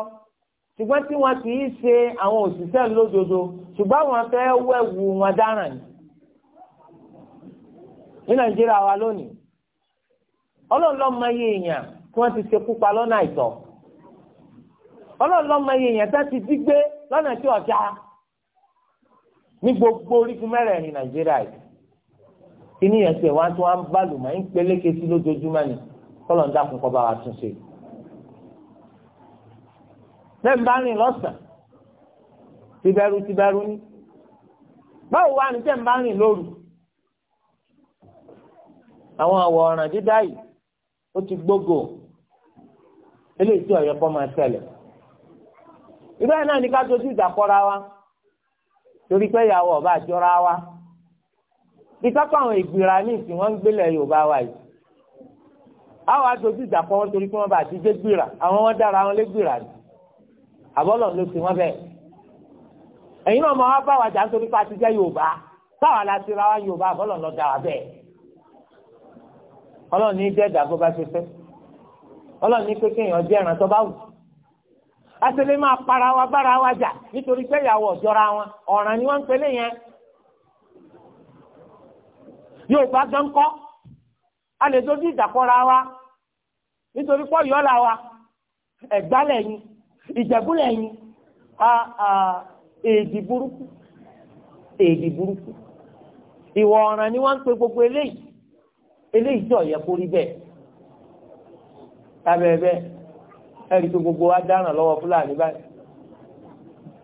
ṣùgbọ́n tí wọ́n ti í ṣe àwọn òṣìṣẹ́ lódodo ṣùgbọ́n wọ́n fẹ́ wẹ̀wù wọn dáràn ni ní nàìjíríà wa lónìí ọlọ́run ló mọ iye èèyàn tí wọ́n ti ṣekú pa lọ́nà àìtọ́ ọlọ́run lọ́mọ iye yẹn tá ti dígbé lọ́nà tí ọ̀dà ní gbogbo orígun mẹ́rẹ̀ẹ̀rin nàìjíríà yìí kíní yẹn wá tí wọ́n ń bá lùmọ̀ ń peléke sí lójoojúmọ́ ni kọ́lọ̀ ń dákun kọ́ bá wa tún ṣe. ni báwo wá ní bá rìn lóru. àwọn àwọ̀ ọ̀ràn dídá yìí ó ti gbógo ìgbà naa náà ní ká dojú ìjà kọra wa torí pé ìyàwó ọba wa ìtọ́pọ̀ àwọn ìgbìra ní ìsìn wọn ń wa yìí ìjà wọn torí pé bá ti dé gbìra àwọn wọn dára wọn lé ni àbọ̀lọ̀ ló ti wọn bẹ́ẹ̀ ẹ̀yin náà mọ wá bá wa jà nítorí pé a ti jẹ́ Yorùbá táwa la ti ra wa Yorùbá àbọ̀lọ̀ lọ dára bẹ́ẹ̀ ọlọ́run ní jẹ́ ìdàgbọ́ bá ṣe fẹ́ ọlọ́run àṣẹlẹ̀ máa para wa bára wa jà nítorí pé ìyàwó ọ̀jọ́ra wọn ọ̀ràn ni wọ́n ń pele yẹn yóò bá gán kọ́ a lè dojú ìdàkọ́ra wa nítorí pọ́ yọ́la wa ẹ̀gbálẹ̀ yín ìjẹ̀búlẹ̀ yín èdè burúkú èdè burúkú ìwọ ọ̀ràn ni wọ́n ń pe gbogbo eléyìí eléyìí tí ó yẹ kó rí bẹ́ẹ̀ bẹ́ẹ̀. ẹ̀rí pé gbogbo wa dáràn lọ́wọ́ fúlàní báyìí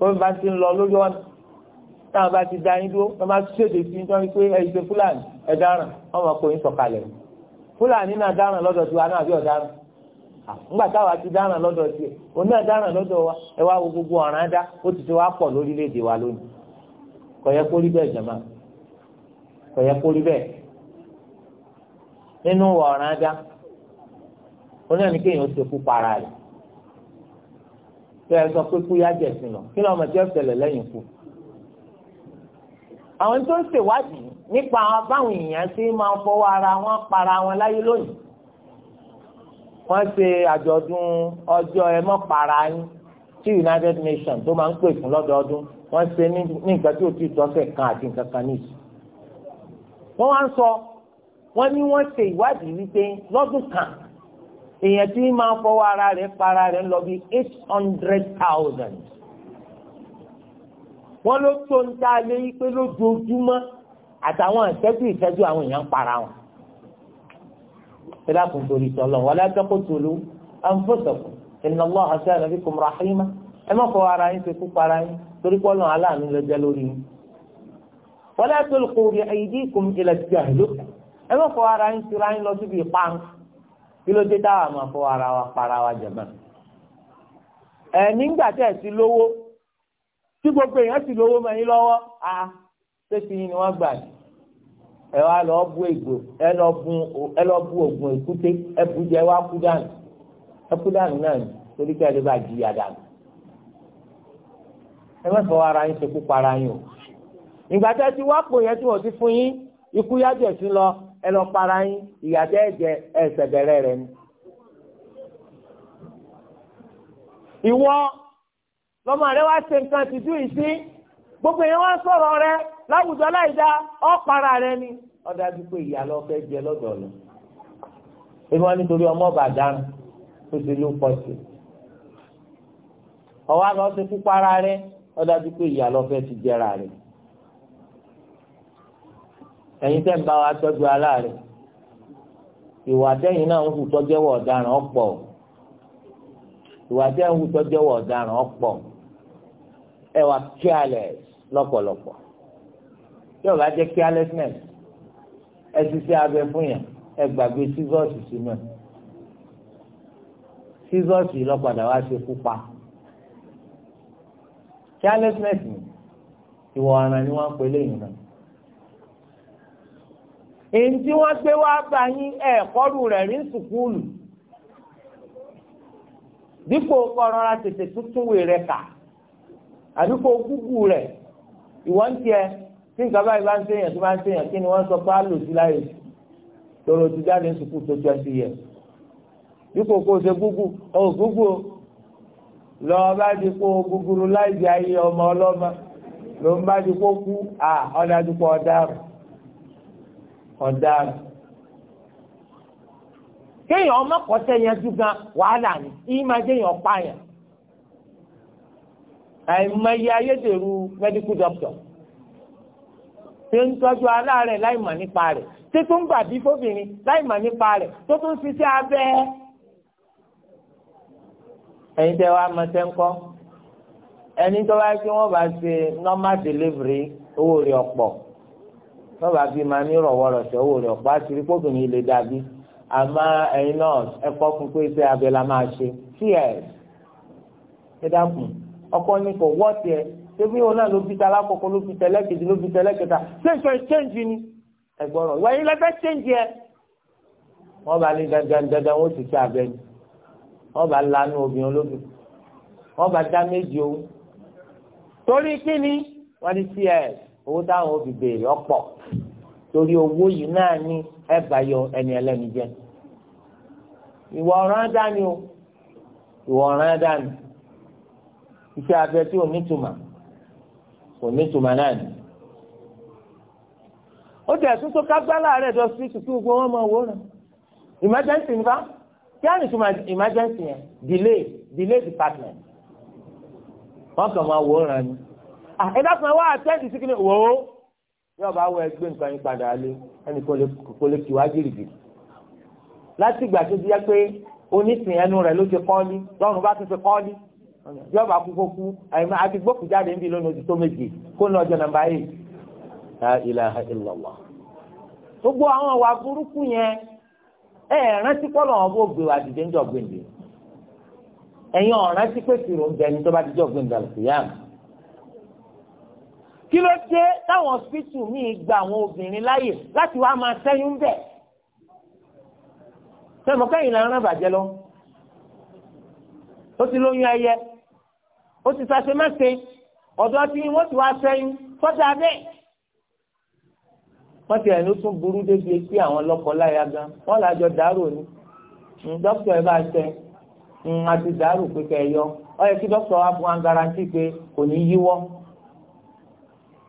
wọ́n bá ti ń lọ lójú ọ táwọn bá ti da yín dúró wọ́n bá ṣèdè sí pé ẹ̀rí fúlàní ẹ̀ dáràn wọ́n kó yín sọ̀kalẹ̀ fúlàní náà dáràn lọ́dọ̀ tiwa náà bí ti dáràn lọ́dọ̀ tiẹ̀ òun náà dáràn lọ́dọ̀ wa ẹ wá wo gbogbo ọ̀ràn dá ó ti ti wá pọ̀ lórílẹ̀‐èdè wa lónìí kó rí bẹ́ẹ̀ kó rí tẹ sọ pé kú yá jẹsìn lọ kí ni ọmọ tí ó ṣẹlẹ̀ lẹ́yìn kú. àwọn tó ń ṣèwádìí nípa àwọn báwọn èèyàn ṣe máa ń fọwọ́ ara wọn para wọn láyé lónìí. wọ́n ṣe àjọ̀dún ọjọ́ ẹmọ́para yín tí United Nations tó máa ń pè fún lọ́dọọdún wọ́n ṣe ní nǹkan tí ò tí ì tọ́sẹ̀ kan àti nǹkan kan níṣì. wọ́n wá ń sọ wọ́n ní wọ́n ṣe ìwádìí wípé lọ́dún kan èèyàn tí máa fọwọ́ ara rẹ̀ para rẹ̀ lọ bí eight hundred thousand wọ́n ló tó ń ta lé pé lójoojúmọ́ àtàwọn ìṣẹ́jú ìṣẹ́jú àwọn èèyàn ń para wọn. sílẹ̀ kò torí sọ̀lọ̀ wọlé ẹjọ́ tó ló anfusakum inna Allaha kana bikum rahima ẹ má fọwọ́ ara yín ṣe kú para yín torí pé Ọlọ́run aláàánú ló jẹ́ lórí yín. wala tulqu bi aydikum ila tahlukah kí ló dé táwa máa fọ ara wa para wa jẹ̀mọ́. ẹ nígbà tẹ́ ẹ ti lówó tí gbogbo èèyàn sì lówó mọ́ lọ́wọ́ a ṣé ti yín ni wọ́n gbà ní. ẹ wá lọ bú ègbò ẹ lọ bu ẹ lọ bu oògùn èkúté ẹ bu jẹ wá kú dànù ẹ kú dànù náà ni torí kí ẹ lè bá jìyà dànù. ẹ má fọ ara yín ṣekú para yín o. ìgbà tẹ́ ti wá pò yẹn tí wọ́n ti fún yín ikú yájẹ̀ sí lọ ẹ lọ para yín ìyàtẹ ẹjẹ ẹsẹ bẹ̀rẹ̀ rẹ ni. ìwọ lọmọ rẹ wá ṣe nǹkan tìjú ìsín gbogbo yẹn wá sọ̀rọ̀ rẹ láwùjọ láìda ọ para rẹ ni ọdọ àti pé ìyá lọ fẹ́ jẹ lọ́dọ̀ lọ èmi wọn nítorí ọmọ bàdán tó ti ló pọ̀ sí ọwọ́ àlọ ti kú para rẹ ọdọ àti pé ìyá lọ fẹ́ ti jẹra rẹ ẹ̀yin tẹ́ ń bá wa tọ́jú aláàrẹ̀ ìwà tẹ́yìn náà ń hù tọ́jẹ́wọ̀ ọ̀daràn ọ̀pọ̀ ìwà tẹ́yìn hù tọ́jẹ́wọ̀ ọ̀daràn ọ̀pọ̀ ẹ wà careless lọ́pọ̀lọpọ̀ tí ó bá jẹ́ carelessness ẹ ti ṣe abẹ fún yàn ẹ gbàgbé sísọ́ọ̀sì sínú ẹ̀ sísọ́ọ̀sì lọ́padà wá ṣe kú pa carelessness ni ìwà ọ̀ràn ni wọ́n ń pè léyìn náà èyí tí wọ́n gbé wá bá yín ẹ̀kọ́rù rẹ̀ rí sùkúlù dípò kọ́ran la tètè tuntun wè rẹ̀ kà àdúgbò gúgú rẹ̀ ìwọ́n tiẹ̀ tí nǹkan báyìí bá ń sèyàn tó bá ń sèyàn kí ni wọ́n sọ pé á lò sí láyè tòrò ti jáde sùkúlù tó twenty years dípò kó o ṣe gúgú o gúgú o lọ́ọ́ bá di kó o gúgúrú láì di ayé ọmọ ọlọ́mọ ló ń bá di kó kú à ọ̀dà dúpọ̀ ọ̀daràn ọ̀daràn kéèyàn ọmọkọ̀ọ́tẹ́ yanjú gan wàhálà ni yìí máa jẹ́yàn pààyàn àìmọye ayédèrú medical doctor ṣe ń tọ́jú aláàárẹ̀ láìmọ̀ nípa rẹ̀ ṣé tó ń gbàbí fóbìnrin láìmọ̀ nípa rẹ̀ tó tún ṣiṣẹ́ abẹ́ ẹ̀yin tẹ́ wàá mọ sẹ́ńkọ́ ẹni tó wáyé kí wọ́n bá ṣe normal delivery owó rẹ̀ ọ̀pọ̀ wọn bá bí máa ní rọwọrọsẹ̀ owó rẹ̀ ọ̀pá àṣírí kóbìnrin lè dàbí àmọ́ ẹ̀yin náà ẹ kọ́ fún pé iṣẹ́ abẹ la máa ṣe cs ẹ dákun ọkọ ní kò wọ́ tiẹ̀ ṣébí òun náà ló fi tẹ́lá kọ́kọ́ ló fi tẹ́lẹ̀ kejì ló fi tẹ́lẹ̀ kẹta ṣé ìṣe change ni ẹ̀gbọ́n rẹ̀ wáyé lẹ́fẹ́ change yẹ. wọ́n bá ní dandan dandan wọ́n sì ṣe abẹ ni wọ́n bá lanu obìnrin olóbìn wọ́n bá dá méjì owó torí kí ni ní cs owó táwọn ò fi béèrè ọ̀pọ̀ torí owó yìí náà ní ẹ bá yọ ẹni ẹlẹ́ni jẹ ìwọ ọ̀ràn dání o ìwọ ọ̀ràn dání iṣẹ́ abẹ tí ò ní tùmà kò ní tùmà náà ni ó tẹ̀ tún tó kágbálá rẹ̀ lọ sí títí gbogbo wọn máa wò rán emergency nípa kí á ní tùmà emergency yẹn delay delay department wọn kàn máa wò rán ni. Ah, ẹ̀dá kan wá àtẹ́ǹdì sí kí ni wò ó yóò bá wọ ẹgbẹ́ nǹkan yín padà lé ẹnì kò lè kí wá gírígì láti ìgbà tó di yẹ pé onísìn ẹnu rẹ̀ ló ti kọ́ọ́lí lọ́run bá tún ti kọ́ọ́lí yóò bá kú kókú àyìnbá àti gbókù jáde níbi lónìí oṣù tó méje kó ní ọjọ́ nàmbá yìí la ilaha illallah gbogbo àwọn ọ̀wà burúkú yẹn ẹ rántí pọ́ lọ́wọ́ bó gbé wa dìde ń jọ gbèǹde ẹ̀yin ọ̀rántí pé tìrò ń bẹ ní tó bá dìjọ́ gbèǹde àlùkò yá kí ló dé táwọn hospital míì gba àwọn obìnrin láàyè láti wá máa ṣẹ́yún bẹ́ẹ̀ sẹ́mu kẹ́yìn la rán bàjẹ́ lọ ó ti lóyún ẹyẹ ó ti sase mẹ́sẹ̀ ọ̀dọ́ tí wọ́n ti wá ṣẹ́yún fọ́tà bẹ́ẹ̀ wọ́n ti ẹ̀nu tún burú débi etí àwọn lọ́kọ láya gan wọ́n làjọ dàrú ni dókítà ẹ bá ṣe àti dàrú pé kẹ́ ẹ yọ ọ yẹ kí dókítà wa fún wa garanti pé kò ní yíwọ́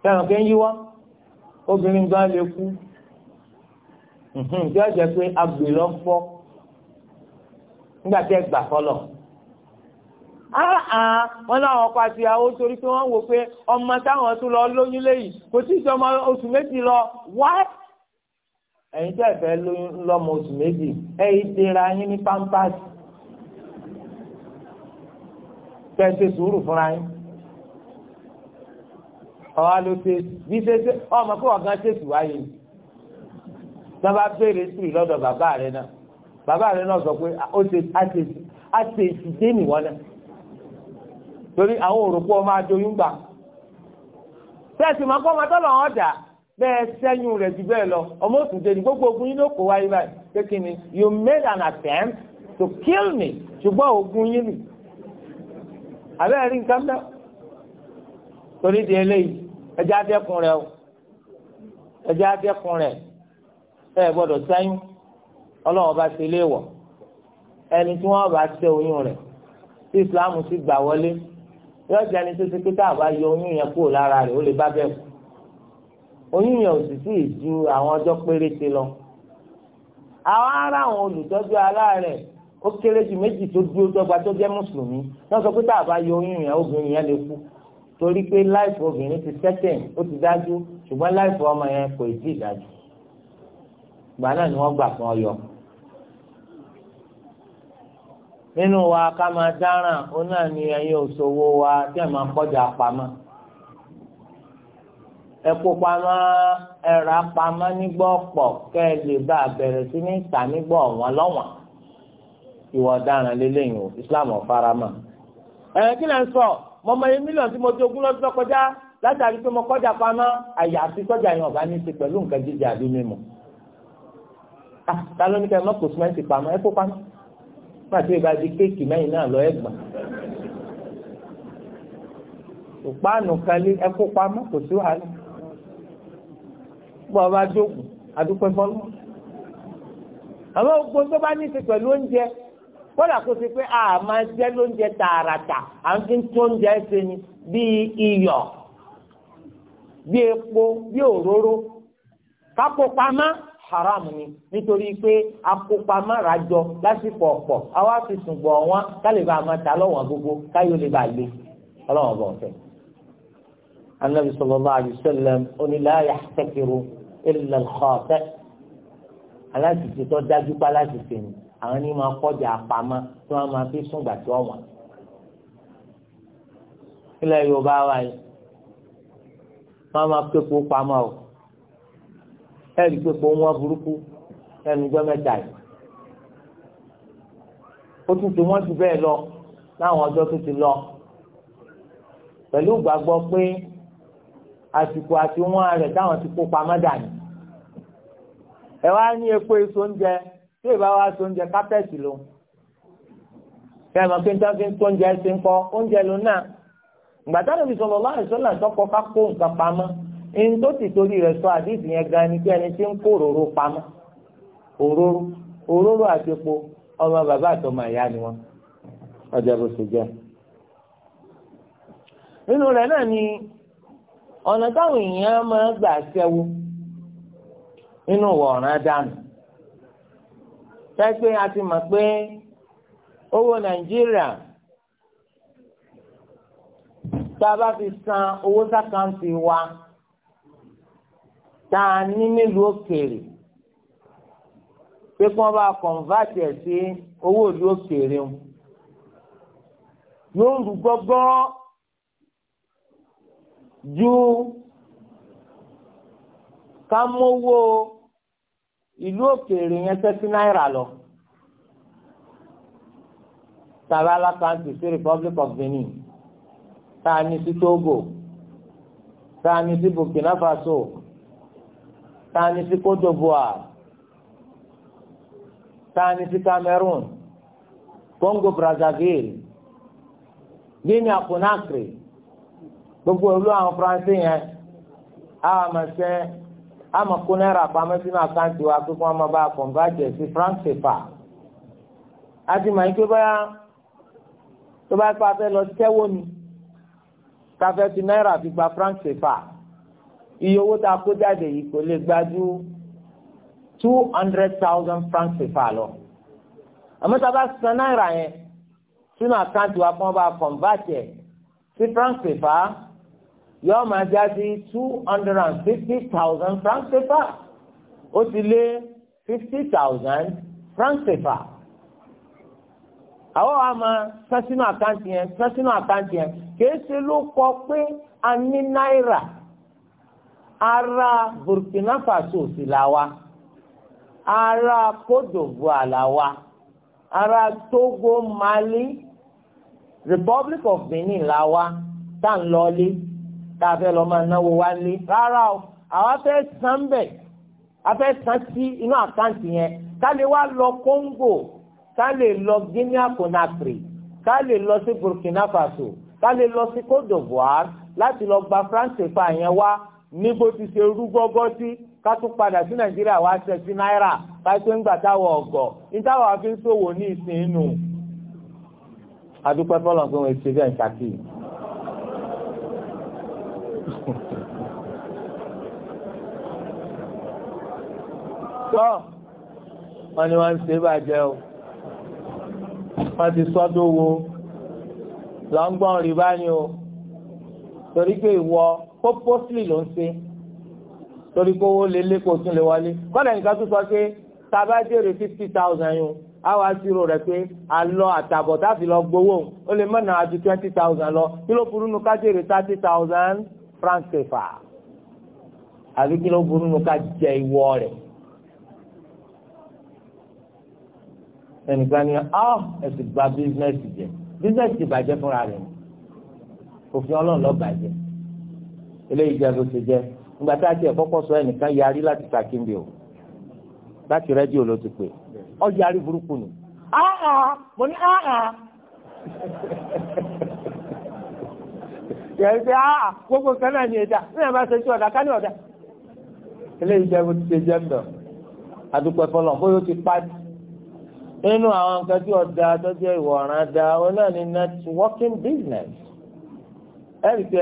fẹ́ràn pé ń yíwọ́ obìnrin gan lè kú bí ọjà pé agbèrè ọ̀fọ́ nígbà tí ẹ gbà fọlọ. wọ́n láwọn ọkọ àti ìyàwó torí pé wọ́n wò pé ọmọ táwọn tún lọ lóyún lẹ́yìn kò tí ì sọmọ oṣù méjì lọ wáá ẹ̀yin tẹ́ fẹ́ lóyún lọ́mọ oṣù méjì ẹ̀yin tẹ́ra yín ní pampasì tẹ́ ṣe sùúrù fúnra yín ọwọ́ ló ṣe bí ṣe ṣe ọmọ pé ọ̀gá ṣètù wáyé ni wọ́n bá béèrè sùúrù lọ́dọ̀ bàbá rẹ̀ náà bàbá rẹ̀ náà sọ pé ó ṣe àṣèṣì dé nìwọ́n náà torí àwọn òrùkú ọmọ adoyún gbà tẹ́sí máa kọ́ ọmọ tọ́lọ̀ wọn dà bẹ́ẹ̀ sẹ́yìn rẹ̀ jù bẹ́ẹ̀ lọ ọmọ òtún tẹ̀lé gbogbo ogun yín ló kó wáyé báyìí pé kí ni you made an attempt to kill me ṣùgbọ́n ogun yín nì abẹ́rẹ́ rí nǹkan bẹ́ẹ̀ torí di eléyìí ẹjẹ adẹkùn rẹ o ẹjẹ adẹkùn rẹ ẹ gbọ́dọ̀ ṣẹ́yún Ọlọ́run bá ṣe lé wọ ẹni tí wọn bá ṣe oyún rẹ tí islam sì gbà wọlé yóò jẹ ẹni tó ṣe pé tá a bá yọ oyún yẹn kúrò lára rẹ ó lè bá bẹ́ẹ̀ kú oyún yẹn ò sì sí ju àwọn ọjọ́ péréte lọ àwọn ará àwọn olùtọ́jú aláàárẹ̀ ó kéré ju méjì tó dúró dọ́gba tó jẹ́ mùsùlùmí náà sọ pé tá a yọ oyún yẹn obìnrin yẹn lè kú torí pé láìfù obìnrin ti sẹ́tẹ̀ ó ti dájú ṣùgbọ́n láìfù ọmọ yẹn kò tí ì dájú ìgbà náà ni wọ́n gbà fún ọyọ. nínú wa ká máa dáràn ó náà ni ẹyin òṣòwò wa tí ẹ máa kọjá pamọ́ ẹ̀kọ́ pamọ́ ẹ̀rà pamọ́ nígbà ọ̀pọ̀ kẹ́ ẹ lè bá bẹ̀rẹ̀ sí ní ìta nígbà ọ̀wọ́n lọ́wọ́n ìwọ ọ̀daràn lélẹ́yìn o Islam ọ̀faramọ́. ẹ̀ kí lẹ́ ń mo mọ iye mílíọ̀nù tí mo ti ogún lọ́dún lọ́kọjá látàrí pé mo kọjá pamọ́ àyàfi kọjá yẹn ọ̀bá ní ti pẹ̀lú nǹkan jíjẹ àbí mímu. Ah, ta ló ní kẹ́ ẹ mọ́ kò símẹ́ǹtì pamọ́ ẹ kó pamọ́ pàṣẹ ìbá di kéèkì mẹ́yìn náà lọ ẹgbà. ìpáànù kalẹ̀ ẹ kó pamọ́ kò sí wàhálà. bọ́ ọba jókòó adúpẹ́ fọlọ́. àmọ́ gbogbo tó bá ní ti pẹ̀lú oúnjẹ kódà kó ti pé a máa jẹ lóúnjẹ tààràtà à ń fi tó oúnjẹ ṣe ni bíi iyọ̀ bíi epo bíi òróró kápò pamọ́ haram ni nítorí pé akópamọ́ rajọ lásìkò ọ̀pọ̀ àwa ti sùngbọ̀n wọn kálí bá a máa ta lọ́wọ́n gbogbo káyọ̀ lè bá a gbé ọlọ́wọ́n bọ̀ ọ̀fẹ́. anabi sallallahu alaihi wasallam onílà yahtakiru illa al-khati aláṣìṣe tó dájú pa aláṣìṣe ni àwọn ní máa kọjá àpamọ́ tí wọ́n máa fi sùn gbàtí ọ̀wọ́n. ilẹ̀ yorùbá wa yìí wọ́n máa pépo pamọ́ o ẹ̀rí pépo wọn burúkú ẹnu jọ mẹ́ta yìí. ó tún ti wọ́n ti bẹ́ẹ̀ lọ láwọn ọjọ́ tó ti lọ pẹ̀lú ìgbàgbọ́ pé àsìkò àti wọn rẹ̀ táwọn ti kó pamọ́ dànù. ẹ wá ní epo èso ń jẹ tí ìbá wa so oúnjẹ kápẹ́ẹ̀tì lò kẹ́ mọ̀ pé nítorí tó oúnjẹ ṣe ń oúnjẹ lò náà gbàtà lóbi ká kó nǹkan pamọ́ ẹni tó ti torí sọ yẹn gan ni kí ẹni tí ń kó òróró pamọ́ òróró òróró àti epo ọmọ bàbá àtọmọ ìyá ni wọn bó ṣe nínú náà ni ọ̀nà táwọn èèyàn máa gbà ṣẹ́wó nínú pẹ́pẹ́ a ti mọ̀ pé owó nàìjíríà tá a bá fi san owó sàkáǹtì wa tá a ní nílùú òkèèrè pé kí wọ́n bá kọ̀ǹfàtì ẹ̀ sí owó ìlú òkèèrè o yóò rú gbọ́gbọ́ ju ká mówó ìlú òkèèrè yẹn thirty náírà lọ tàbí alákàntì sí Republic of Benin tá a ní sí Togo tá sí Burkina Faso tá a ní sí Côte d'Ivoire tá sí Cameroon Congo Brazzaville Guinea Conakry gbogbo ìlú àwọn Faransé yẹn àwọn àmọ̀ àmọ́ kó náírà pamọ́ sínú àkáǹtì wa pé kí wọ́n bá kọ̀ǹgájẹ̀ sí franc paper a ti mọ̀ ike báyà tó bá pa fẹ́ lọ tẹ́wọ́ ni ká fẹ́ náírà fi gba franc paper iye owó tá a kó jáde yìí kò lè gbájú two hundred thousand franc paper lọ àmọ́ tá a bá san náírà yẹn sínú àkáǹtì wa kí wọ́n bá kọ̀ǹgájẹ̀ sí franc paper yóò máa já two hundred and fifty thousand francs CFA ó ti lé fifty thousand francs CFA àwọn wa máa san sínú àkáǹtì yẹn san sínú àkáǹtì yẹn kìí ṣe ló kọ pé a ní náírà ará Burkina Faso sì là wa ará Côte d'Ivoire là wa Ara Togo Mali Republic of Benin là wa tá à ń lọ lé tá a fẹ́ lọ máa náwó wá lé rárá o àwa fẹ́ san bẹ̀ a fẹ́ san sí inú àkáǹtì yẹn ká lè wá lọ Kóńgò ká lè lọ Guinea Conakry ká lè lọ sí Burkina Faso ká lè lọ sí Côte d'Ivoire láti lọ gba France fa yẹn wá ní bó ti ṣe rú gbọ́gbọ́ sí ká tún padà sí Nàìjíríà wá ṣe sí náírà ká tó ń gbà táwọn ọ̀gọ̀ ní àfi ń ṣòwò ní ìsìn inú adúpẹ́ fọlọ́n pé wọ́n ṣe bẹ́ẹ̀ ń ṣàkíyèsí tọ́ wọ́n ní wọ́n ń ṣe bàjẹ́ o wọ́n ti sọ́dọ̀ wo lọ́ngbọ́n rí bá ní o torí pé ìwọ pọ́pọ́sìlì ló ń ṣe torí pé owó lé lẹ́kọ̀ọ́ tún lè wọlé kọ́lẹ̀ nǹkan tó sọ pé tá bá jèrè fifty thousand yìí a wá zero rẹ̀ pé a lọ àtàbọ̀ tá a fi lọ gbowó o lè mọ̀nà àti twenty thousand lọ kí ló burú nu ká jèrè thirty thousand francifa àbí kí ló burú nu ká jẹ ìwọ rẹ̀ ẹnìkan ni ọ ah, ẹsì gba bísínẹsì jẹ bísínẹsì ti bàjẹ́ fúnra rẹ̀ òfin Ọlọ́run lọ bàjẹ́ eléyìí jẹ bó ṣe jẹ nígbà tá a ti ẹ kọ́kọ́ sọ ẹnìkan yarí láti kàkíńbì o láti rẹ́díò ló ti pè ọ yarí burúkú ni áhà ah, ah, mo ní áhà. yẹn pé áà gbogbo nǹkan náà ní ẹja ní ẹ̀ máa ṣe sí ọ̀dà ká ní ọ̀dà. eléyìí jẹ́ bó ti ṣe jẹ́ mbẹ́ àdúpẹ́ fọlọ́ bóyá ó ti pàdé nínú àwọn nǹkan tí ọ̀dà tó jẹ́ ìwọ̀ràn da òun náà ní networking business ẹ̀rì pé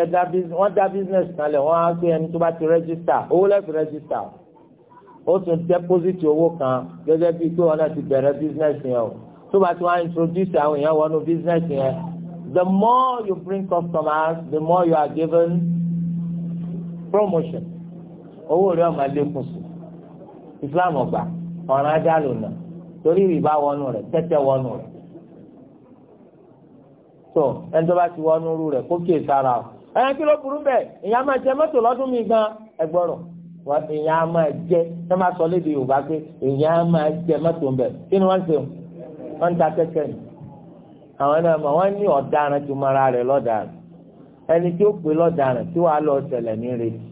wọ́n dá business kalẹ̀ wọ́n á gbé ẹni tó bá ti rẹ́gísítà owó lẹ́sìn rẹ́gísítà ó tún dẹ́pọ́sìtì owó kan gẹ́gẹ́ bíi pé wọ́n náà ti bẹ̀rẹ̀ business yẹn o tó bá ti wá introduce àwọn èèyàn wọnú business yẹn The more you bring customers, the more you are given promotion. Owó rẹ̀ ọmọ lékún sí. Islam ọgbà ọ̀ràn ajá lòna torí ìbá wọnú rẹ̀ tẹ́tẹ́ wọnú rẹ̀. So ẹni tó bá ti wọnú rú rẹ̀ kó kíyè sára o. Ẹyẹ kí ló burú bẹ́ẹ̀? Ìyá máa jẹ mọ́tò lọ́dún mi gan ẹgbọ́rọ̀. Ìyá máa jẹ ṣé máa sọ léde Yorùbá pé ìyá máa jẹ mọ́tò ń bẹ̀. Kí ni wọ́n ń ṣe? Wọ́n ń ta kẹ́kẹ́ ni àwọn náà mà wọ́n ní ọ̀daràn tó mara rẹ̀ lọ́daràn ẹni tí ó pè lọ́daràn tí wàá lọ ṣẹlẹ̀ ní retí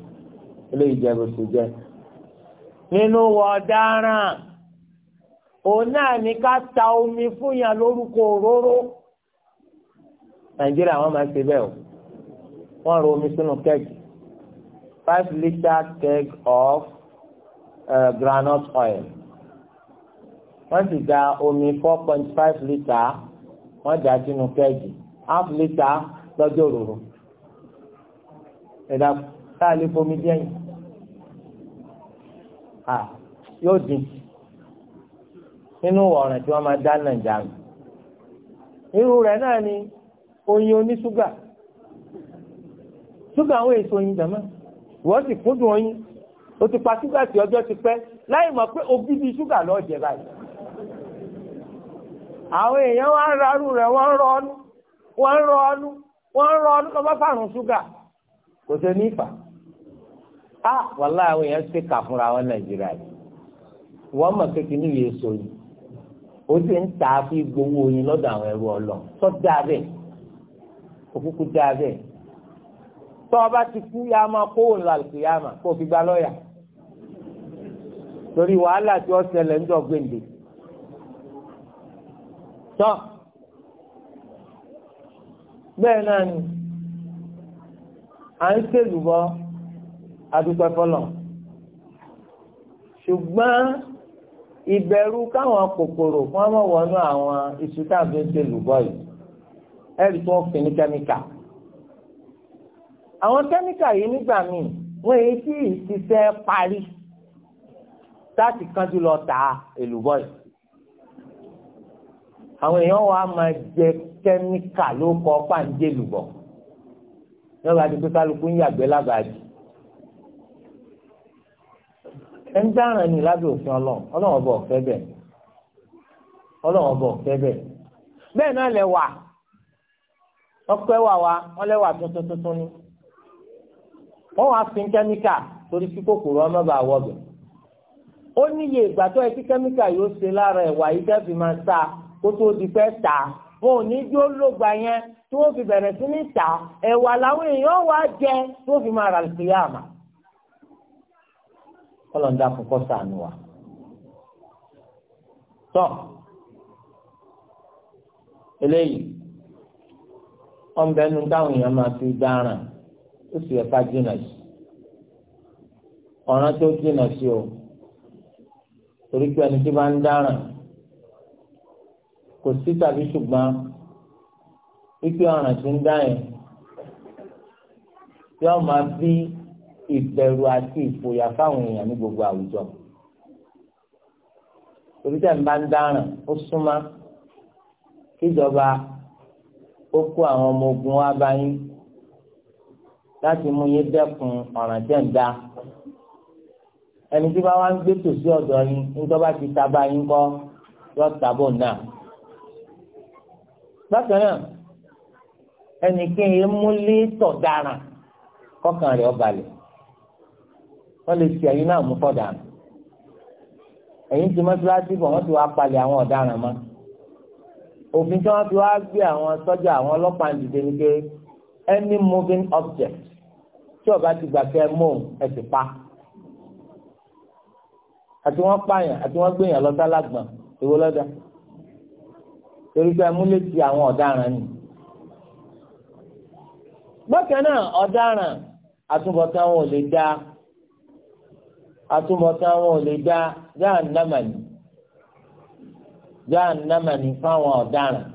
ilé ìjẹun tó jẹ. nínú wọ ọ̀daràn òun náà ní ká ta omi fún yàn lórúkọ òróró nàìjíríà wọ́n máa ṣe bẹ́ẹ̀ o wọ́n rọ omi sínú kẹ́ẹ̀kì five litre keg of uh, groundnut oil wọ́n sì da omi four point five litre wọ́n dà sínú kẹ́ẹ̀gì half litre lọ́jọ́ òróró ẹ̀dá tá a lè fomi díẹ̀ yìí à yóò dín nínú ọ̀ràn tí wọ́n máa dá nàìjà nù irú rẹ̀ náà ni oyin oníṣúgà ṣúgà àwọn èso oyin dàmá wọ́n sì kúndùn oyin o ti pa ṣúgà sí ọjọ́ ti pẹ́ láì mọ̀ pé òbí bíi ṣúgà lọ́ọ́ jẹ báyìí àwọn èèyàn wá ń rarú rẹ̀ wọ́n ń rọ́ọ́nú wọ́n ń rọ́ọ́nú wọ́n ń rọ́ọ́nú lọ́mọ fàrùn ṣúgà kò sí ní ìfà á wàhálà àwọn èèyàn ṣe kà fúnra wọn nàìjíríà yìí wọ́n mọ̀ kékeré ní ìyẹn sọ yìí ó ti ń ta fi gbowó oyin lọ́dọ̀ àwọn ẹrú ọlọ́ tó dáa bẹ́ẹ̀ òkúkú dáa bẹ́ẹ̀ tó ọba ti kú yá máa kó òun làlùkù yá máa kó fi gbá lọ́ọ̀yà torí wàhálà tí ó ṣẹlẹ̀ ń dọ̀ gbèǹdè tọ́ bẹ́ẹ̀ náà ni à ń ṣèlúbọ adúpẹ́ fọlọ́ ṣùgbọ́n ìbẹ̀rù káwọn kòkòrò fún ọmọ wọnú àwọn iṣu táàbí ń ṣèlúbọ yìí ẹ̀rí tí wọ́n fi ní kẹ́míkà àwọn kẹ́míkà yìí nígbà míì wọ́n èyí tí ìṣiṣẹ́ parí láti kánjú lọ ta èlùbọ́ yìí àwọn èèyàn wa máa jẹ kẹ́míkà ló kọ pàǹdé lùbọ̀ lọ́ba ti pé kálukú ń yàgbẹ́ ẹ ń dáràn ní lábẹ́ òfin ọlọ́run ọlọ́run ọba ọ̀fẹ́ bẹ́ẹ̀ ọlọ́run wà ọpẹ́ wà wá ni wọ́n wá fi kẹ́míkà torí kòkòrò ọmọ bá bẹ̀ ó níye ìgbà tó ẹ kẹ́míkà yóò ṣe lára ẹ̀wà yìí máa ń kó tó di pẹ́ tà wọn ò ní jó lògbà yẹn tí wọ́n fi bẹ̀rẹ̀ sí ní tà ẹ̀wà làwọn èèyàn wá jẹ tí wọ́n fi máa rà sí àmà. kọ́lọ́ńdà kọ́kọ́ sànù wa. tọ́ eléyìí ọ̀nbẹ́nu máa fi dáràn ó sì ẹ̀ka jìnnà sí ọ̀ràn tó jìnnà sí o torí pé ẹni tí bá kò sí tàbí ṣùgbọ́n wípé ọ̀ràn tí ń dá yẹn yóò máa bí ìbẹ̀rù àti ìfòyà fáwọn èèyàn ní gbogbo àwùjọ. Oríṣi ẹ̀ ń bá ń dáràn ó súnmọ́ kíjọba ó kó àwọn ọmọ ogun wá báyìí láti mú yín dẹ́kun ọ̀ràn tẹ̀ ń dá. Ẹni tí bá wá ń gbé tòsí ọ̀dọ̀ yín ń tọ́ bá ti ta báyìí ń kọ́ yóò tàbọ̀ náà bákan náà ẹnìkan yẹn múlé tọ̀daràn kọ́kàn rẹ̀ ọ̀balẹ̀ wọ́n lè ṣe ẹ̀yin náà mú fọ́daràn ẹ̀yin ti mọ́sálásí bọ̀ wọ́n ti wá palẹ̀ àwọn ọ̀daràn mọ́ òfin tí wọ́n fi wá gbé àwọn sọ́jà àwọn ọlọ́pàá ń dìde pé any moving object tí ọba ti gbà kẹ́ mú ẹ ti pa àti wọ́n pààyàn àti wọ́n gbéyàn lọ sálágbọ̀n ìwọ lọ́dà torí pé múlẹ̀ ti àwọn ọ̀daràn ni. bákan náà ọ̀daràn àtúbọ̀tán wọn ò lè dá àtúbọ̀tán wọn ò lè dá jahannama ni jahannama ni fáwọn ọ̀daràn.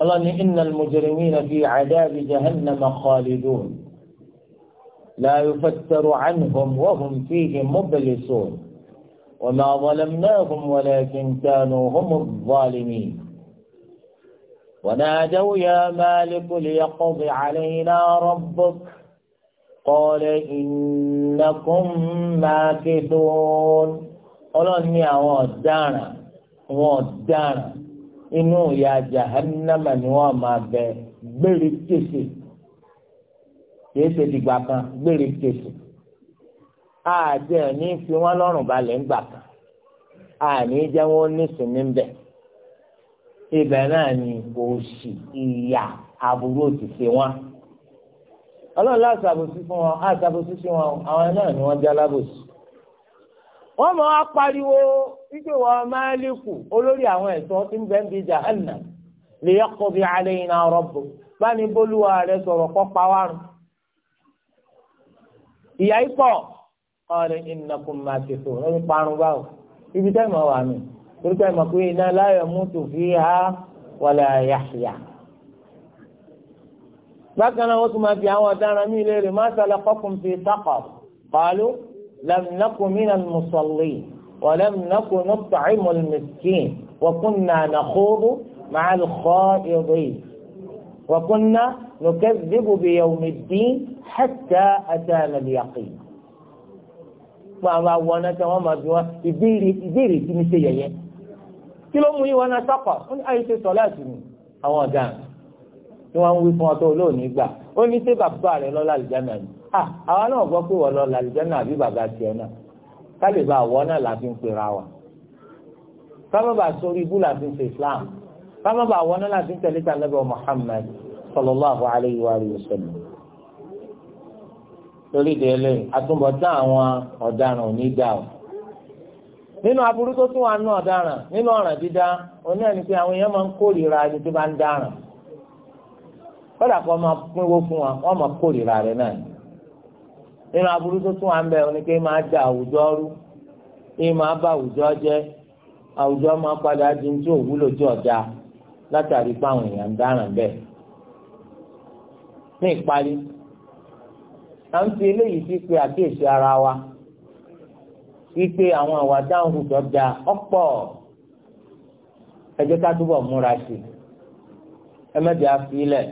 ọlọ́ni innal mujrimina fi adabi jahannama khalidun la yufattaru anhum wa hum fihi mublisun. وما ظلمناهم ولكن كانوا هم الظالمين ونادوا يا مالك ليقض علينا ربك قال إنكم ماكثون ọlọ́run ní àwọn ọ̀daràn àwọn ọ̀daràn inú ìyà jahannama ni wọ́n máa bẹ gbére kése kìí ṣe dìgbà kan gbére kése àjẹ ní fi wọn lọ́rùn balẹ̀ ńgbà kan àní jẹ́ wọn nísìnyí ń bẹ̀ ibẹ̀ náà ni òṣì ìyà àbúrò ti fi wọn ọlọ́run láṣàbòsí fún wọn àṣàbòsí sí wọn àwọn náà ni wọ́n jẹ́ alábòsí wọ́n mọ̀ á pariwo wípé wọ́n máa lékù olórí àwọn ẹ̀sọ́ tí ń bẹ ń bi jahannam lè yẹ́kọ̀ọ́ bí alayna rabbu báni bólúwa rẹ̀ sọ̀rọ̀ kọ́ pa wárùn ìyá yìí qala innakum makithun ó ní parun báwo ibi tẹ́ mọ̀ wà mí torí pé mọ̀ pé iná la yamutu fiha wala yahya. bákan náà wọ́n tún máa fi àwọn ọ̀daràn mí léèrè ma salakakum fi saqar qalu lam naku minal musallin wa lam naku nut'imul miskin wa kunna nakhudu ma'al kha'idin wa kunna nukazzibu biyawmid din hatta atana al-yaqin. pé àwọn àwọn náà tí wọ́n máa bí wọn ìbéèrè ìbéèrè tí mi ṣe yẹ̀yẹ́ kí ló mú yín wọn náà sọ́kọ̀ ó ní àyè ṣe sọ láti mi àwọn ọ̀gá tí wọ́n ń wí fún ọtọ́ olóòní gbà ó ní ṣé bàbá rẹ lọ lálìjáná ni àwa náà gbọ́ pé wọ́n lọ lálìjáná àbí bàbá tiẹ̀ náà kálíbà àwọ̀ náà la fi ń pera wa kámábà sórí ibú la fi ń ṣe Islam kámábà àwọ̀ náà la fi ń tẹ̀lé torí de ẹlẹ́yìn àtúbọ̀tán àwọn ọ̀daràn òní dà o. nínú aburú tó tún wà nù ọ̀daràn nínú ọ̀ràn dídá oní ẹni pé àwọn èèyàn máa ń kórìíra ẹni tó bá ń dáràn kódà kó máa pínwó fún wa wọ́n máa kórìíra rẹ̀ náà nínú aburú tó tún wà ń àwùjọ rú bá àwùjọ jẹ́ àwùjọ máa padà di ní tí à ń fi eléyìí sí pé àkíyèsí ara wa wípé àwọn àwa dáhùn kùtọ́ da ọ̀pọ̀ ẹ jẹ́ ká túbọ̀ múra sí ẹ mẹ́jọ àfilẹ̀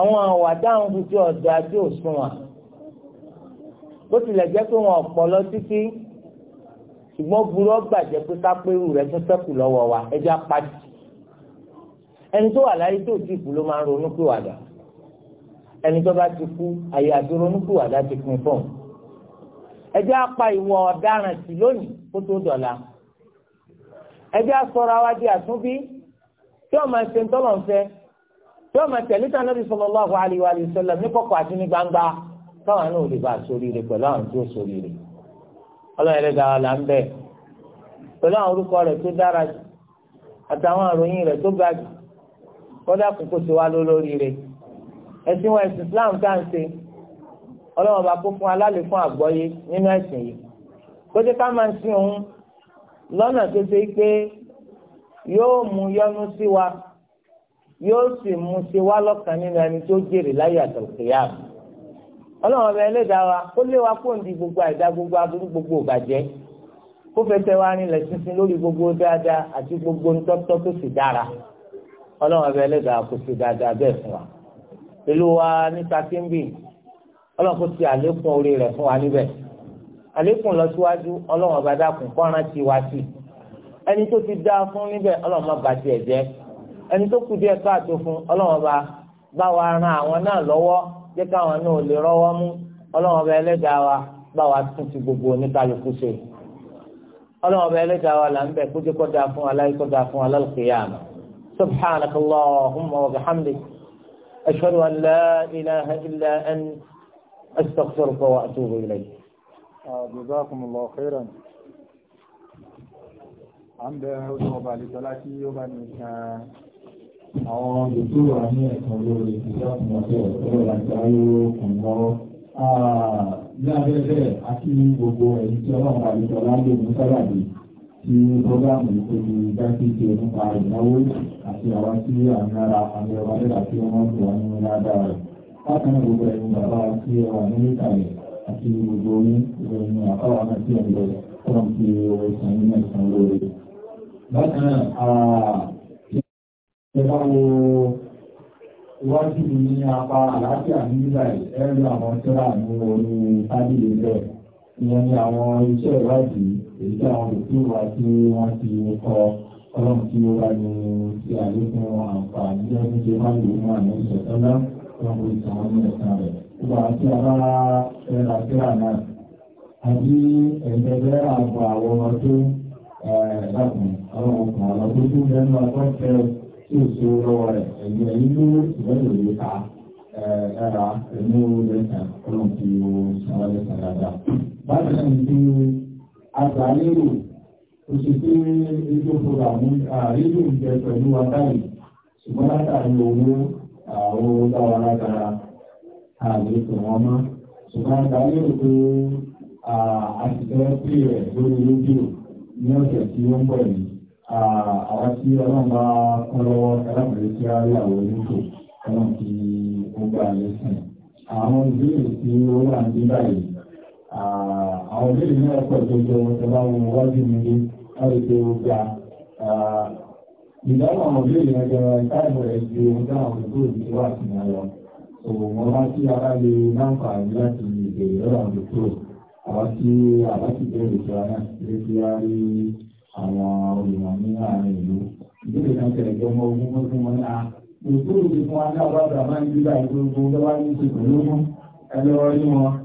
àwọn àwa dáhùn kùtọ́ ọ̀dà tí ò sunwọ̀n bó tilẹ̀ jẹ́ pé wọn ọ̀pọ̀ lọ títí ṣùgbọ́n burú ọgbàjẹ́ pé kápẹ́rù rẹ̀ tún sẹ́kù lọ́wọ́ wa ẹ jẹ́ apájì ẹni tó wà láyé tó ti kú ló máa ń ronú pé wàdà ẹni tó bá ti kú àyè àti ronúkúwàdà ti pin fún un ẹjẹ́ apá ìwọ ọ̀daràn sí lónìí kó tó dọ̀la ẹjẹ́ asọ̀rọ̀ àwa àtúnbí tí ọmọ ẹsẹ̀ ńtọ́lọ̀ ń fẹ́ tí ọmọ ẹsẹ̀ lítà náà bí sallallahu alaihi wa sallam ní kọ̀kọ̀ àti ní gbangba káwọn náà ò lè bá aṣoríire pẹ̀lú àwọn tí ó ṣoríire ọlọ́run ẹ̀rẹ́ dára là ń bẹ̀ ẹ̀sìn wa ẹ̀sìn Islam tá à ń ṣe ọlọ́wọ́n bá kó fún alálẹ̀ fún àgbọ́yé nínú ẹ̀sìn yìí kó jẹ́ ká máa ń sin òun lọ́nà tó ṣe pé yóò mú yọ́nú sí wa yóò sì mú sí wa lọ́kàn nínú ẹni tó jèrè láyé àtọ̀kẹ́yà ọlọ́wọ́n ọba ẹlẹ́dàá wa kó lé wa kó ń di gbogbo àìdá gbogbo aburú gbogbo ìbàjẹ́ kó fẹsẹ̀ wa rinlẹ̀ sísin lórí gbogbo dáadáa àti gbogbo ntọ́tọ́ tó sì dára ọlọ́wọ́n ọba ẹlẹ́dàá kó sì dáadáa bẹ́ẹ̀ fún wa. ìlú wa ní sakínbì ọlọ́kùn ti àlékún orí rẹ̀ fún wa níbẹ̀ àlékún lọ síwájú ọlọ́run ọba dákun kọ́ran ti wá sí ẹni tó ti dá fún níbẹ̀ ọlọ́run má bà tiẹ̀ jẹ́ ẹni tó kù díẹ̀ káàtó fún ọlọ́run ọba bá wa ran àwọn náà lọ́wọ́ jẹ́ káwọn náà lè rọ́wọ́ mú ọba ẹlẹ́dàá wa bá wa tún ti gbogbo oníkálukú ṣe ẹlẹ́dàá wa là ń bẹ̀ kó jẹ́ fún أشهد أن لا إله إلا أنت أستغفرك وأتوب إليك جزاكم الله خيرا عند هدوء بعد صلاة يوم àwọn olùdúrà ní ẹ̀sán lórí ìjákùn àti ọ̀tọ́rọ̀ àti ayókùn lọ́wọ́. ní abẹ́rẹ́ àti gbogbo ẹ̀yìn tí ọlọ́run àlejò ọlá ń lò ní sábàbí tí programu yìí tó di dákìtì nípa ìnáwó àti àwa tí à ń nára àmì ọba nígbà tí wọ́n ń wà nínú ládàá rẹ̀. Bákan náà gbogbo ẹ̀yin bàbá tí ẹ wà nínú ìkàlẹ̀ àti gbogbo yín ìròyìn àkọ́wà náà tí ẹ̀ ń lọ fọ́n ti ọ̀rọ̀ ìsàn yín náà ìsàn lórí. Bákan náà, ṣe bá wo iwájú mi ní apá àlàáfíà ní Israel ẹ̀rí àwọn tẹ́lá ní orí tábìlì bẹ́ẹ̀ ìyẹn ni àwọn iṣẹ́ ìwádìí èyí tí àwọn òbí wa tí wọ́n ti kọ ọlọ́run tí ó bá ní ti àlékún àǹfààní ọdún tí ó máa lò fún àmì ìṣẹ̀tọ́lá wọn kò tàn án ní ẹ̀sán rẹ̀. Gbogbo àti ara ẹ̀rà síra náà àbí ẹ̀ẹ́dẹ́gbẹ́ àgbà àwọn ọmọ tó lákùn àwọn ọkùn àwọn tó tún lẹ́nu akọ́fẹ́ tí ó ṣe lọ́wọ́ rẹ̀ ẹ̀yìn ẹ̀yìn ló ìbẹ̀rẹ̀ òye ká ẹ̀ẹ́dẹ́ra ẹ̀mú agbàlérò òṣèké rédíò programu rédíò ìjẹ pẹ̀lú agbáyé ṣùgbọ́n látàrí owó àwọn dáwà lágara àlè tó wọn mọ́ ṣùgbọ́n agbàlérò pé àṣìṣe pè rẹ̀ lórí rédíò ní ọ̀sẹ̀ tí ó ń bọ̀ yìí àwọn tí ọlọ́run bá kọ́ lọ́wọ́ alábẹ̀rẹ̀ tí a rí ọlọ́run ti ó gbà lẹ́sìn àwọn ìbéèrè tí ó wà ní báyìí Ah, àwọn ìbéèrè náà pọ̀ jọjọ ẹ̀bá wọn wájú mi ní ọjà ah, ìdáhùn àwọn ìbéèrè ẹjọ́ ìtàìmọ̀ rẹ̀ ju ohun táwọn olùkọ́ òbí wà sí náà lọ òun wá lè láti lọ́wọ́ àwọn àwọn tí ti bẹ̀rẹ̀ rí àwọn ní àárín ìlú kan tẹ̀lé jọ mọ fún fún wọn ní a fún ní àwọn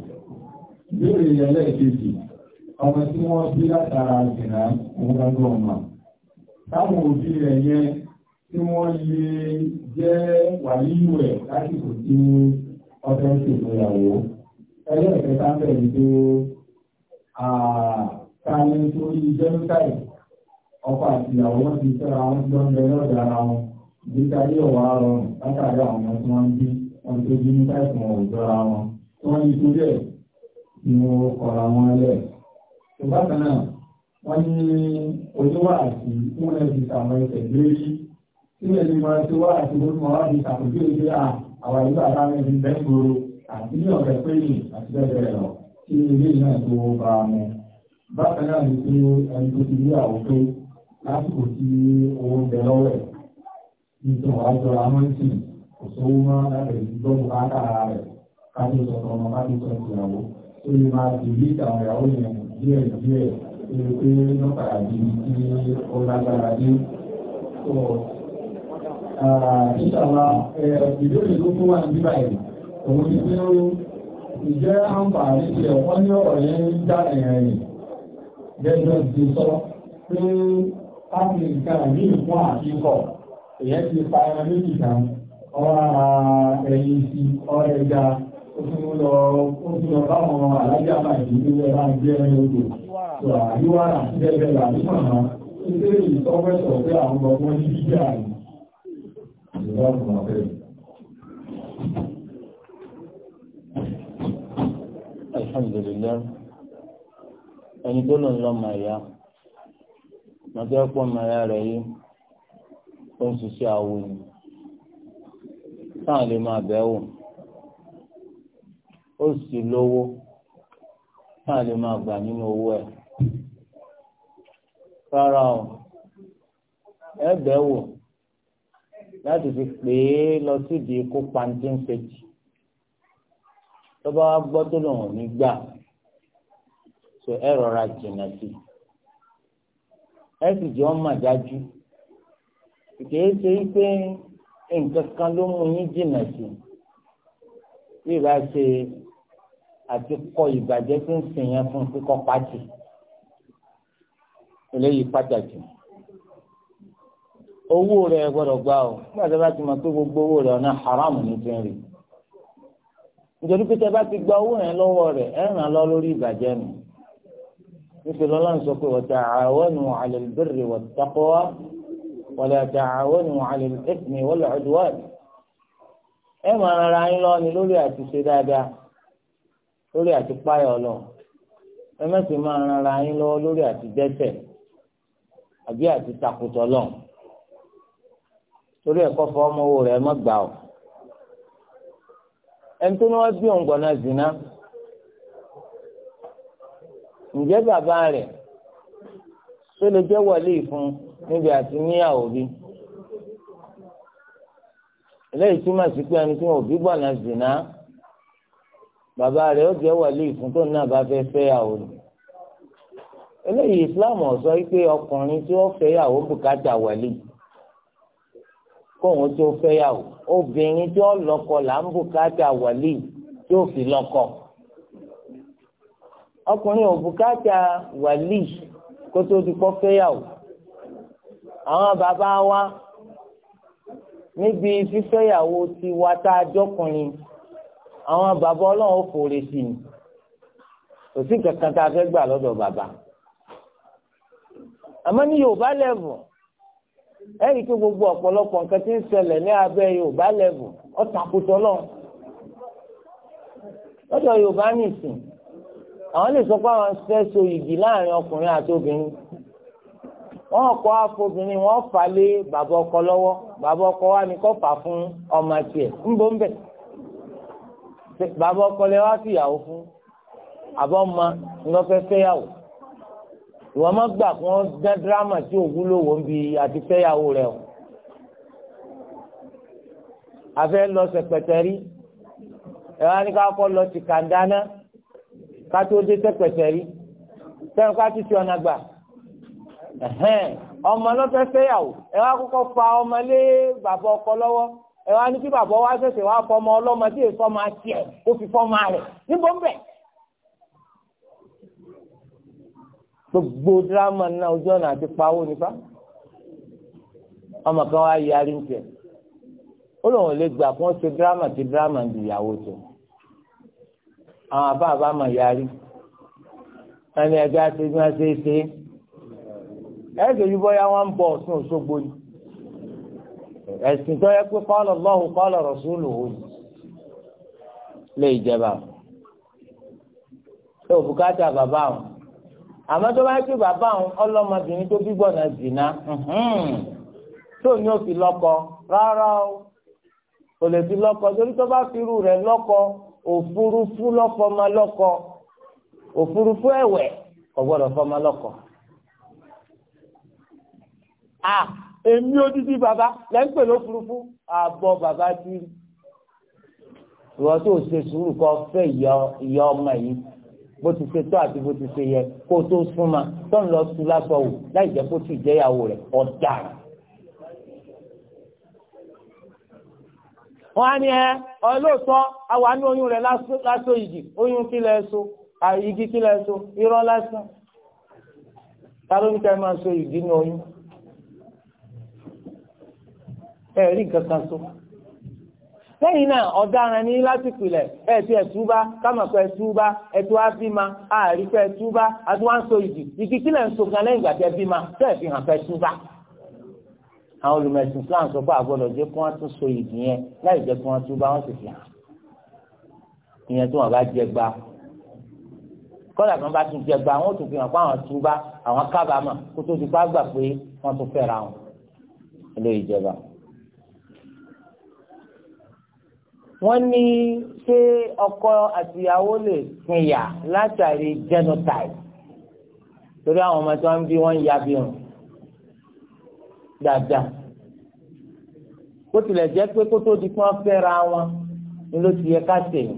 Ìbéèrè ẹlẹ́ẹ̀kejì, ọmọ tí wọ́n bí látara jìnà ọmọdé ọmọ. Táwọn òbí rẹ̀ yẹn tí wọ́n lè jẹ́ wàlíyù ẹ̀ lásìkò tí ọjọ́ ìṣègbéyàwó. Ẹlẹ́ẹ̀kẹta ń bẹ̀rẹ̀ pé àtàlẹ́ torí Jẹ́rúsàì, ọkọ àti ìyàwó ti fẹ́ra wọn tí wọ́n bẹ lọ́dọ̀ wọn. Ìgbésí ayé ọ̀wá rọrùn látàrí àwọn ọmọ tí wọ́n ń bí wọn tó bí ní táìpù wọn ò jọra wọn. Wọ́n ní torí ẹ̀ ni wọ́n kọ̀ra wọn lẹ̀. Ìbákan náà, wọ́n ní oníwà àti wọ́n lè fi sàmọ́ ẹsẹ̀ lórí. Tí ẹni ti wá àti wọ́n máa wá à àwọn ìlú àbáwọn ẹni bẹ́ẹ̀ àti ní ọ̀rẹ́ péyìn àti bẹ́ẹ̀ lọ tí ilé náà tó bá a mọ̀. Bákan náà pé ẹni tó ti rí àwùjọ lásìkò tí owó ń bẹ lọ́wọ́ ẹ̀. àjọ amọ́ńtì kò sówó mọ́ lábẹ̀rẹ̀ ìgbọ́ bùkátà rẹ̀ ká tó sọ̀tọ̀ ọmọ ká tó sọ̀tọ̀ ìyàwó ó lè máa dìrí àwọn ìyàwó yẹn díẹ̀ díẹ̀ èrò pé wọ́n padà di tí ó lágbára dé. Ìṣàlá ìbéèrè tó fún wa ní bíbá ẹ̀ òun ni pé ìjẹ́ àǹfààní ti ẹ̀wọ́n ní ọ̀rọ̀ yẹn ń dá ẹ̀rìn gẹ́gẹ́ ti sọ pé ápì nǹkan ní ìfún àkíkọ̀ èyẹ ti pa ẹran méjì kan ọ̀rọ̀ ẹ̀yìn sí ọ̀rẹ́gà òfin báwọn alájà máa ìlú ilé bá ń gbé ẹni odò tó àríwá àti ẹgbẹ́ làbí màmá tó tẹ́ èyí tọ́wẹ́ sọ pé àwọn ọgbọ́n Alhamdulillah ẹni tó lọ ń lọ màá yá màtí ọ̀pọ̀ màá ó sì lówó náà lè máa gbà nínú owó ẹ̀ rárá o ẹ̀bẹ̀ wò láti fi pè é lọ sídìí kó pàǹtí ń ṣèjì tó bá wá gbọ́ tó lòun ò ní gbà so ẹ rọra jìnnà sí i ẹ sì jẹ́ ọ́n mà dájú kìí ṣe pé nǹkan kan ló mú yín jìnnà sí i bí ìbá ṣe àti kọ ìbàjẹ́ tó ń sìn yẹn fún kíkọ́ pàtì eléyìí pàtàkì owó rẹ̀ gbọ́dọ̀ gbà ó nígbà tí a bá ti mọ̀ pé gbogbo owó rẹ̀ ọ̀nà haram ní ti ń rí nítorí pé tí a bá ti gba owó yẹn lọ́wọ́ rẹ̀ ẹ̀ ràn lọ lórí ìbàjẹ́ nù nítorí ọlọ́run sọ pé wa ta'awanu 'ala al-birri wat-taqwa wa la ta'awanu 'ala al-ithmi wal-'udwan ẹ̀ máa ra yín lọ́ni lórí àti dáadáa lórí àti páyọ̀ ọlọ́run ẹ mẹ́sìn máa ran ara yín lọ́wọ́ lórí àti dẹ́ṣẹ̀ àbí àti takùtọ̀ lọ́n torí ẹ̀kọ́ fọ ọmọ owó rẹ̀ má gbà ọ́ ẹni tó ní wọ́n bí òun gbọ̀nà zina ǹjẹ́ bàbá rẹ̀ tó lè jẹ́ wọlé ìfún níbi àti níyàwó bí eléyìí túmọ̀ sí pé ẹni tí wọn ò bí gbọ̀nà zina bàbá rẹ̀ ó jẹ́ wàlí ìfún tó náà bá fẹ́ fẹ́ yàwó ni eléyìí islam sọ pé ọkùnrin tí ó fẹ́ yàwó bùkátà wàlí kóun tó fẹ́ yàwó obìnrin tí ó lọ́kọ là ń bùkátà wàlí tí ó fi lọ́kọ ọkùnrin ò bùkátà wàlí kó tó ti kọ́ fẹ́ àwọn bàbá wa níbi fífẹ́yàwó tiwa tá a jọkùnrin àwọn bàbá ọlọ́run ó fòrè sí i kò sí kankan tá a fẹ́ gbà lọ́dọ̀ bàbá àmọ́ ní yorùbá lẹ́vù ẹ̀rí pé gbogbo ọ̀pọ̀lọpọ̀ nǹkan tí ń ṣẹlẹ̀ ní abẹ́ yorùbá lẹ́vù ọ̀tàkùtọ̀ lọ́run lọ́dọ̀ yorùbá nìsín àwọn lè sọ pé àwọn fẹ́ so yìgì láàrin ọkùnrin àti obìnrin wọ́n kọ́ afọbìnrin wọ́n fà lé bàbá ọkọ lọ́wọ́ bàbá ọkọ wa ni kò fà fún ọmọ tiẹ̀ ńbọ̀ ńbẹ̀ bàbá ọkọ lẹ wá sí ìyàwó fún àbọ̀ ọmọ ńlọ fẹ́ fẹ́yàwó ìwọ má gbà kí wọ́n dá dírámà tí ògún lówó ń bi àti fẹ́yàwó rẹ o àfẹ́ lọ sẹ̀pẹ̀tẹ̀rí ẹ wá ní ká kọ́ lọ ti kàńdáná ká tó dé sẹ̀pẹ̀tẹ̀rí sẹ́nu ká ti ti ọ̀nà gbà ọmọ lọ́fẹ́ fẹ́yàwó ẹ wá kọ́kọ́ fa ọmọ lé bàbá ọkọ lọ́wọ́ ẹ wá ní kí bàbá wa ṣẹ̀ṣẹ̀ wá fọmọ ọlọ́mọ tí èso máa tiẹ̀ ó fi fọmọ rẹ̀ níbo ń bẹ̀. gbogbo dírámà náà ojú ọ̀nà àti pawó nípa ọmọ kan wá yarí ń tiẹ̀ ó lóun lè gbà kó ṣe dírámà tí dírámà ń di ìyàwó tó àwọn àbá àbá mà yarí ẹni ẹgbẹ́ àti ẹgbẹ́ àti ẹsẹ̀ ẹ̀ ṣèjú bọ́yá wọn ń bọ̀ ọ̀sùn Òṣogbo ni ẹ̀sìn tó yẹ pé qala Allahu qala rasuluhu lè jẹba tó bùkátà bàbá wọn àmọ́ tó bá pé bàbá wọn ọlọ́mọbìnrin tó bí gbọ̀nà zìnà tó ní òfin lọ́kọ rárá o kò lè fi lọ́kọ torí tó bá fi rẹ̀ lọ́kọ òfurufú lọ́fọmọ lọ́kọ òfurufú ẹ̀wẹ̀ kò fọmọ lọ́kọ. Ah! èmi odidi bàbá lẹ́ńpẹ̀ ló furuufú àbọ̀ bàbá ti rí ìwọ tó ṣe sùúrù kọ fẹ́ ìyá ọmọ yìí bó ti ṣe tó àti bó ti ṣe yẹ kó tó súnmọ́ tó ń lọ sùn lásọ wò láì jẹ́ kó tì jẹ́yàwó rẹ̀ ọ̀daràn. wọ́n á ní ẹ ọlọ́ọ̀tọ́ àwa ní oyún rẹ̀ lásọ ìjì oyún kí lẹ so àyígi kí lẹ so irọ́ lásán. ta ní ká máa so ìdí ní oyún. ẹ̀rí nǹkan kan so. lẹ́yìn náà ọ̀daràn ní lásìkò ilẹ̀ ẹ̀ ti ẹ̀túbá kámọ̀kọ́ ẹ̀túbá ẹ̀tú ábímá àríkọ́ ẹ̀túbá àtúwáńsọ ìdì ìdí kí lẹ̀ ń so gan lẹ́yìn ìgbà tẹ́ bímá tẹ́ẹ̀ fi hàn fẹ́ túbá. àwọn olùmẹ̀sìn Islam sọ pé àgbọ̀dọ̀ jẹ́ kí wọ́n tún so ìdì yẹn láì jẹ́ kí wọ́n túbá wọ́n sì fi hàn. ìyẹn tí wọ́n bá jẹ gba kọ́lá kan bá tún jẹ gba àwọn tó fi hàn pé àwọn túbá àwọn kábàámà kó tó ti pá gbà pé wọ́n tún fẹ́ra wọn. eléyìí jẹba. wọ́n ní ṣé ọkọ àtìyàwó lè pinya látàrí genotype torí àwọn ọmọ tí wọ́n ń bí wọ́n ń ya bí wọn dáadáa kó tilẹ̀ jẹ́ pé kó tó di kí wọ́n fẹ́ra wọn ni ló ti yẹ ká sèyìn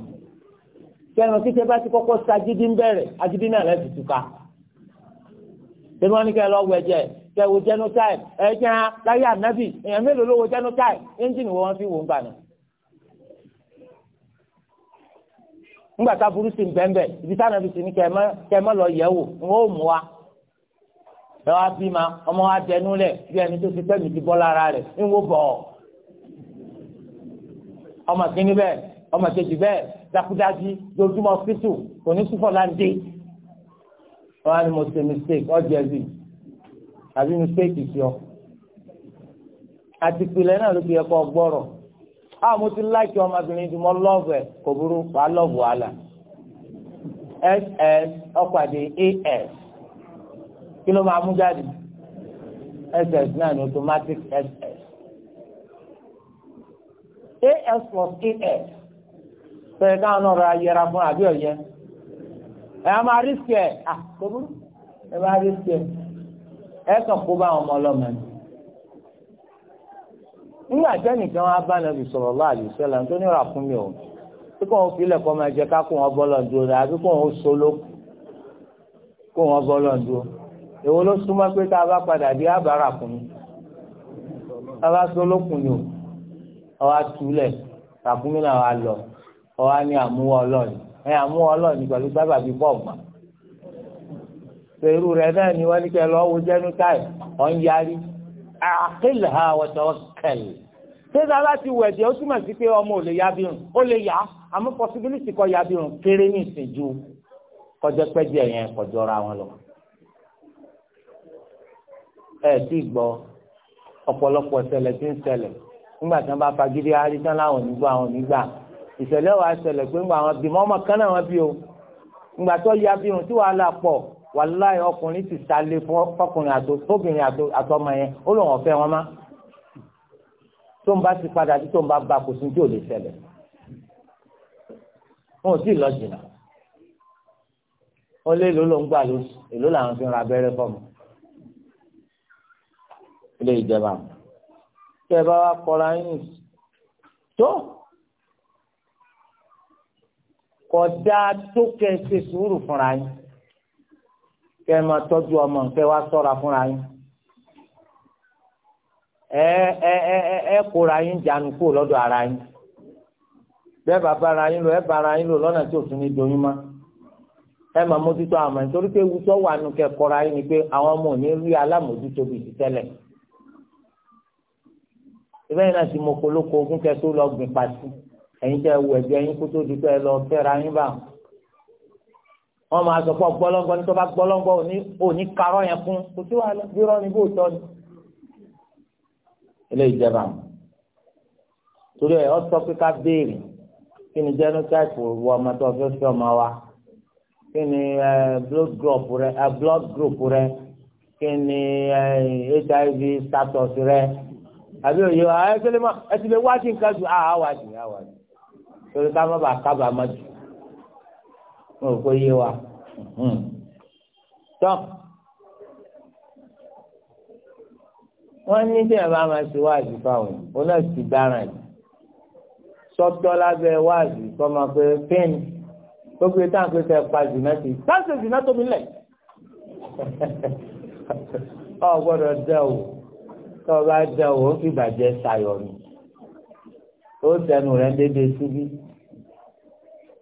kẹrin kíkẹ bá ti kọ́kọ́ sa agídí ń bẹ̀rẹ̀ agídí náà lẹsì túká tẹmọ ní kẹ lọ wọ ẹ̀jẹ̀ kẹ wo genotype ẹ̀jẹ̀ láyé ànábì èèyàn mélòó ló wo genotype ẹnjìnì wo wọn fi wò ń bà ńgbà tá burú sí bẹ́ẹ̀nbẹ́ẹ̀ ibi táwọn ẹbí ti ní kẹ́ ẹ mọ́ lọ yẹ̀ wò ń ó mú wa ẹ wá bí ma ọmọ wa dẹnu lẹ̀ bí ẹni tó ti pẹ́ mi ti bọ́ lára rẹ̀ ń wó bọ̀ ọmọ kìíní bẹ́ẹ̀ ọmọ kejì bẹ́ẹ̀ dákúdájí lójúmọ́ fítù kò ní sùfọ́ láǹdé wọn á ní mo ṣe mistake ọjọ́ ẹbí àbí mistake ìṣọ́ àtìpìlẹ̀ náà ló fi ẹ̀kọ́ gbọ́rọ̀ a ah, mo ti láìkí ọmọbìnrin tí mo love, ẹ̀ kò burú wàá lọ́ọ̀bù wàhálà ss ọ̀pàdé as kí ló máa mú jáde ss náà ní automatic ss as plus as fẹ́ẹ́ káwọn náà rọra yẹra fún àbí ọ̀yẹ́ ẹ̀ a máa rí sí ẹ̀ à ah, kò burú máa rí sí ẹ̀ ẹ̀ kó bá àwọn ọmọ ọlọ́mọ ẹ̀ nígbà tẹ́ nìkan wá bá nàbì sọ̀rọ̀ lọ́wọ́ àdìsẹ́lẹ̀ tó ní ràkún mi ò tí kò ń filẹ̀ kọ́ máa jẹ kákò wọn bọ́ lọ́dún rẹ̀ àbí kò ń solo kò wọn bọ́ lọ́dún èwo ló súnmọ́ pé tá a bá padà dé àbára kùn mi tá a bá solo kùn mi ò ọwọ́ àtúlẹ̀ ràkún mi náà wà lọ ọwọ́ ní àmúwọ́ ọlọ́ọ̀ni ẹ̀ àmúwọ́ ọlọ́ọ̀ni pẹ̀lú sábà bíi bọ́ọ̀gbà pẹ̀lú rẹ̀ náà ni wọ́n ní kẹ́ lọ́wọ́ jẹ́nu táì ọ̀ ń yarí àkìlẹ̀ ha wọ́tọ̀ tẹ́lá láti wẹ̀dẹ̀ ó túmọ̀ sí pé ọmọ ò lè ya bí irun ó lè yá àmọ́ possibility kọ́ ya bí irun kéré ní ìsìnjú kọjá pẹ́jì ẹ̀yẹn kọjọ́ra wọn lọ. ẹ ti gbọ́ ọ̀pọ̀lọpọ̀ ìṣẹ̀lẹ̀ tí ń ṣẹlẹ̀ nígbà tí wọ́n bá fagídí arísán láwọn onígbà àwọn onígbà ìṣẹ̀lẹ̀ wa ṣẹlẹ̀ pé ńgbà wọn bímọ ọmọ kan náà wọn bí o ńgbà tó ya bí irun tí wàhálà pọ̀ wàláì ọkùnrin ti sálé fún ọkùnrin àtọmọ yẹn ó lọ fẹ́ wọn má tó ń bá ti padà tí tó ń bá ba kò sí tí ò lè ṣẹlẹ̀ wọn ò tí ì lọ jìnnà ó lé èlò ló ń gbà lóṣù èlò làwọn fi ń ra abẹ́rẹ́ fọ́ọ̀mù ilé ìjọba tẹ bá wa kọra yín tó kọjá tó kẹ ṣe sùúrù fúnra yín kẹ máa tọ́jú ọmọ kẹ wá ṣọ́ra fúnra yín ẹ ẹ ẹ ẹ kóra yín jánu kó lọ́dọ̀ ara yín bẹ́ẹ̀ bá bára yín lò ẹ bára yín lò lọ́nà tí òfin ní doyún má ẹ máa mójútó àmọ́ nítorí pé wùtọ́ wà nù kẹ́ kóra yín ni pé àwọn ọmọ ò ní rí alámòjútó bíi ti tẹ́lẹ̀ ìbẹ́yìn náà ti mọ kolóko ogún kẹ́ tó lọ gbìn pàṣẹ ẹ̀yin tẹ́ wù ẹ̀jẹ̀ yín kó tó di pé ẹ lọ fẹ́ra yín bá wọn máa sọ pé ọgbọ́lọ́gbọ́ ní tó bá gbọ́lọ́gbọ́ òní karọ́ yẹn fún kò sí wàhálà bí rọ́ọ̀nì bó tọ́ ni. eléyìí jẹba àwọn torí ẹ ọsọ pé ká béèrè kí ni genotype wọ ọmọ tó fẹ́ fẹ́ wa kí ni blood group rẹ blood hiv status rẹ àbí òye wa ẹ tẹ́lẹ̀ mọ́ ẹ ti lè nǹkan wá wá torí ká má bàa jù hmm. wọ́n ní bí ẹ̀ bá máa ṣe wáàzì fáwọn òun náà ti dára yìí sọ́tọ́ lábẹ́ wáàzì kọ́ máa pé kéènì tó gbé táwọn pé fẹ́ pa zìnà sí i táwọn ṣe zìnà tóbi lẹ̀ ọ gbọ́dọ̀ dẹ o tọ́ bá dẹ o ó fi bàjẹ́ sayọ̀ ni ó tẹnu rẹ̀ déédéé síbí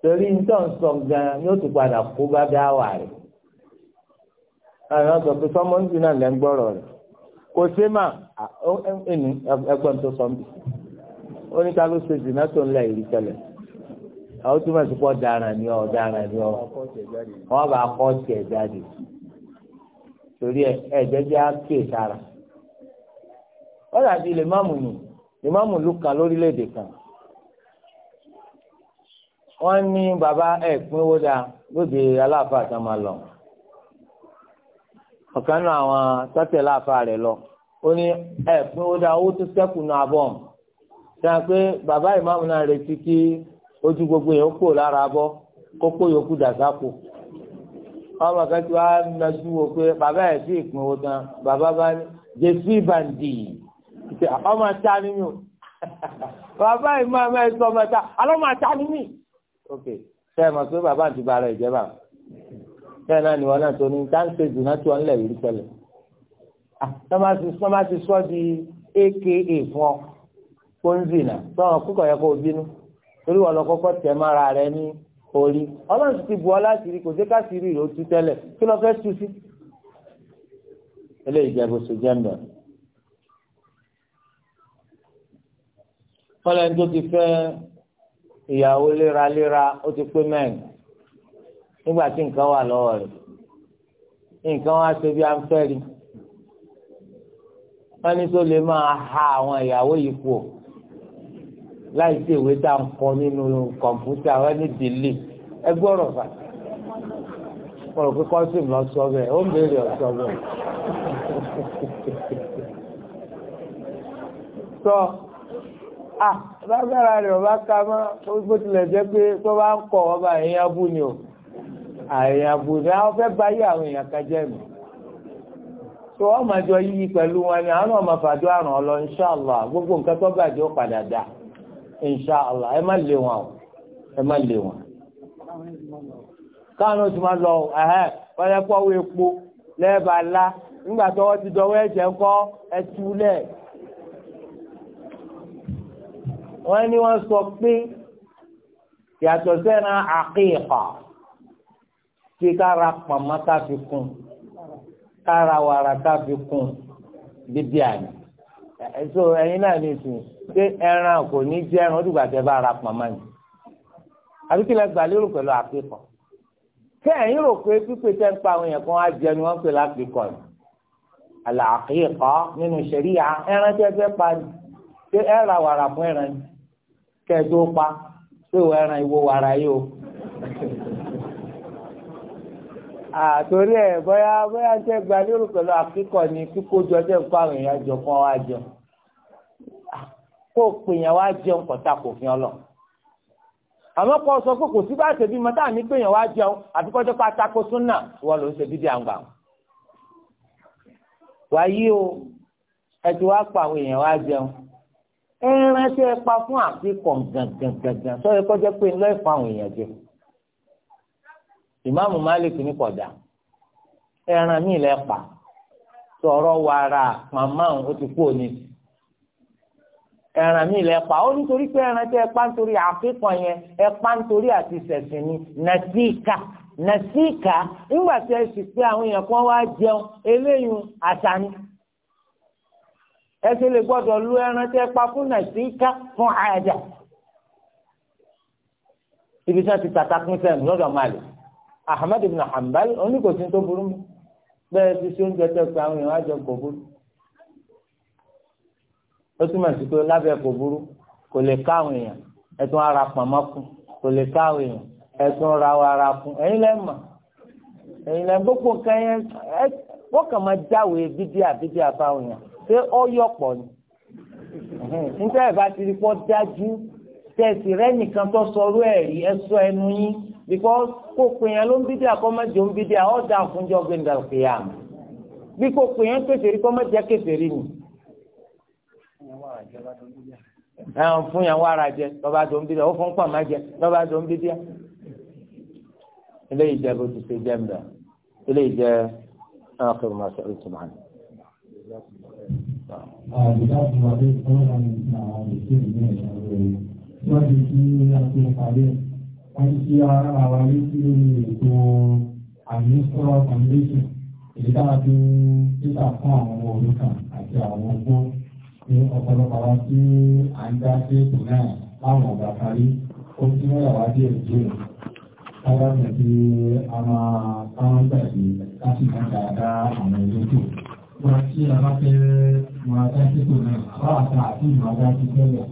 torí nítorí sọ̀ gan yóò ti padà kó bá dá wà rẹ̀ àwọn sọ pé sọmọ ń zìnà lẹ́ ń gbọ́rọ̀ rẹ̀. kò sí mà ẹnu ẹgbẹ́ tó sọ mí oníkàlù ṣe jìnnà tó ń lẹ̀ ìlú tẹ̀lẹ̀ àwọn tó máa dara pọ̀ dára ni ọ dára ni ọ wọ́n bá jáde torí ẹ ẹ̀jẹ̀ jẹ́ àkè sára wọ́n dàbí lè máàmù nù lè le lù kan lórílẹ̀ kan wọ́n ní bàbá ẹ̀ pínwó dáa lóde aláàfáà kan máa lọ. ọ̀kan náà àwọn tọ́tẹ̀ láàfa rẹ̀ lọ ó ní ẹ pé ó dá owó tó sẹ́kù náà bọ̀ ṣáà pé bàbá ìmáàmù náà retí kí ojú gbogbo yẹn kó lára bọ́ kó kó yòókù dàgbà kù ọmọ kan tí wàá nàdú wo pé bàbá yẹn sì pin owó tán bàbá bá ní jésù ìbàǹdì ọmọ ta nínú bàbá ìmáàmù ẹ sọ ọmọ ta alọ́ máa ta nínú. ok ṣe é mọ̀ pé bàbá àti bàrà ìjẹba bẹ́ẹ̀ náà ni wọn náà tó ní dáńsẹ̀ dùnà tí wọn lẹ̀ rí tẹ́lẹ̀ tọ́mà ti sọ́ di aka fún ọ kó ń zìnà tọ́wọ́n kúkọ̀ yẹ kó o bínú torí wọn lọ kọ́kọ́ tẹ̀ mára rẹ ní orí ọlọ́run ti bu ọ láti rí kò sí ká sí rí ìró tú tẹ́lẹ̀ kí lọ fẹ́ tú sí. eléyìí jẹ́ gbèsè jẹ́mbẹ̀. fọlẹ́ni ti fẹ́ ìyàwó léraléra ó ti pé mẹ́rin nígbà tí nǹkan wà lọ́wọ́ rẹ̀ nǹkan wá ṣe bí afẹ́rí wọ́n ní tó lè máa ha àwọn ìyàwó yìí kù láì sí ìwé tá à ń kọ nínú kọ̀ǹpútà wọ́n ní délé ẹgbẹ́ ọ̀rọ̀ fà ọ̀rọ̀ pé kọ́sìm lọ sọ bẹ́ẹ̀ ó ń béèrè ọ̀sọ́ bẹ́ẹ̀. sọ ah bá bẹ́ẹ̀ rẹ̀ ọba ká mọ́ bó tilẹ̀ jẹ́ pé tó bá ń kọ̀ ọba ẹ̀yìn abú ni o. àyè àbùdá wọn fẹ́ bá àwọn èèyàn kan jẹ́ mi tó wọn máa jọ yí pẹ̀lú wọn ni àwọn náà máa fàájọ àrùn ọlọ inṣàlá gbogbo nǹkan tó bàjẹ́ padà dà inṣàlá ẹ má lé wọn o ẹ má lé wọn. káwọn oṣù máa lọ ẹhẹ ọyẹ epo la nígbà tó wọn ti ẹ̀jẹ̀ ńkọ́ ní sọ pé yàtọ̀ sẹ́ran kí kára pàmò ká fi kún kára wàrà ká fi kún bíbí àná so ẹyin náà lè sùn pé ẹran kò ní jẹ ẹran ó dùgbà tẹ bá ra pàmò ni àbí kí lè gbà lérò pẹ̀lú àpékọ kí ẹ̀yin rò pé pípé tẹ́ ń pa àwọn èèyàn kan á jẹ ni wọ́n pè lápékọ ni àlàkíkọ́ nínú ṣẹ̀ríyà ẹran tẹ́ fẹ́ pa ni pé ẹ ra wàrà fún ẹran ni kẹ́ ẹ tó pa pé ìwọ ẹran ìwo wàrà yìí o. àtòrí ẹ̀ bóyá bóyá tẹ́ gba lérò pẹ̀lú àkíkọ̀ ni kíkójọ tẹ́ ń kó àwọn jọ fún wa jọ kó pèèyàn wá jẹun kọ̀tà kò fi ọlọ. àmọ́ kọ́ sọ pé kò sí bá ṣe bímọ táà ní pèèyàn wá jẹun àti kọ́jọ́ pa tako súnà wọ́n ló ń ṣe dídí àgbà. wàyí o ẹ ti wá pa àwọn èèyàn wá jẹun ẹ rántí ẹ pa fún àkíkọ̀ gàngàngàngàn sọ yẹ kọ́jọ́ pé ńlọ ẹ̀fọ́ àwọn èèyàn jẹun. ìmáàmù Malik ní kọjá ẹran mi lẹ pa sọ̀rọ̀ wàrà màmá òun ti kú òní ẹran mi lẹ pa ó nítorí pé ẹran tẹ ẹ pa nítorí àfikàn yẹn ẹ pa nítorí àti sẹ̀sìn ni nàṣíkà nàṣíkà nígbà tí ẹ sì pé àwọn èèyàn kan lu ẹran fún fún àyàjà ibi tí wọn ti tàtà pín sẹnu lọ́dọ̀ Ahmad ibn Hanbal oníkòsí tó burú mu bẹ́ẹ̀ ti ṣe oúnjẹ tẹ́ pé àwọn èèyàn á jẹ kò burú ó túmọ̀ sí pé lábẹ́ kò burú kò lè ká àwọn èèyàn ẹ̀tún ara pàmọ́ kù kò lè ká àwọn èèyàn ẹ̀tún ra ara kún ẹ̀yin lẹ́mọ̀ ẹ̀yin lẹ́mọ̀ gbogbo nǹkan yẹn wọ́n kàn máa jáwèé bídíà bídíà fáwọn èèyàn ṣé ó yọ̀pọ̀ ni níta ẹ̀ bá ti rí pọ́ dájú tẹ̀sí rẹ́ nìkan tó sọrú ẹ̀rí ẹ sọ ẹnu yín because kò pèèyàn ló ń bídí àkọ́mọ́jọ ń bídí àwọn ọ̀dà àfúnjọ gbẹ̀ndà òkèèyà bí kò pèèyàn kèfèrí kọ́mọ́jẹ kèfèrí ni. ẹ̀hún fún yàn wàrà jẹ lọ́ba tó ń bídí ó fún pàmò jẹ lọ́ba tó ń bídí. eléyìí jẹ bó ti ṣe jẹ mbẹ eléyìí jẹ ọkùnrin máa sọ ìtumọ̀ àná. Ìdáàbòbò àdéhùn fún àwọn ìṣẹ̀lẹ̀ náà ṣàwọ̀ wọ́n ara wa létí lórí ètò àmìsọ́rọ̀ foundation èyí dára tó títà fún àwọn ọmọ àti àwọn ọgbọ́ ní ọ̀pọ̀lọpọ̀ wa tí a ń dá sí ètò náà láwọn ọ̀gá parí ó ti wọ́n yà wá díẹ̀ díẹ̀ lára mi a máa táwọn bẹ̀rẹ̀ láti máa dáadáa àwọn elétò wọ́n tí a bá fẹ́ máa dá sí ètò náà àwọn àtà àti ìmọ̀ adá ti tẹ́lẹ̀